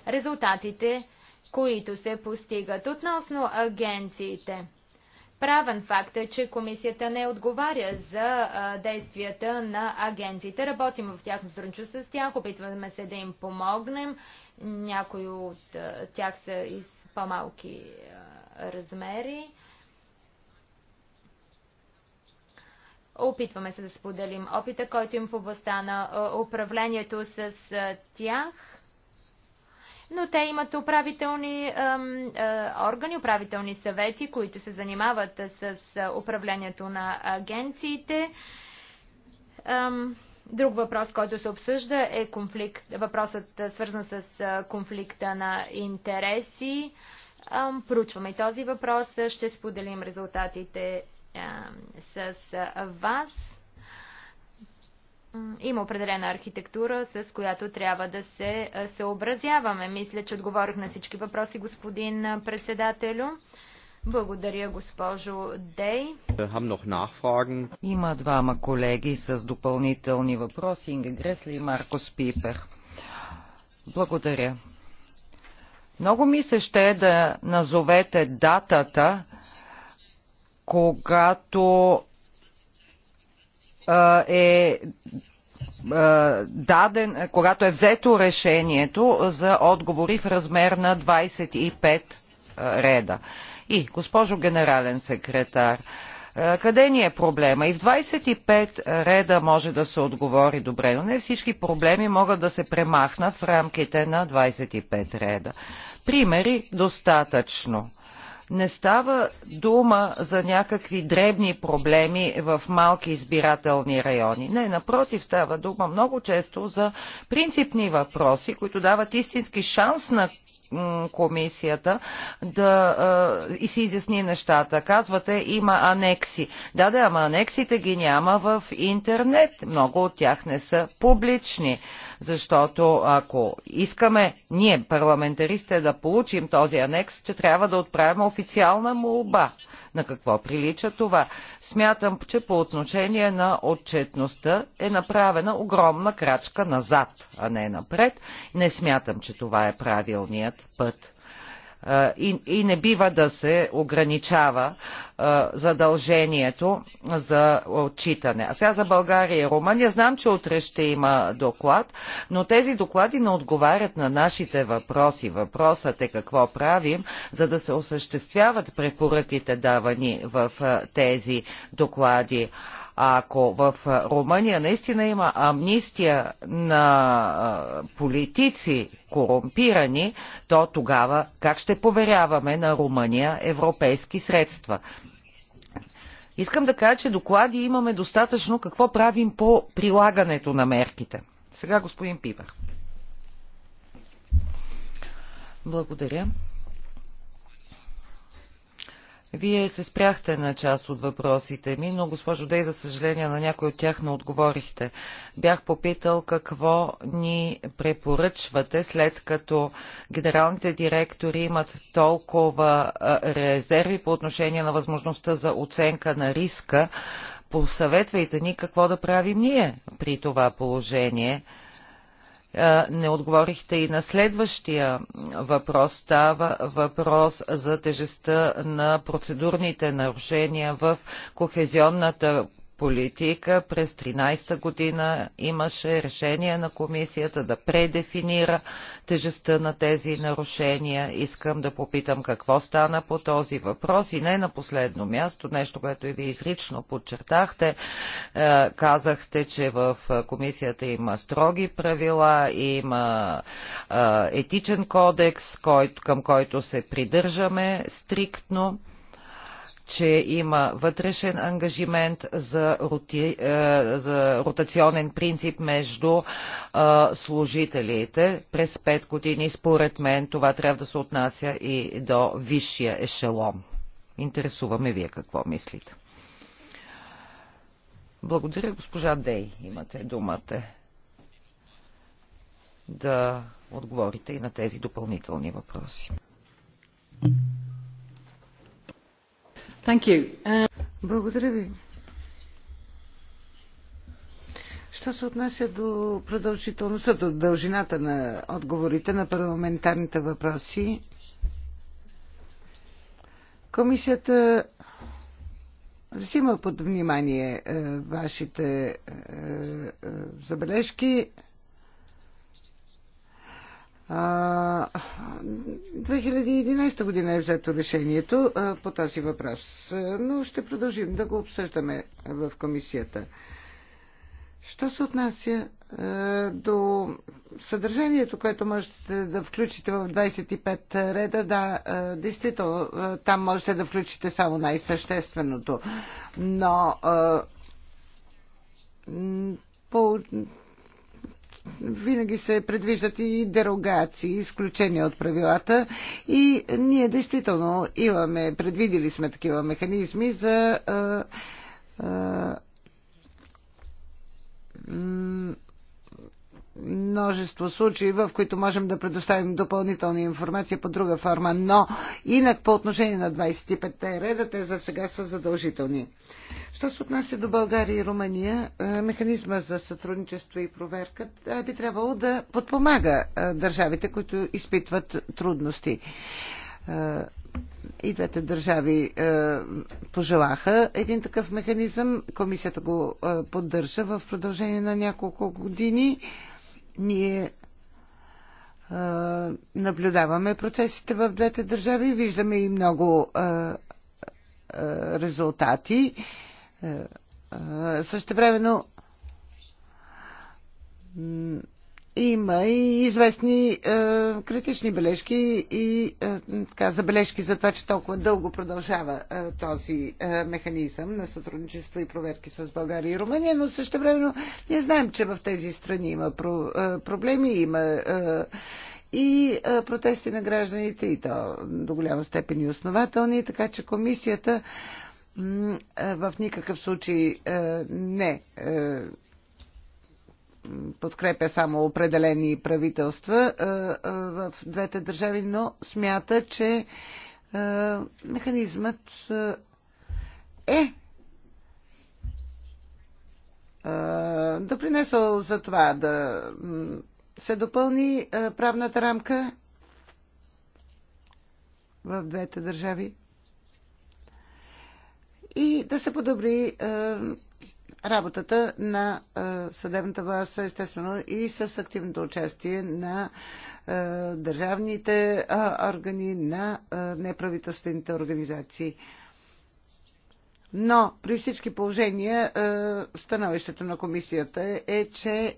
резултатите, които се постигат. Относно агенциите – Правен факт е, че комисията не отговаря за а, действията на агенциите. Работим в тясно сътрудничество с тях, опитваме се да им помогнем. Някои от а, тях са и с по-малки размери. Опитваме се да споделим опита, който им в областта на а, управлението с тях но те имат управителни органи, управителни съвети, които се занимават с управлението на агенциите. Друг въпрос, който се обсъжда е конфликт, въпросът свързан с конфликта на интереси. Проучваме този въпрос, ще споделим резултатите с вас има определена архитектура, с която трябва да се съобразяваме. Мисля, че отговорих на всички въпроси, господин председателю. Благодаря, госпожо Дей. Има двама колеги с допълнителни въпроси. Инга Гресли и Марко Спипер. Благодаря. Много ми се ще да назовете датата, когато е даден, когато е взето решението за отговори в размер на 25 реда. И, госпожо генерален секретар, къде ни е проблема? И в 25 реда може да се отговори добре, но не всички проблеми могат да се премахнат в рамките на 25 реда. Примери достатъчно. Не става дума за някакви дребни проблеми в малки избирателни райони. Не, напротив, става дума много често за принципни въпроси, които дават истински шанс на комисията да и се изясни нещата. Казвате, има анекси. Да, да, ама анексите ги няма в интернет. Много от тях не са публични. Защото ако искаме ние, парламентаристите, да получим този анекс, че трябва да отправим официална молба. На какво прилича това? Смятам, че по отношение на отчетността е направена огромна крачка назад, а не напред. Не смятам, че това е правилният път и, и не бива да се ограничава задължението за отчитане. А сега за България и Румъния знам, че утре ще има доклад, но тези доклади не отговарят на нашите въпроси. Въпросът е какво правим, за да се осъществяват препоръките давани в тези доклади. Ако в Румъния наистина има амнистия на политици корумпирани, то тогава как ще поверяваме на Румъния европейски средства? Искам да кажа, че доклади имаме достатъчно какво правим по прилагането на мерките. Сега господин Пибър. Благодаря. Вие се спряхте на част от въпросите ми, но госпожо Дей, за съжаление на някой от тях не отговорихте. Бях попитал какво ни препоръчвате, след като генералните директори имат толкова резерви по отношение на възможността за оценка на риска. Посъветвайте ни какво да правим ние при това положение. Е, не отговорихте и на следващия въпрос. Става въпрос за тежестта на процедурните нарушения в кохезионната политика. През 13-та година имаше решение на комисията да предефинира тежестта на тези нарушения. Искам да попитам какво стана по този въпрос и не на последно място, нещо, което и ви изрично подчертахте. Е, казахте, че в комисията има строги правила, има е, етичен кодекс, към който се придържаме стриктно че има вътрешен ангажимент за, роти, е, за ротационен принцип между е, служителите през 5 години. Според мен това трябва да се отнася и до висшия ешелон. Интересуваме вие какво мислите. Благодаря, госпожа Дей. Имате думата да отговорите и на тези допълнителни въпроси. Uh, Благодаря ви. Що се отнася до продължителността, до дължината на отговорите на парламентарните въпроси, комисията взима под внимание е, вашите е, е, забележки. 2011 година е взето решението по този въпрос, но ще продължим да го обсъждаме в комисията. Що се отнася до съдържанието, което можете да включите в 25 реда, да, действително, там можете да включите само най-същественото. Но по винаги се предвиждат и дерогации, изключения от правилата и ние действително имаме, предвидили сме такива механизми за а, а, множество случаи, в които можем да предоставим допълнителна информация по друга форма, но инак по отношение на 25-те реда, те за сега са задължителни. Що се отнася до България и Румъния, е, механизма за сътрудничество и проверка е, би трябвало да подпомага е, държавите, които изпитват трудности и двете държави пожелаха един такъв механизъм. Комисията го поддържа в продължение на няколко години ние наблюдаваме процесите в двете държави, виждаме и много резултати. Също времено има и известни е, критични бележки и е, така, забележки за това, че толкова дълго продължава е, този е, механизъм на сътрудничество и проверки с България и Румъния, но също времено ние знаем, че в тези страни има про, е, проблеми, има е, и е, протести на гражданите и то до голяма степен и основателни, така че комисията е, в никакъв случай е, не е, подкрепя само определени правителства е, е, в двете държави, но смята, че е, механизмът е да принесъл за това да се допълни правната рамка в двете държави и да се подобри работата на съдебната власт, естествено и с активното участие на държавните органи, на неправителствените организации. Но при всички положения становището на комисията е, че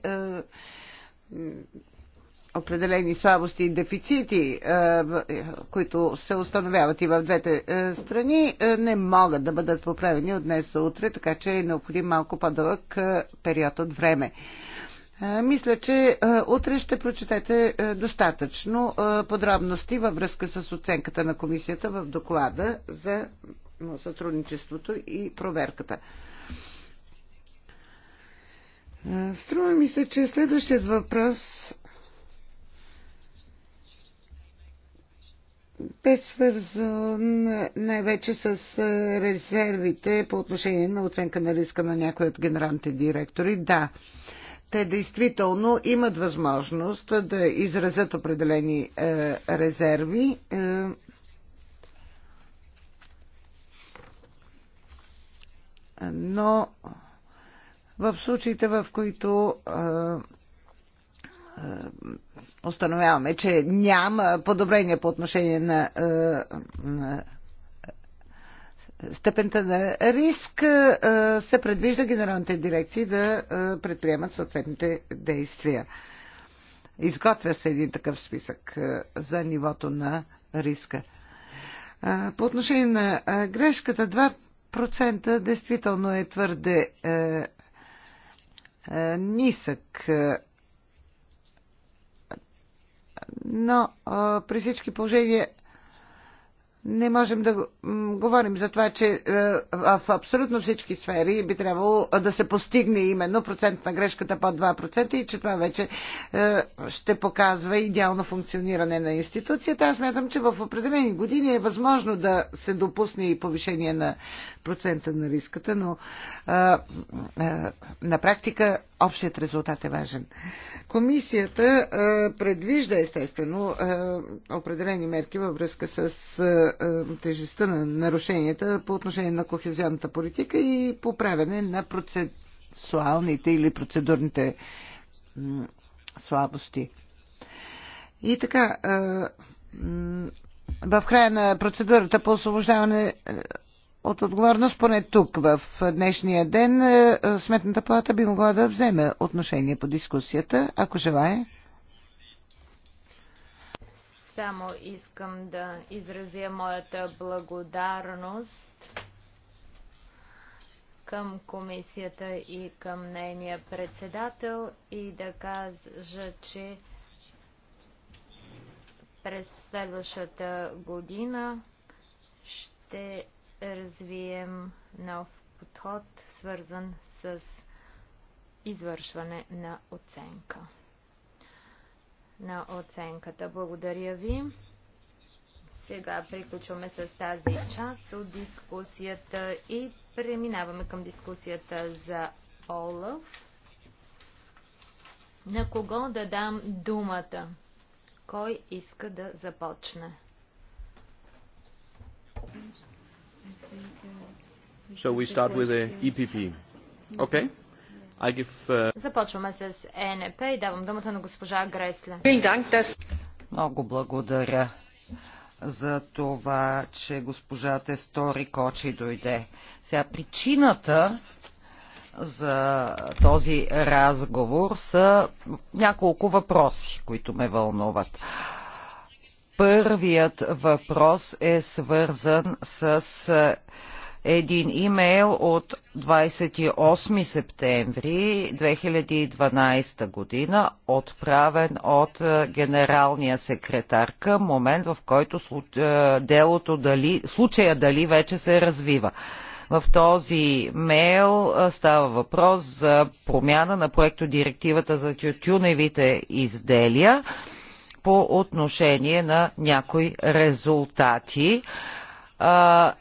определени слабости и дефицити, е, е, които се установяват и в двете е, страни, не могат да бъдат поправени от днес за утре, така че е необходим малко по-дълъг период от време. Мисля, че утре ще прочетете достатъчно подробности във връзка с оценката на комисията в доклада за сътрудничеството и проверката. Струва ми се, че следващият въпрос бе свързан най-вече с е, резервите по отношение на оценка на риска на някои от генералните директори. Да, те действително имат възможност да изразят определени е, резерви. Е, но в случаите, в които е, е, установяваме, че няма подобрение по отношение на, е, на степента на риск, е, се предвижда генералните дирекции да предприемат съответните действия. Изготвя се един такъв списък за нивото на риска. По отношение на грешката, 2% действително е твърде нисък но а, при всички положения не можем да говорим за това, че в абсолютно всички сфери би трябвало да се постигне именно процент на грешката под 2% и че това вече ще показва идеално функциониране на институцията. Аз мятам, че в определени години е възможно да се допусне и повишение на процента на риската, но на практика общият резултат е важен. Комисията предвижда естествено определени мерки във връзка с тежестта на нарушенията по отношение на кохезионната политика и поправяне на процесуалните или процедурните слабости. И така, в края на процедурата по освобождаване от отговорност, поне тук в днешния ден, е, е, Сметната палата би могла да вземе отношение по дискусията, ако желая. Само искам да изразя моята благодарност към комисията и към нейния председател и да кажа, че през следващата година ще развием нов подход, свързан с извършване на оценка. На оценката. Благодаря ви. Сега приключваме с тази част от дискусията и преминаваме към дискусията за Олаф. На кого да дам думата? Кой иска да започне? Shall we start with the EPP. Okay? I give, uh... Започваме с ЕНП и давам думата на госпожа Гресле. Много благодаря за това, че госпожа Тестори Кочи дойде. Сега причината за този разговор са няколко въпроси, които ме вълнуват. Uh, Първият въпрос е свързан с един имейл от 28 септември 2012 година, отправен от генералния секретар към момент, в който делото дали, случая дали вече се развива. В този мейл става въпрос за промяна на проекто директивата за тютюневите изделия по отношение на някои резултати. А,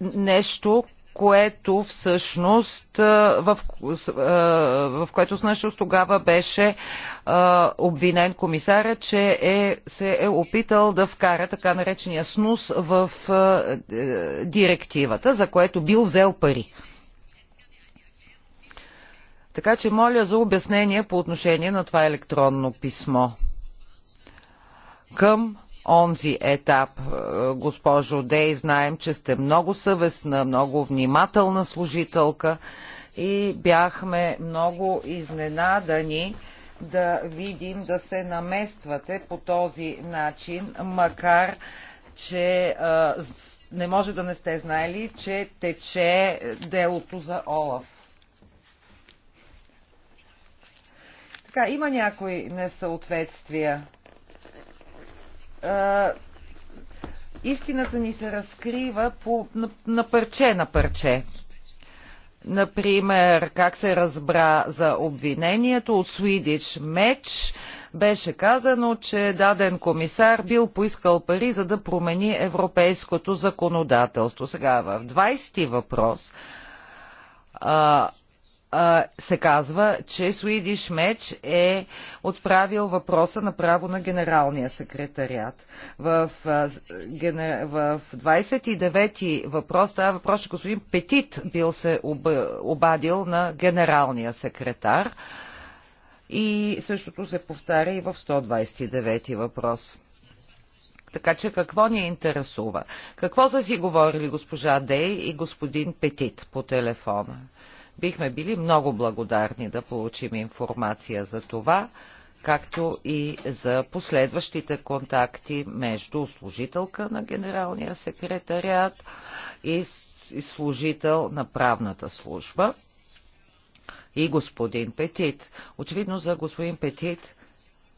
нещо, което всъщност, в, в което всъщност тогава беше обвинен комисаря, че е, се е опитал да вкара така наречения снус в директивата, за което бил взел пари. Така че моля за обяснение по отношение на това електронно писмо към онзи етап, е, госпожо Дей. Знаем, че сте много съвестна, много внимателна служителка и бяхме много изненадани да видим да се намествате по този начин, макар че а, е, не може да не сте знаели, че тече делото за Олаф. Така, има някои несъответствия истината ни се разкрива по, на, на парче на парче. Например, как се разбра за обвинението от Swedish Match, беше казано, че даден комисар бил поискал пари, за да промени европейското законодателство. Сега в 20 ти въпрос а, се казва, че Суидиш Меч е отправил въпроса направо на генералния секретариат. В, в 29-ти въпрос това е въпрос, че господин Петит бил се обадил на генералния секретар. И същото се повтаря и в 129-ти въпрос. Така че какво ни интересува? Какво са си говорили госпожа Дей и господин Петит по телефона? Бихме били много благодарни да получим информация за това, както и за последващите контакти между служителка на генералния секретариат и служител на правната служба и господин Петит. Очевидно за господин Петит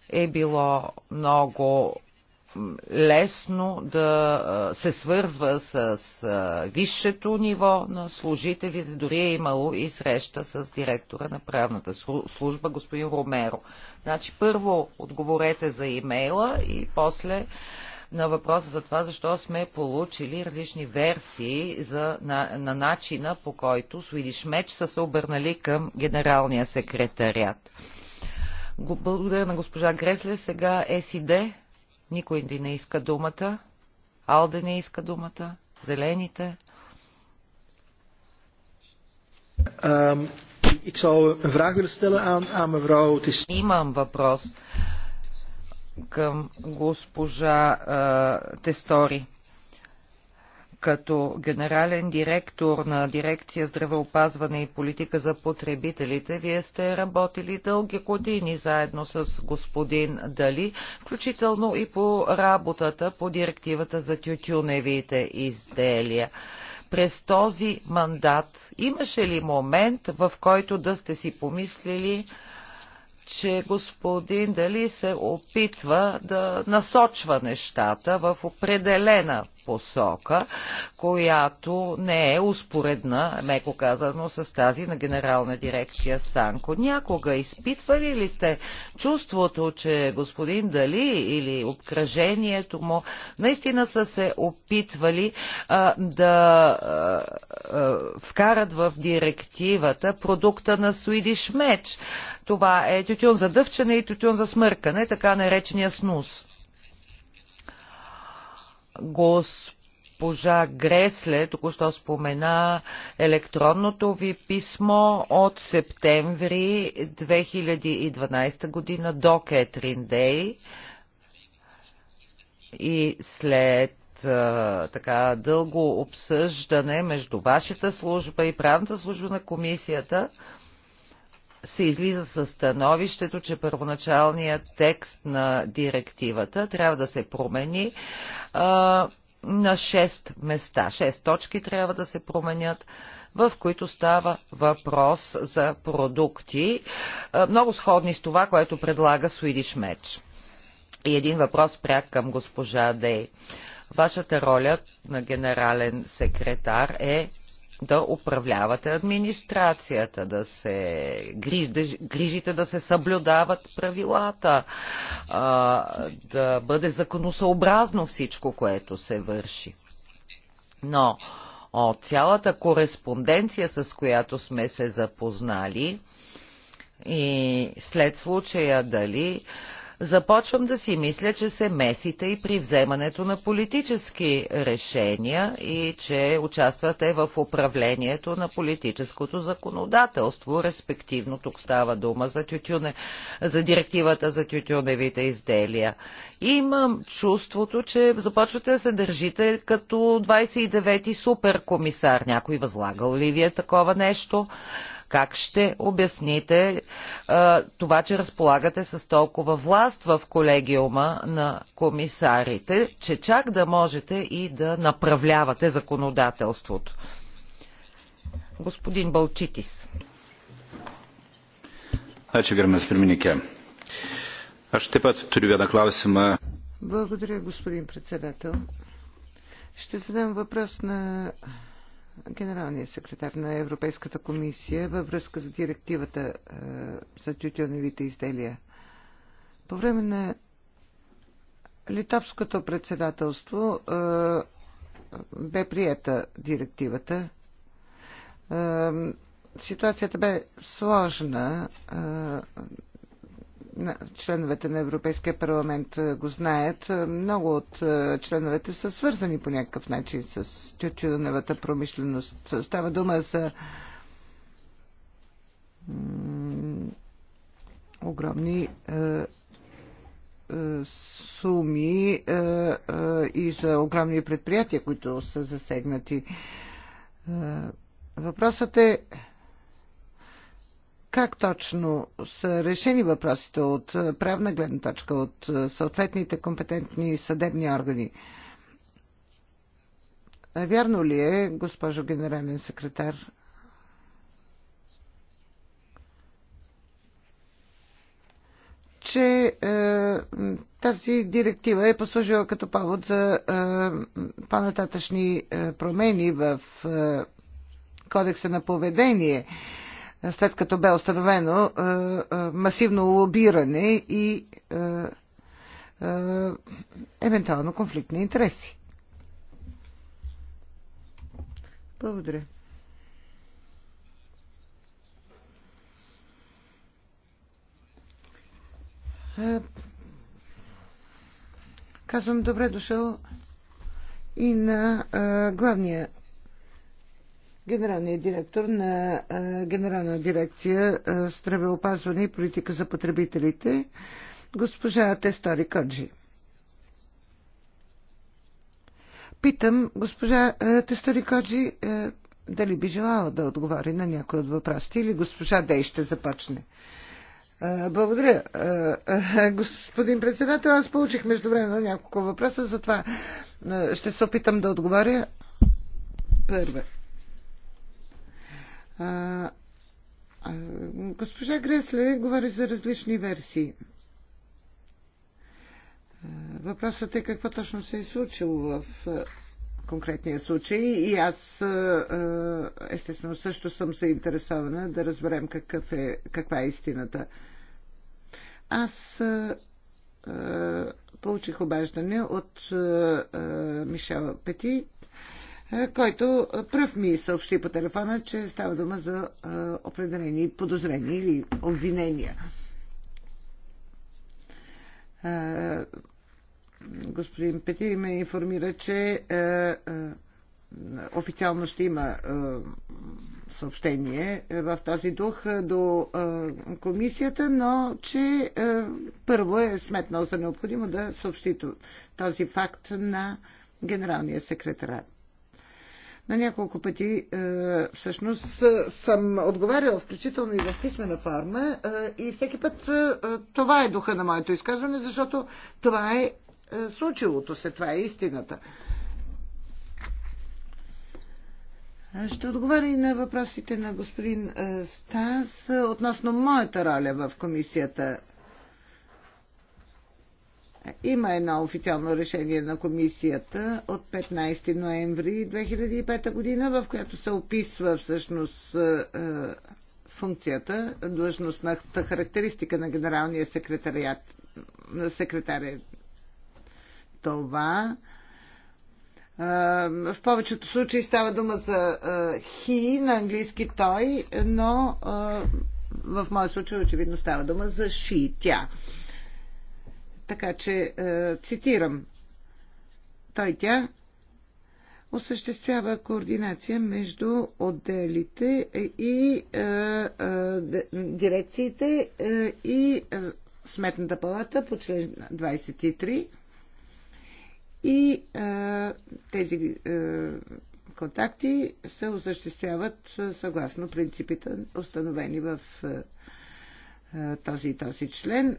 е било много лесно да се свързва с висшето ниво на служителите. Дори е имало и среща с директора на правната служба, господин Ромеро. Значи първо отговорете за имейла и после на въпроса за това, защо сме получили различни версии за, на, на начина, по който Суидиш Меч са се обърнали към генералния секретарят. Благодаря на госпожа Гресле. Сега е СИД. Никой ли не иска думата? Алде не иска думата? Зелените? Имам въпрос към госпожа Тестори като генерален директор на дирекция здравеопазване и политика за потребителите, вие сте работили дълги години заедно с господин Дали, включително и по работата по директивата за тютюневите изделия. През този мандат имаше ли момент, в който да сте си помислили, че господин Дали се опитва да насочва нещата в определена посока, която не е успоредна, меко казано, с тази на генерална дирекция Санко. Някога изпитвали ли сте чувството, че господин Дали или обкръжението му наистина са се опитвали а, да а, а, вкарат в директивата продукта на Swedish Match? Това е тютюн за дъвчане и тютюн за смъркане, така наречения снус. Госпожа Гресле току-що спомена електронното ви писмо от септември 2012 година до Кетрин Дей и след така дълго обсъждане между вашата служба и правната служба на комисията, се излиза със становището, че първоначалният текст на директивата трябва да се промени а, на 6 места. 6 точки трябва да се променят, в които става въпрос за продукти, а, много сходни с това, което предлага Swedish Match. И един въпрос пряк към госпожа Дей. Вашата роля на генерален секретар е да управлявате администрацията, да се грижите да се съблюдават правилата, да бъде законосъобразно всичко, което се върши. Но от цялата кореспонденция, с която сме се запознали и след случая дали Започвам да си мисля, че се месите и при вземането на политически решения и че участвате в управлението на политическото законодателство, респективно тук става дума за, тютюне, за директивата за тютюневите изделия. имам чувството, че започвате да се държите като 29-ти суперкомисар. Някой възлагал ли ви е такова нещо? Как ще обясните а, това, че разполагате с толкова власт в колегиума на комисарите, че чак да можете и да направлявате законодателството? Господин Балчитис. Ačiū, gerbiamas pirmininkė. Aš taip pat turiu vieną klausimą. Благодаря, господин председател. Ще задам въпрос на генералния секретар на Европейската комисия във връзка с директивата е, за тютюневите изделия. По време на литовското председателство е, бе приета директивата. Е, ситуацията бе сложна членовете на Европейския парламент го знаят, много от членовете са свързани по някакъв начин с тютюневата промишленост. Става дума за огромни суми и за огромни предприятия, които са засегнати. Въпросът е как точно са решени въпросите от правна гледна точка, от съответните компетентни съдебни органи. Вярно ли е, госпожо генерален секретар? че е, тази директива е послужила като повод за е, по-нататъчни е, промени в е, кодекса на поведение. Е, след като бе установено е, е, масивно лобиране и е, евентуално конфликт на интереси. Благодаря. Казвам добре дошъл и на главния генералния директор на Генерална дирекция Здравеопазване и политика за потребителите, госпожа Тестори Коджи. Питам госпожа Тестори Коджи дали би желала да отговори на някой от въпросите или госпожа Дей ще започне. Благодаря. Господин председател, аз получих между време на няколко въпроса, затова ще се опитам да отговаря първо. А, госпожа Гресле говори за различни версии. Въпросът е какво точно се е случило в конкретния случай и аз естествено също съм заинтересована да разберем какъв е, каква е истината. Аз получих обаждане от е, Мишел Пети, е, който е, пръв ми съобщи по телефона, че става дума за е, определени подозрения или обвинения. Господин Петири ме информира, че официално ще има съобщение в този дух до комисията, но че първо е сметнал за необходимо да съобщи този факт на генералния секретарат. На няколко пъти е, всъщност съм отговаряла, включително и в писмена форма, е, и всеки път е, това е духа на моето изказване, защото това е случилото се, това е истината. Ще отговаря и на въпросите на господин Стас относно моята роля в комисията. Има едно официално решение на комисията от 15 ноември 2005 година, в което се описва всъщност е, функцията, длъжностната характеристика на генералния секретариат. Секретаря. Това е, в повечето случаи става дума за е, he на английски той, но в моя случай очевидно става дума за she, тя. Така че, е, цитирам, той тя осъществява координация между отделите и е, е, дирекциите е, и е, Сметната палата по член 23 и е, тези е, контакти се осъществяват е, съгласно принципите, установени в е, е този и този член.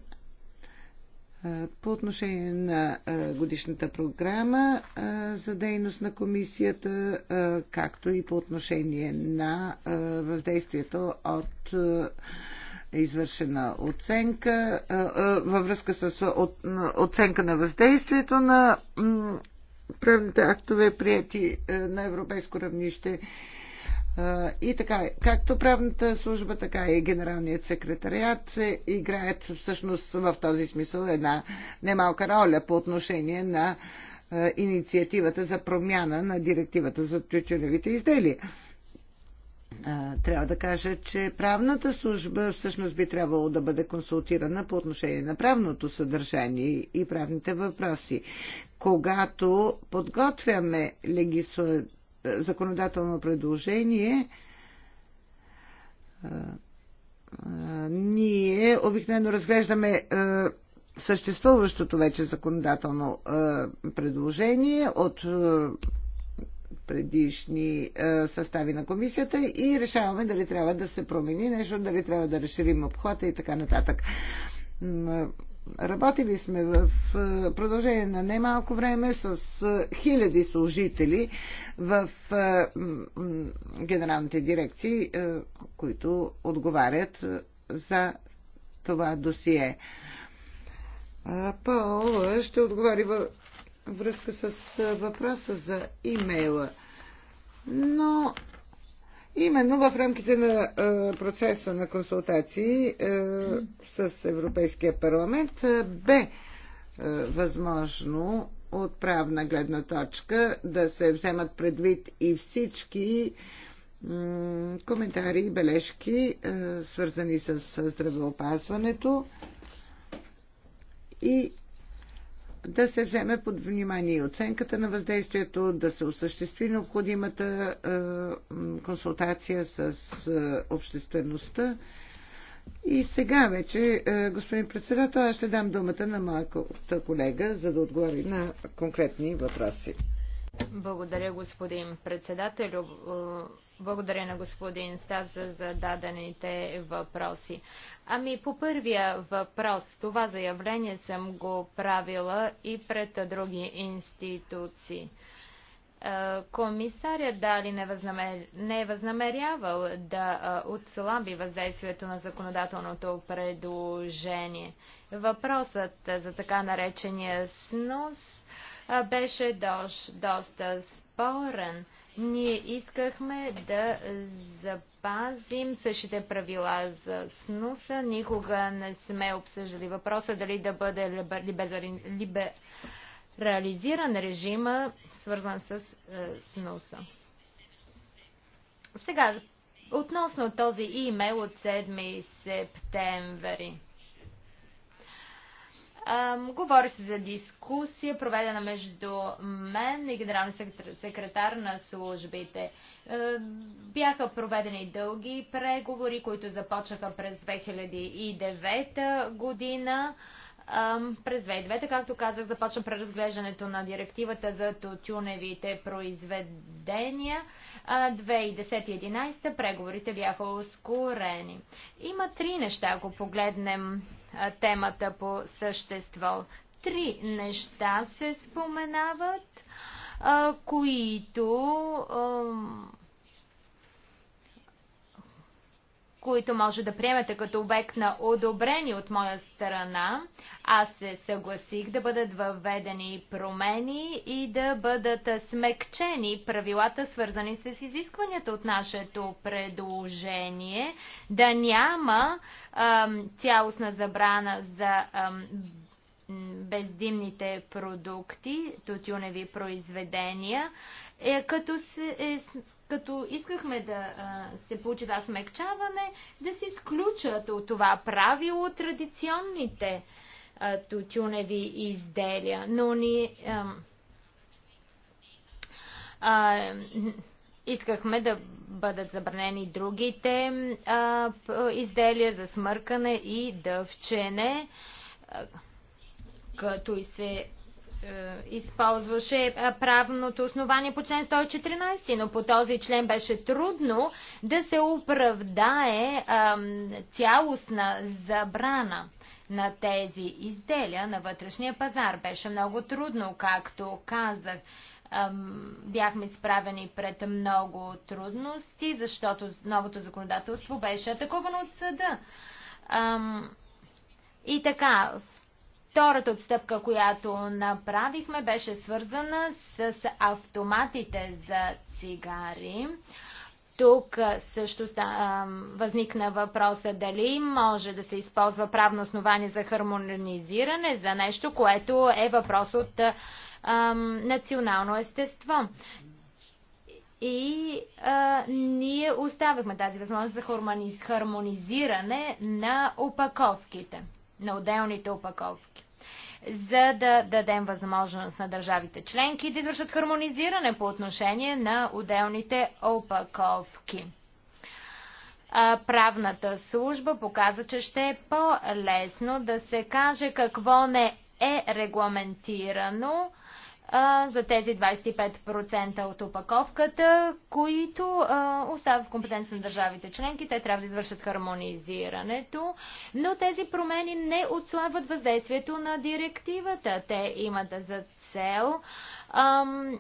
Е, по отношение на е, годишната програма е, за дейност на комисията, както и по отношение на въздействието от извършена оценка във връзка с оценка на въздействието на правните актове, прияти на европейско равнище и така, както правната служба, така и генералният секретариат играят всъщност в този смисъл една немалка роля по отношение на инициативата за промяна на директивата за тютюневите изделия. Трябва да кажа, че правната служба всъщност би трябвало да бъде консултирана по отношение на правното съдържание и правните въпроси. Когато подготвяме легислативната законодателно предложение, ние обикновено разглеждаме съществуващото вече законодателно предложение от предишни състави на комисията и решаваме дали трябва да се промени нещо, дали трябва да разширим обхвата и така нататък. Работили сме в продължение на немалко време с хиляди служители в генералните дирекции, които отговарят за това досие. Пол ще отговори във връзка с въпроса за имейла. Но Именно в рамките на а, е, процеса на консултации а, е, с Европейския парламент а, е, бе а, възможно от правна гледна точка да се вземат предвид и всички коментари и бележки, свързани с здравеопазването и да се вземе под внимание и оценката на въздействието, да се осъществи необходимата е, консултация с е, обществеността. И сега вече, е, господин председател, аз ще дам думата на моята колега, за да отговори на конкретни въпроси. Благодаря, господин председател. Благодаря на господин Стас за зададените въпроси. Ами по първия въпрос, това заявление съм го правила и пред други институции. Е, Комисарят Дали не, възнамер... не е възнамерявал да е, отслаби въздействието на законодателното предложение. Въпросът за така наречения снос беше дош, доста спорен. Ние искахме да запазим същите правила за снуса. Никога не сме обсъждали въпроса дали да бъде либерализиран режима, свързан с е, снуса. Сега, относно този имейл от 7 септември. Говори се за дискусия, проведена между мен и Генералния секретар на службите. Е, бяха проведени дълги преговори, които започнаха през 2009 година. През 2009, както казах, започна преразглеждането на директивата за тютюневите произведения. 2010-2011 преговорите бяха ускорени. Има три неща, ако погледнем темата по същество. Три неща се споменават, които които може да приемете като обект на одобрени от моя страна. Аз се съгласих да бъдат въведени промени и да бъдат смекчени правилата, свързани с изискванията от нашето предложение, да няма ам, цялостна забрана за ам, бездимните продукти, тютюневи произведения, е, като се, е, като искахме да а, се получи това смекчаване, да се изключат от това правило традиционните а, тютюневи изделия. Но ни а, а, искахме да бъдат забранени другите а, изделия за смъркане и дъвчене, а, като и се е, използваше е, правното основание по член 114, но по този член беше трудно да се оправдае цялостна забрана на тези изделия на вътрешния пазар. Беше много трудно, както казах. Бяхме изправени пред много трудности, защото новото законодателство беше атакувано от съда. И така, в Втората отстъпка, която направихме, беше свързана с автоматите за цигари. Тук също а, възникна въпроса дали може да се използва правно основание за хармонизиране за нещо, което е въпрос от а, национално естество. И а, ние оставихме тази възможност за хармонизиране на опаковките на отделните опаковки за да дадем възможност на държавите членки да извършат хармонизиране по отношение на отделните опаковки. Правната служба показа, че ще е по-лесно да се каже какво не е регламентирано а, за тези 25% от опаковката, които а, остават в компетенция на държавите членки. Те трябва да извършат хармонизирането, но тези промени не отслабват въздействието на директивата. Те имат за цел ам,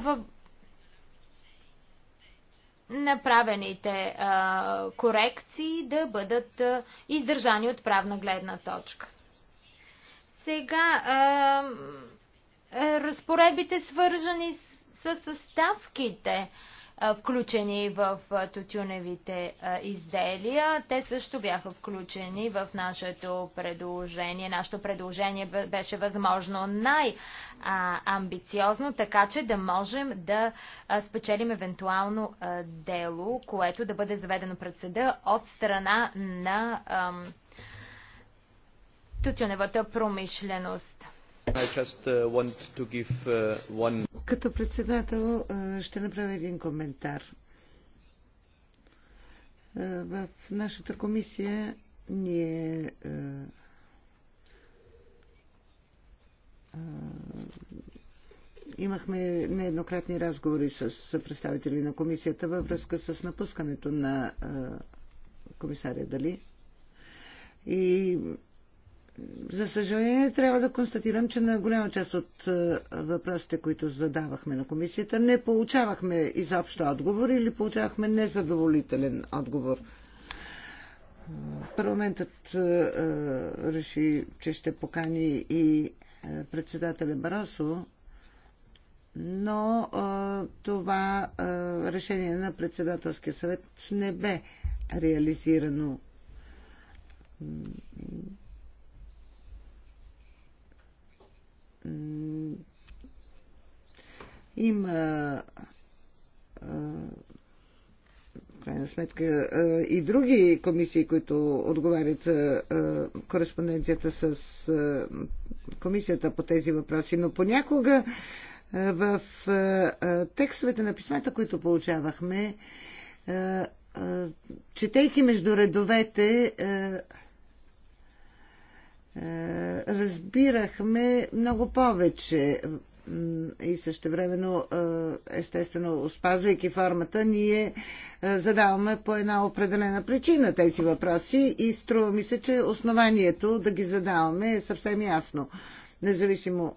в направените а, корекции да бъдат а, издържани от правна гледна точка. Сега а, е, разпоредбите свържени с, съставките, е, включени в е, тютюневите изделия. Те също бяха включени в нашето предложение. Нашето предложение беше възможно най-амбициозно, така че да можем да спечелим евентуално дело, което да бъде заведено пред съда от страна на тютюневата промишленост. Uh, uh, Като председател ще направя един коментар. В нашата комисия ние имахме нееднократни разговори с представители на комисията във връзка с напускането на комисаря Дали. И за съжаление, трябва да констатирам, че на голяма част от е, въпросите, които задавахме на комисията, не получавахме изобщо отговор или получавахме незадоволителен отговор. Парламентът е, е, реши, че ще покани и председателя Баросо, но това решение на председателския съвет не бе реализирано има крайна сметка и други комисии, които отговарят за кореспонденцията с комисията по тези въпроси, но понякога в текстовете на писмата, които получавахме, четейки между редовете, е, разбирахме много повече и също времено, е, естествено, спазвайки формата, ние е, задаваме по една определена причина тези въпроси и струва ми се, че основанието да ги задаваме е съвсем ясно. Независимо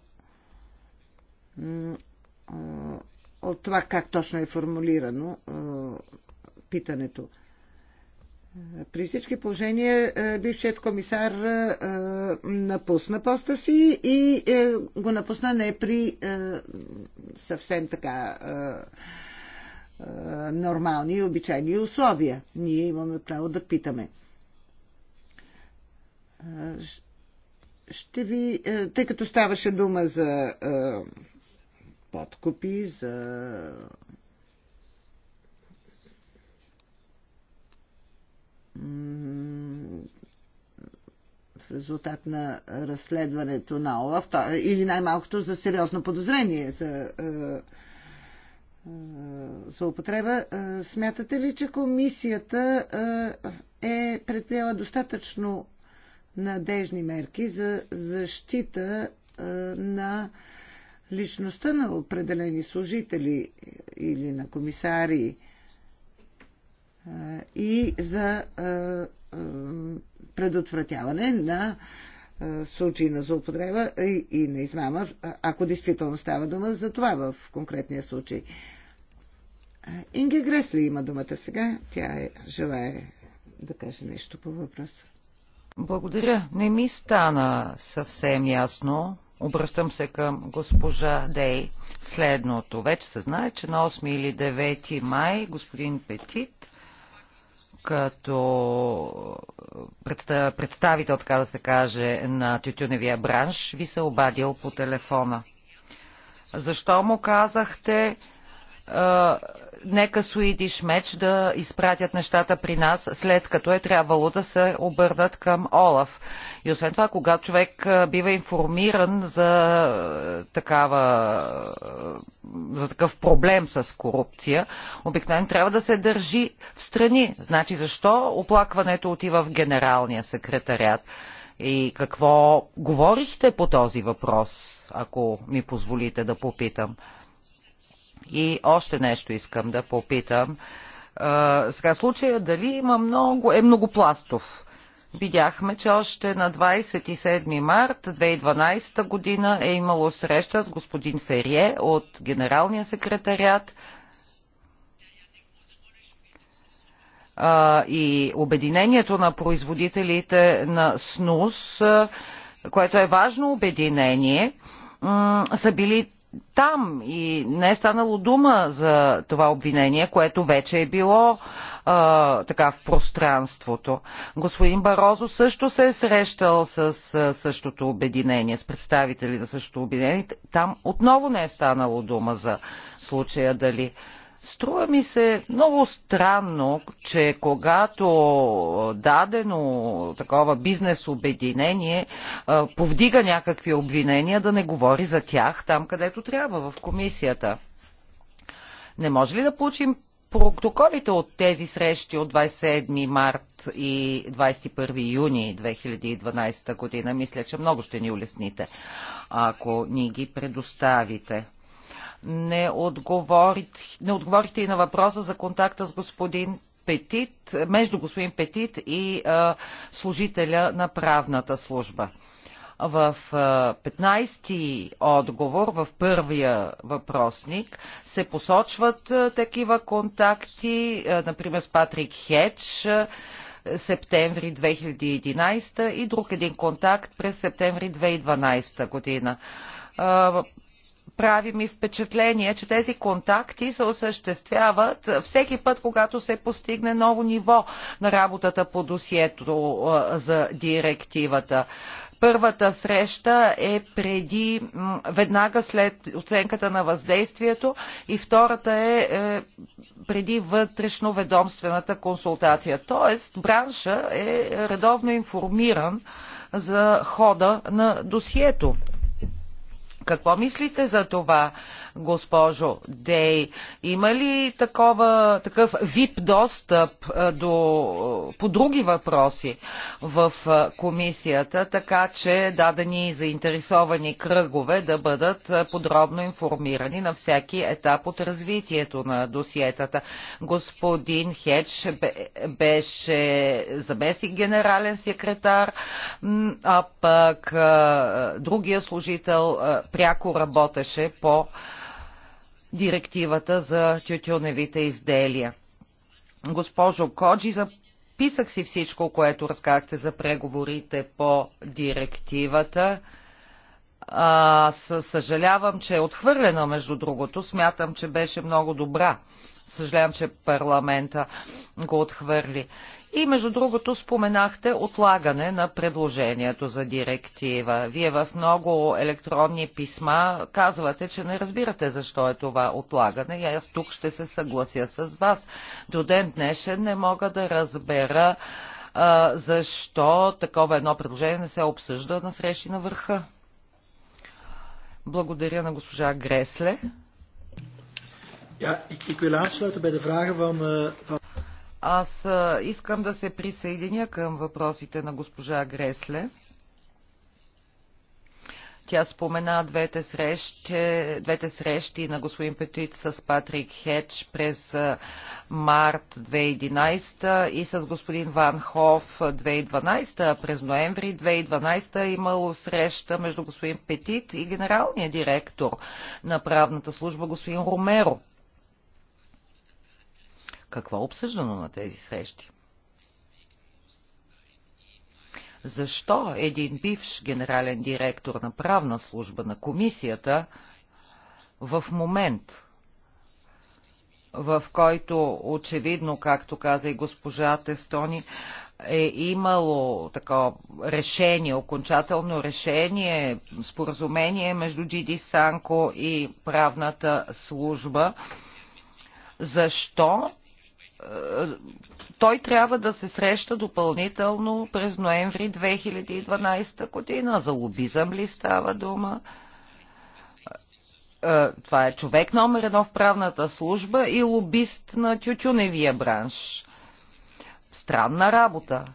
от това как точно е формулирано питането. При всички положения е, бившият комисар е, напусна поста си и е, го напусна не при съвсем така нормални и обичайни условия. Ние имаме право да питаме. Ще ви, тъй като ставаше дума за подкупи, за в резултат на разследването на ОЛАФ, или най-малкото за сериозно подозрение за е, е, злоупотреба. Е, смятате ли, че комисията е предприела достатъчно надежни мерки за защита на личността на определени служители или на комисари? и за предотвратяване на случаи на злоупотреба и на измама, ако действително става дума за това в конкретния случай. Инге Гресли има думата сега. Тя е, желая да каже нещо по въпроса. Благодаря. Не ми стана съвсем ясно. Обръщам се към госпожа Дей. Следното. Вече се знае, че на 8 или 9 май господин Петит като представител, така да се каже, на тютюневия бранш, ви се обадил по телефона. Защо му казахте, нека Суидиш Меч да изпратят нещата при нас, след като е трябвало да се обърнат към Олаф. И освен това, когато човек бива информиран за, такава, за такъв проблем с корупция, обикновено трябва да се държи в страни. Значи защо оплакването отива в генералния секретарят? И какво говорихте по този въпрос, ако ми позволите да попитам? И още нещо искам да попитам. А, сега случая дали има много, е многопластов. Видяхме, че още на 27 март 2012 година е имало среща с господин Ферие от Генералния секретарят и обединението на производителите на СНУС, което е важно обединение, са били там и не е станало дума за това обвинение, което вече е било а, така в пространството. Господин Барозо също се е срещал с а, същото обединение, с представители на същото обединение. Там отново не е станало дума за случая дали Струва ми се много странно, че когато дадено такова бизнес обединение повдига някакви обвинения, да не говори за тях там, където трябва, в комисията. Не може ли да получим протоколите от тези срещи от 27 март и 21 юни 2012 година? Мисля, че много ще ни улесните, ако ни ги предоставите. Не, отговорих, не отговорихте и на въпроса за контакта с господин Петит, между господин Петит и а, служителя на правната служба. В 15-ти отговор, в първия въпросник, се посочват такива контакти, например с Патрик Хедж, септември 2011 и друг един контакт през септември 2012 година прави ми впечатление, че тези контакти се осъществяват всеки път, когато се постигне ново ниво на работата по досието за директивата. Първата среща е преди, веднага след оценката на въздействието и втората е, е преди вътрешно ведомствената консултация. Тоест, бранша е редовно информиран за хода на досието. Какво мислите за това? госпожо Дей. Има ли такова, такъв вип достъп до, по други въпроси в комисията, така че дадени заинтересовани кръгове да бъдат подробно информирани на всеки етап от развитието на досиетата? Господин Хедж беше заместник генерален секретар, а пък другия служител пряко работеше по директивата за тютюневите изделия. Госпожо Коджи, записах си всичко, което разказахте за преговорите по директивата. А, съжалявам, че е отхвърлена, между другото. Смятам, че беше много добра. Съжалявам, че парламента го отхвърли. И между другото споменахте отлагане на предложението за директива. Вие в много електронни писма казвате, че не разбирате защо е това отлагане и аз тук ще се съглася с вас. До ден днешен не мога да разбера а, защо такова едно предложение не се обсъжда на срещи на върха. Благодаря на госпожа Гресле. Ja, ik, ik wil aansluiten bij de vragen van, uh, van... Аз искам да се присъединя към въпросите на госпожа Гресле. Тя спомена двете срещи, двете срещи на господин Петит с Патрик Хедж през март 2011 и с господин Ван Хоф 2012. През ноември 2012 е имало среща между господин Петит и генералния директор на правната служба господин Ромеро. Какво е обсъждано на тези срещи? Защо един бивш генерален директор на правна служба на комисията в момент, в който очевидно, както каза и госпожа Тестони, е имало такова решение, окончателно решение, споразумение между Джиди Санко и правната служба. Защо той трябва да се среща допълнително през ноември 2012 година. За лобизъм ли става дума? Е, това е човек номер едно в правната служба и лобист на тютюневия бранш. Странна работа.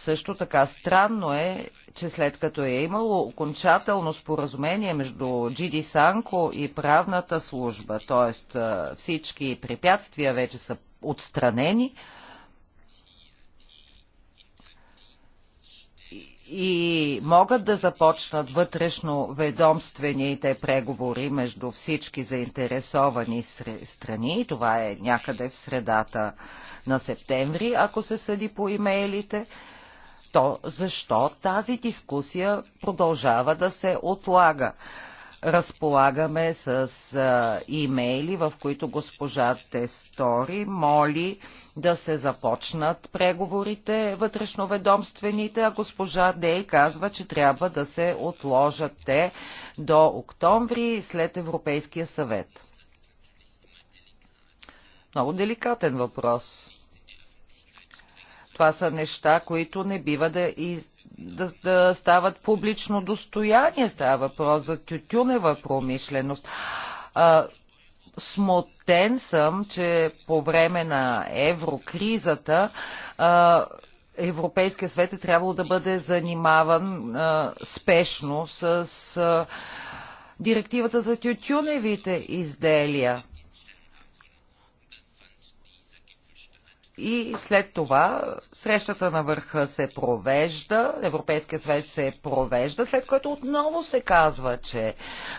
Също така странно е, че след като е имало окончателно споразумение между Джиди Санко и правната служба, т.е. всички препятствия вече са отстранени, и могат да започнат вътрешно ведомствените преговори между всички заинтересовани страни, това е някъде в средата на септември, ако се съди по имейлите, то, защо тази дискусия продължава да се отлага. Разполагаме с а, имейли, в които госпожа Тестори моли да се започнат преговорите вътрешноведомствените, а госпожа Дей казва, че трябва да се отложат те до октомври след Европейския съвет. Много деликатен въпрос. Това са неща, които не бива да, из... да, да стават публично достояние. Става въпрос за тютюнева промишленост. А, смутен съм, че по време на еврокризата а, Европейския свет е трябвало да бъде занимаван а, спешно с а, директивата за тютюневите изделия. И след това срещата на върха се провежда, Европейския съвет се провежда, след което отново се казва, че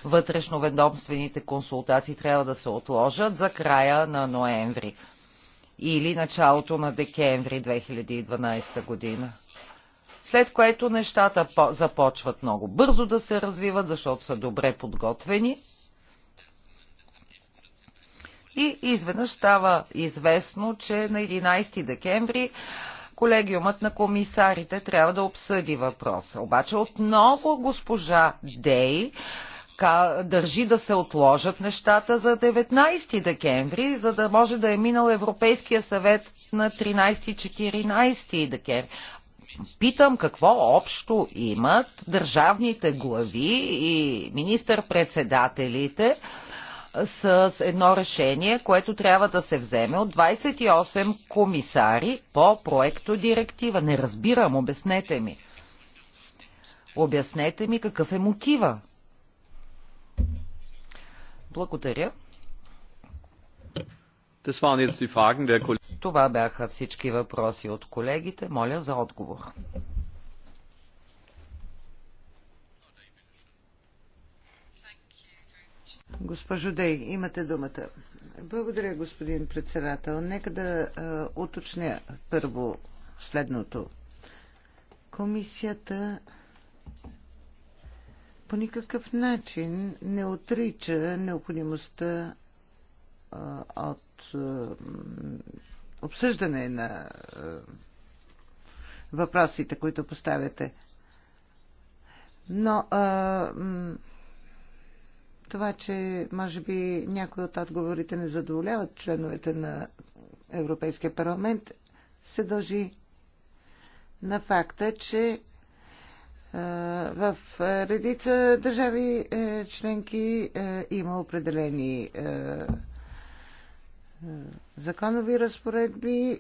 вътрешноведомствените консултации трябва да се отложат за края на ноември или началото на декември 2012 година. След което нещата започват много бързо да се развиват, защото са добре подготвени и изведнъж става известно, че на 11 декември колегиумът на комисарите трябва да обсъди въпроса. Обаче отново госпожа Дей държи да се отложат нещата за 19 декември, за да може да е минал Европейския съвет на 13-14 декември. Питам какво общо имат държавните глави и министър-председателите с едно решение, което трябва да се вземе от 28 комисари по проекто директива. Не разбирам, обяснете ми. Обяснете ми какъв е мотива. Благодаря. Това бяха всички въпроси от колегите. Моля за отговор. Госпожо Дей, имате думата. Благодаря, господин председател. Нека да а, уточня първо следното. Комисията по никакъв начин не отрича необходимостта а, от а, обсъждане на а, въпросите, които поставяте. Но а, това, че може би някои от отговорите не задоволяват членовете на Европейския парламент, се дължи на факта, че е, в редица държави е, членки е, има определени законови разпоредби,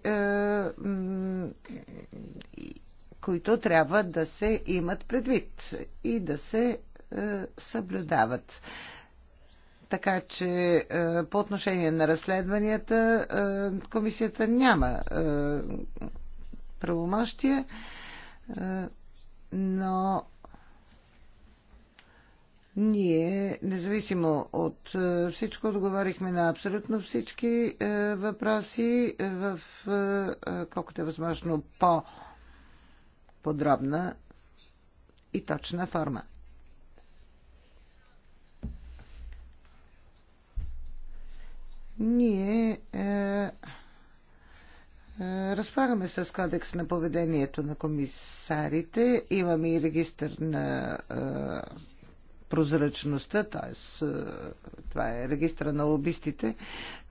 които трябва да се имат предвид и да се съблюдават. Така че е, по отношение на разследванията е, комисията няма е, правомощия, но ние, независимо от всичко, отговорихме на абсолютно всички въпроси в колкото е възможно по-подробна и точна форма. Ние е, е, разполагаме с кодекс на поведението на комисарите. Имаме и регистър на е, прозрачността, т.е. Е, това е регистра на лобистите.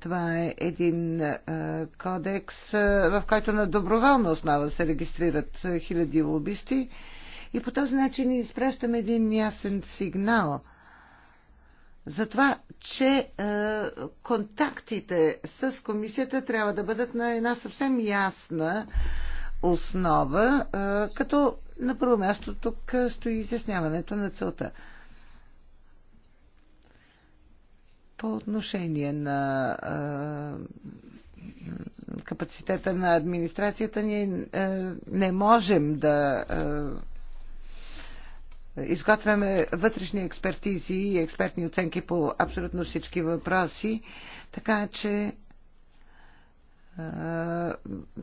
Това е един е, кодекс, е, в който на доброволна основа се регистрират хиляди лобисти. И по този начин изпращаме един ясен сигнал – за това, че е, контактите с комисията трябва да бъдат на една съвсем ясна основа, е, като на първо място тук стои изясняването на целта. По отношение на е, капацитета на администрацията, ние е, не можем да. Е, изготвяме вътрешни експертизи и експертни оценки по абсолютно всички въпроси, така че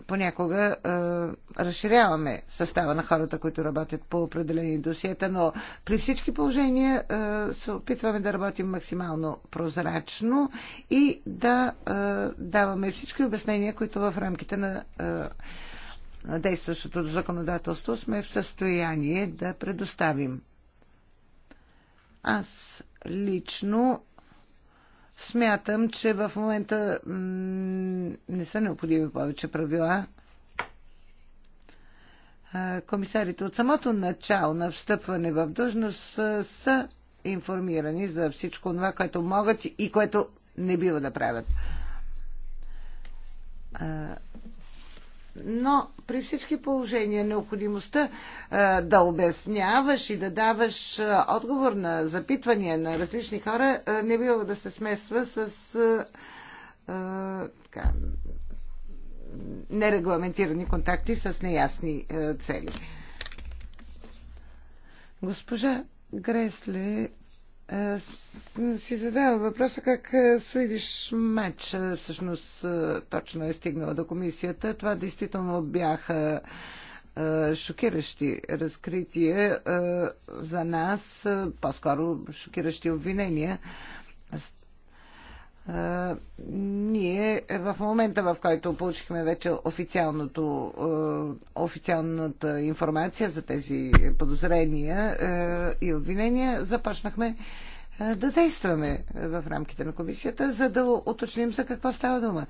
понякога разширяваме състава на хората, които работят по определени досиета, но при всички положения се опитваме да работим максимално прозрачно и да даваме всички обяснения, които в рамките на действащото законодателство сме в състояние да предоставим. Аз лично смятам, че в момента не са необходими повече правила. Комисарите от самото начало на встъпване в длъжност са информирани за всичко това, което могат и което не бива да правят но при всички положения необходимостта а, е, да обясняваш и да даваш а, е, отговор на запитвания на различни хора а, е, не бива да се смесва с а, а, така, нерегламентирани контакти с неясни а, цели. Госпожа Гресле е, си задавам въпроса как е, Swedish Match е, всъщност точно е стигнала до комисията. Това действително бяха шокиращи разкрития за нас, по-скоро шокиращи обвинения ние в момента, в който получихме вече официалното, официалната информация за тези подозрения и обвинения, започнахме да действаме в рамките на комисията, за да уточним за какво става дума.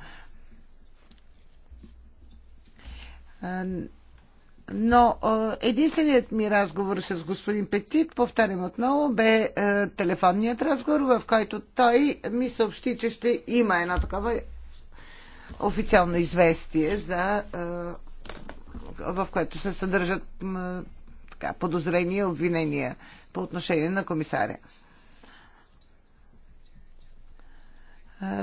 Но единственият ми разговор с господин Петит, повтарям отново, бе телефонният разговор, в който той ми съобщи, че ще има едно такова официално известие, за, в което се съдържат така, подозрения, обвинения по отношение на комисаря.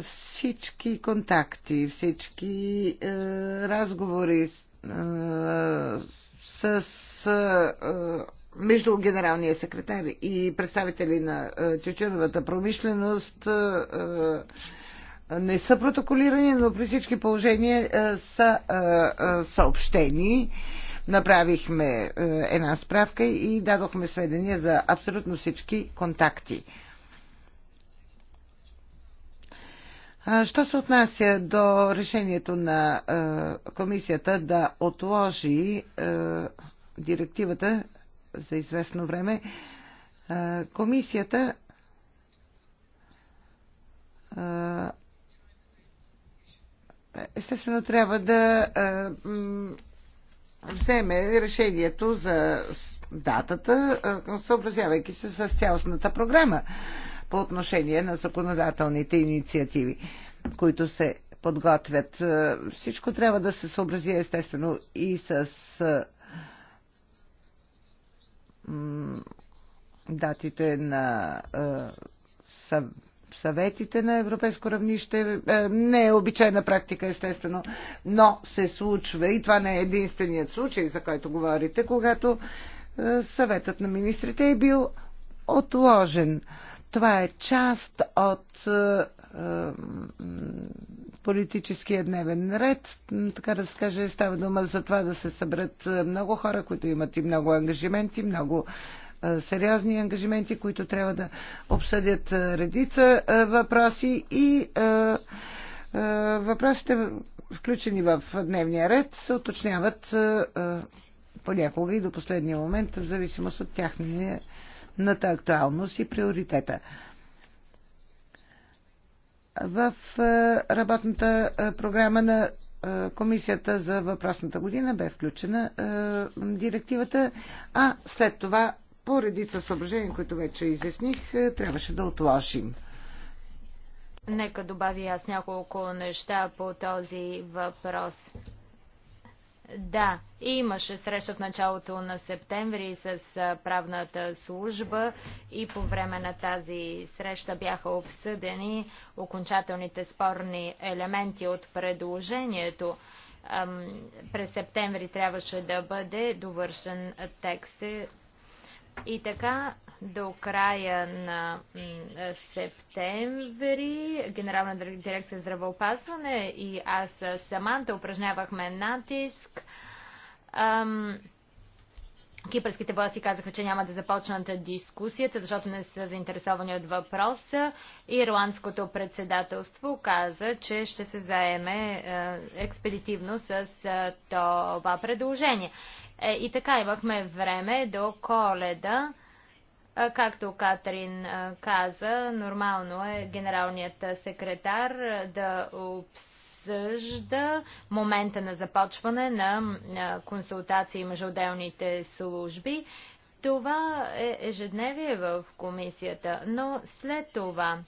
Всички контакти, всички разговори с между генералния секретар и представители на тютюновата промишленост не са протоколирани, но при всички положения са съобщени. Направихме една справка и дадохме сведения за абсолютно всички контакти Що се отнася до решението на комисията да отложи директивата за известно време, комисията естествено трябва да вземе решението за датата, съобразявайки се с цялостната програма по отношение на законодателните инициативи, които се подготвят. Е, всичко трябва да се съобрази естествено и с е, датите на е, съветите на европейско равнище. Не е обичайна практика, естествено, но се случва и това не е единственият случай, за който говорите, когато съветът на министрите е бил отложен. Това е част от е, политическия дневен ред. Така да се каже, става дума за това да се съберат е, много хора, които имат и много ангажименти, много е, сериозни ангажименти, които трябва да обсъдят редица въпроси и въпросите, включени в дневния ред, се уточняват понякога и до последния момент, в зависимост от тяхния на актуалност и приоритета. В е, работната е, програма на е, комисията за въпросната година бе включена директивата, а след това по редица съображения, които вече изясних, трябваше да отложим. Нека добавя аз няколко неща по този въпрос. Да, имаше среща в началото на септември с правната служба и по време на тази среща бяха обсъдени окончателните спорни елементи от предложението. През септември трябваше да бъде довършен текст. И така до края на септември Генерална дирекция здравеопазване и аз Саманта упражнявахме натиск. Кипърските власти казаха, че няма да започнат дискусията, защото не са заинтересовани от въпроса. Ирландското председателство каза, че ще се заеме експедитивно с това предложение. Е, и така имахме време до коледа Както Катрин каза, нормално е генералният секретар да обсъжда момента на започване на консултации между отделните служби. Това е ежедневие в комисията, но след това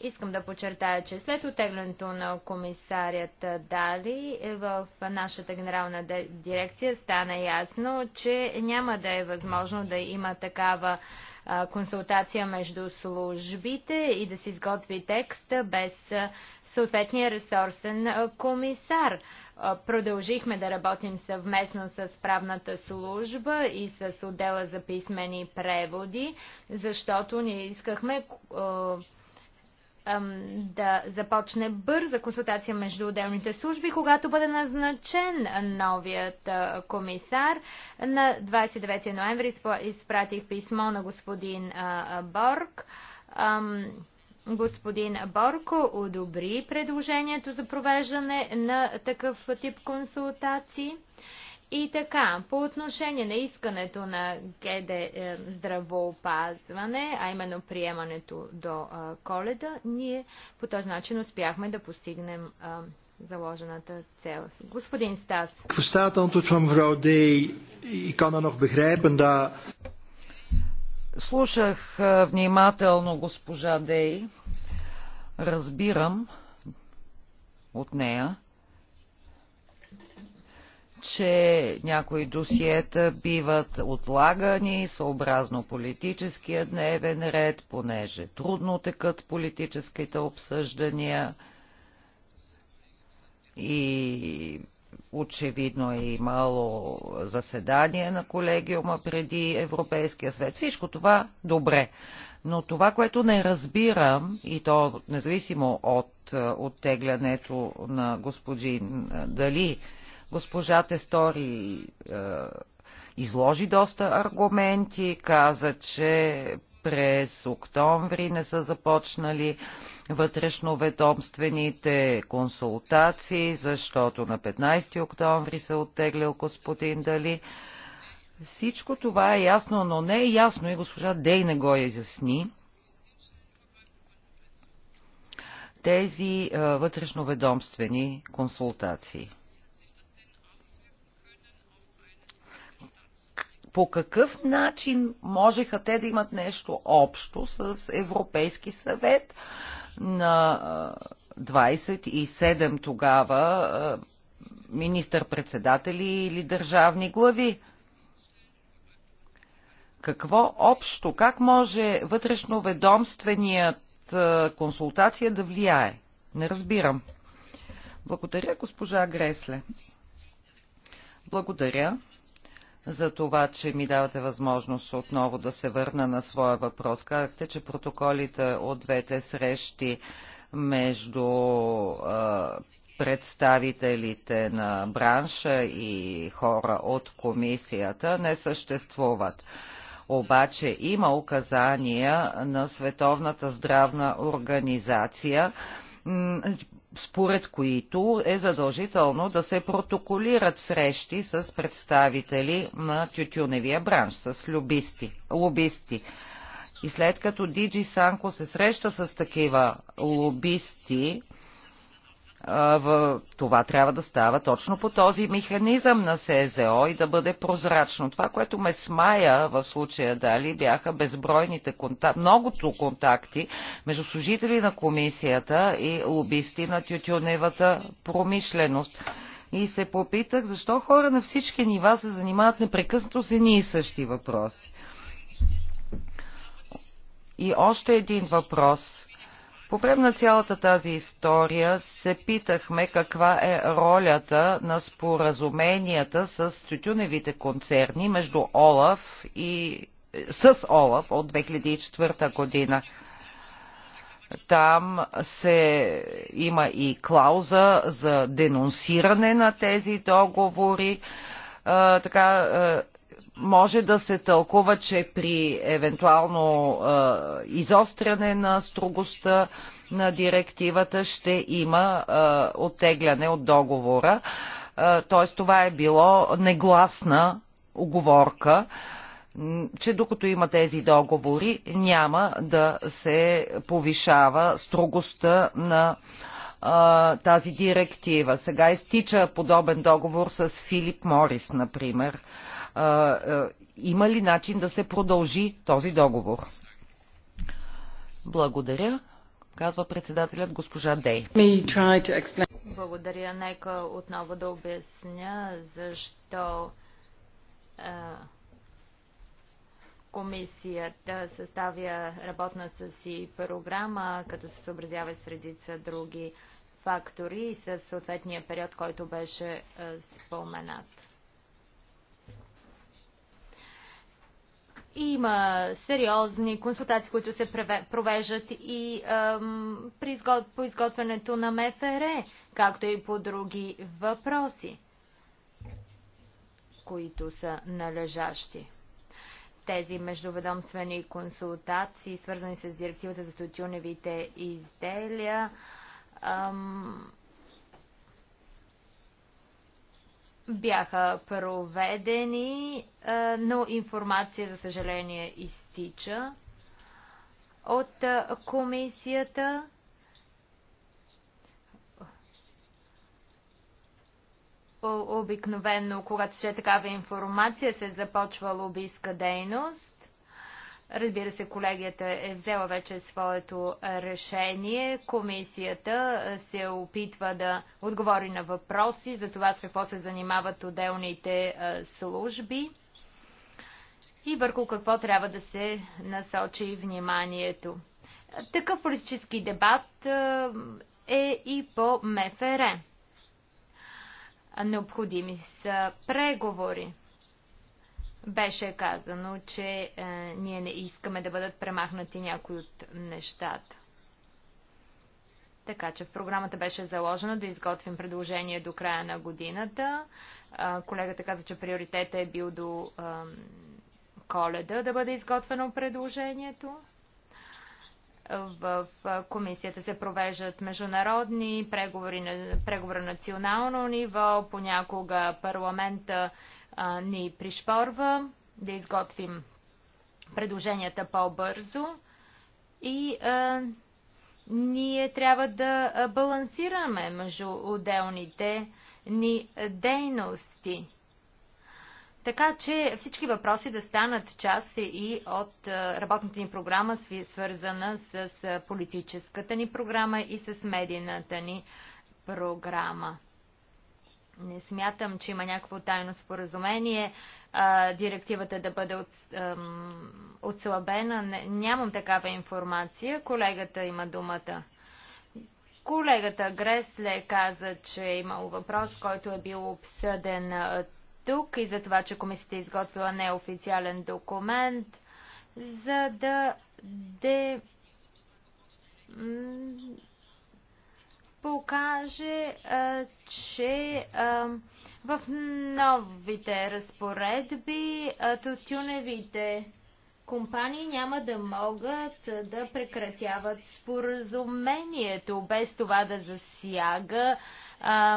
Искам да подчертая, че след отеглянето на комисарият Дали е, в нашата генерална дирекция стана ясно, че няма да е възможно да има такава консултация между службите и да се изготви текст без съответния ресурсен комисар. Продължихме да работим съвместно с правната служба и с отдела за писмени преводи, защото ние искахме да започне бърза консултация между отделните служби, когато бъде назначен новият комисар. На 29 ноември изпратих писмо на господин Борг. Господин Борко одобри предложението за провеждане на такъв тип консултации. И така, по отношение на искането на ГД е, здравоопазване, а именно приемането до е, коледа, ние по този начин успяхме да постигнем е, заложената цел. Господин Стас. Ik antwoord van mevrouw D. Ik kan nog begrijpen Слушах внимателно госпожа Дей. Разбирам от нея, че някои досиета биват отлагани съобразно политическия дневен ред, понеже трудно текат политическите обсъждания и очевидно е имало заседание на колегиума преди Европейския свет. Всичко това добре. Но това, което не разбирам, и то независимо от оттеглянето на господин Дали, Госпожа Тестори е, изложи доста аргументи, каза, че през октомври не са започнали вътрешноведомствените консултации, защото на 15 октомври се е оттеглил господин Дали. Всичко това е ясно, но не е ясно и госпожа Дей не го изясни. Тези е, вътрешноведомствени консултации. по какъв начин можеха те да имат нещо общо с Европейски съвет на 27 тогава министър-председатели или държавни глави? Какво общо, как може вътрешноведомственият консултация да влияе? Не разбирам. Благодаря, госпожа Гресле. Благодаря за това, че ми давате възможност отново да се върна на своя въпрос. Казахте, че протоколите от двете срещи между а, представителите на бранша и хора от комисията не съществуват. Обаче има указания на Световната здравна организация според които е задължително да се протоколират срещи с представители на тютюневия бранш, с любисти, лобисти. И след като Диджи Санко се среща с такива лобисти, това трябва да става точно по този механизъм на СЗО и да бъде прозрачно. Това, което ме смая в случая дали, бяха безбройните контакти, многото контакти между служители на комисията и лобисти на тютюневата промишленост. И се попитах, защо хора на всички нива се занимават непрекъснато с едни и същи въпроси. И още един въпрос – по време на цялата тази история се питахме каква е ролята на споразуменията с тютюневите концерни между Олаф и с Олаф от 2004 година. Там се има и клауза за денонсиране на тези договори. А, така, може да се тълкува, че при евентуално е, изостряне на строгостта на директивата ще има е, оттегляне от договора. Е, т.е. това е било негласна оговорка, че докато има тези договори, няма да се повишава строгостта на а, тази директива. Сега изтича подобен договор с Филип Морис, например. Има ли начин да се продължи този договор? Благодаря, казва председателят госпожа Дей. Благодаря. Нека отново да обясня защо а, комисията съставя работна с си програма, като се съобразява с редица други фактори и със съответния период, който беше а, споменат. Има сериозни консултации, които се провеждат и ам, при изгод... по изготвянето на МФР, както и по други въпроси, които са належащи. Тези междуведомствени консултации, свързани с директивата за тютюневите изделия, ам, бяха проведени, е, но информация, за съжаление, изтича от е, комисията. Обикновено, когато ще е такава информация, се е започва лобийска дейност. Разбира се, колегията е взела вече своето решение. Комисията се опитва да отговори на въпроси за това с какво се занимават отделните служби и върху какво трябва да се насочи вниманието. Такъв политически дебат е и по МФР. Необходими са преговори. Беше казано, че е, ние не искаме да бъдат премахнати някои от нещата. Така че в програмата беше заложено да изготвим предложение до края на годината. Е, колегата каза, че приоритета е бил до е, коледа да бъде изготвено предложението. В е, комисията се провеждат международни преговори, преговори на национално ниво, понякога парламента ни пришпорва да изготвим предложенията по-бързо и а, ние трябва да балансираме между отделните ни дейности. Така че всички въпроси да станат част и от работната ни програма, свързана с политическата ни програма и с медийната ни програма. Не смятам, че има някакво тайно споразумение а, директивата да бъде от, ам, отслабена. Не, нямам такава информация. Колегата има думата. Колегата Гресле каза, че е имал въпрос, който е бил обсъден тук и за това, че комисията е изготвила неофициален документ, за да де покаже, че в новите разпоредби тютюневите компании няма да могат да прекратяват споразумението, без това да засяга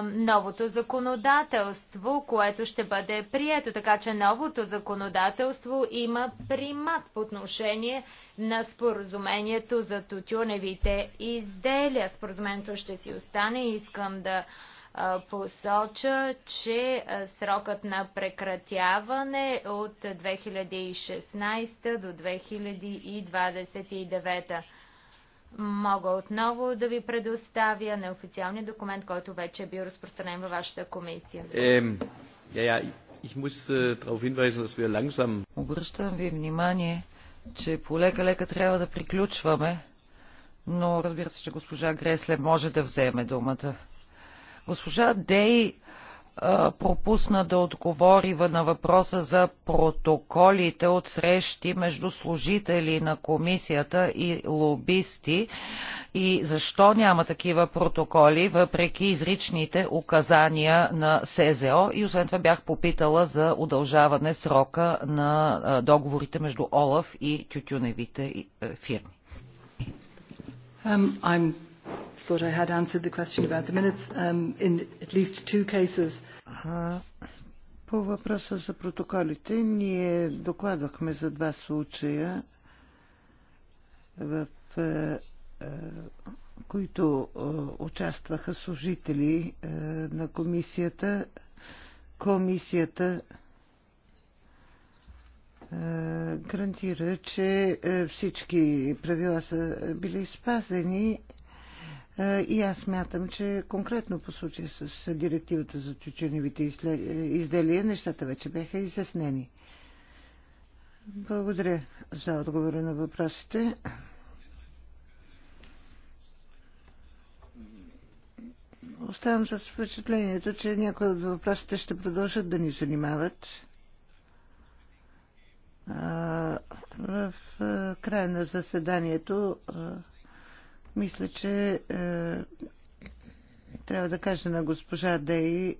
новото законодателство, което ще бъде прието. Така че новото законодателство има примат по отношение на споразумението за тютюневите изделия. Споразумението ще си остане и искам да посоча, че срокът на прекратяване е от 2016 до 2029. Мога отново да ви предоставя неофициалния документ, който вече е бил разпространен във вашата комисия. Ем, я, я, ich muss äh, darauf hinweisen, dass wir langsam... Обръщам ви внимание, че полека-лека трябва да приключваме, но разбира се, че госпожа Гресле може да вземе думата. Госпожа Дей пропусна да отговори на въпроса за протоколите от срещи между служители на комисията и лобисти и защо няма такива протоколи, въпреки изричните указания на СЗО. И освен това бях попитала за удължаване срока на договорите между ОЛАФ и тютюневите е, фирми. Um, I'm thought I had answered the question about the minutes um, in at least two cases. По въпроса за протоколите, ние докладвахме за два случая, в е, е, които е, участваха служители на комисията. Комисията гарантира, че всички правила са били спазени е, и аз мятам, че конкретно по случая с директивата за тютюневите изделия, нещата вече бяха изяснени. Благодаря за отговора на въпросите. Оставам с впечатлението, че някои от въпросите ще продължат да ни занимават. В края на заседанието мисля, че е, трябва да кажа на госпожа Дей, е,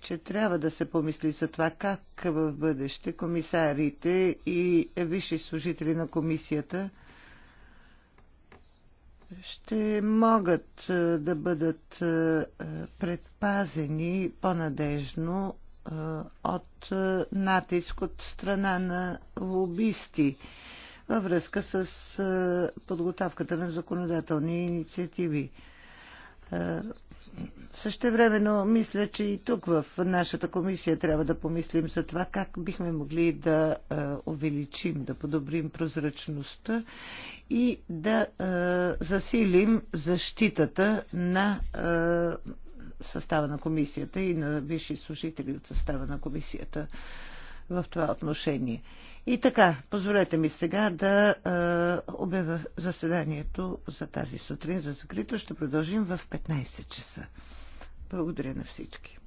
че трябва да се помисли за това как в бъдеще комисарите и висши служители на комисията ще могат е, да бъдат е, предпазени по-надежно е, от натиск от страна на лобисти във връзка с подготовката на законодателни инициативи. времено, мисля, че и тук в нашата комисия трябва да помислим за това как бихме могли да увеличим, да подобрим прозрачността и да засилим защитата на състава на комисията и на висши служители от състава на комисията в това отношение. И така, позволете ми сега да е, обявя заседанието за тази сутрин за закрито. Ще продължим в 15 часа. Благодаря на всички.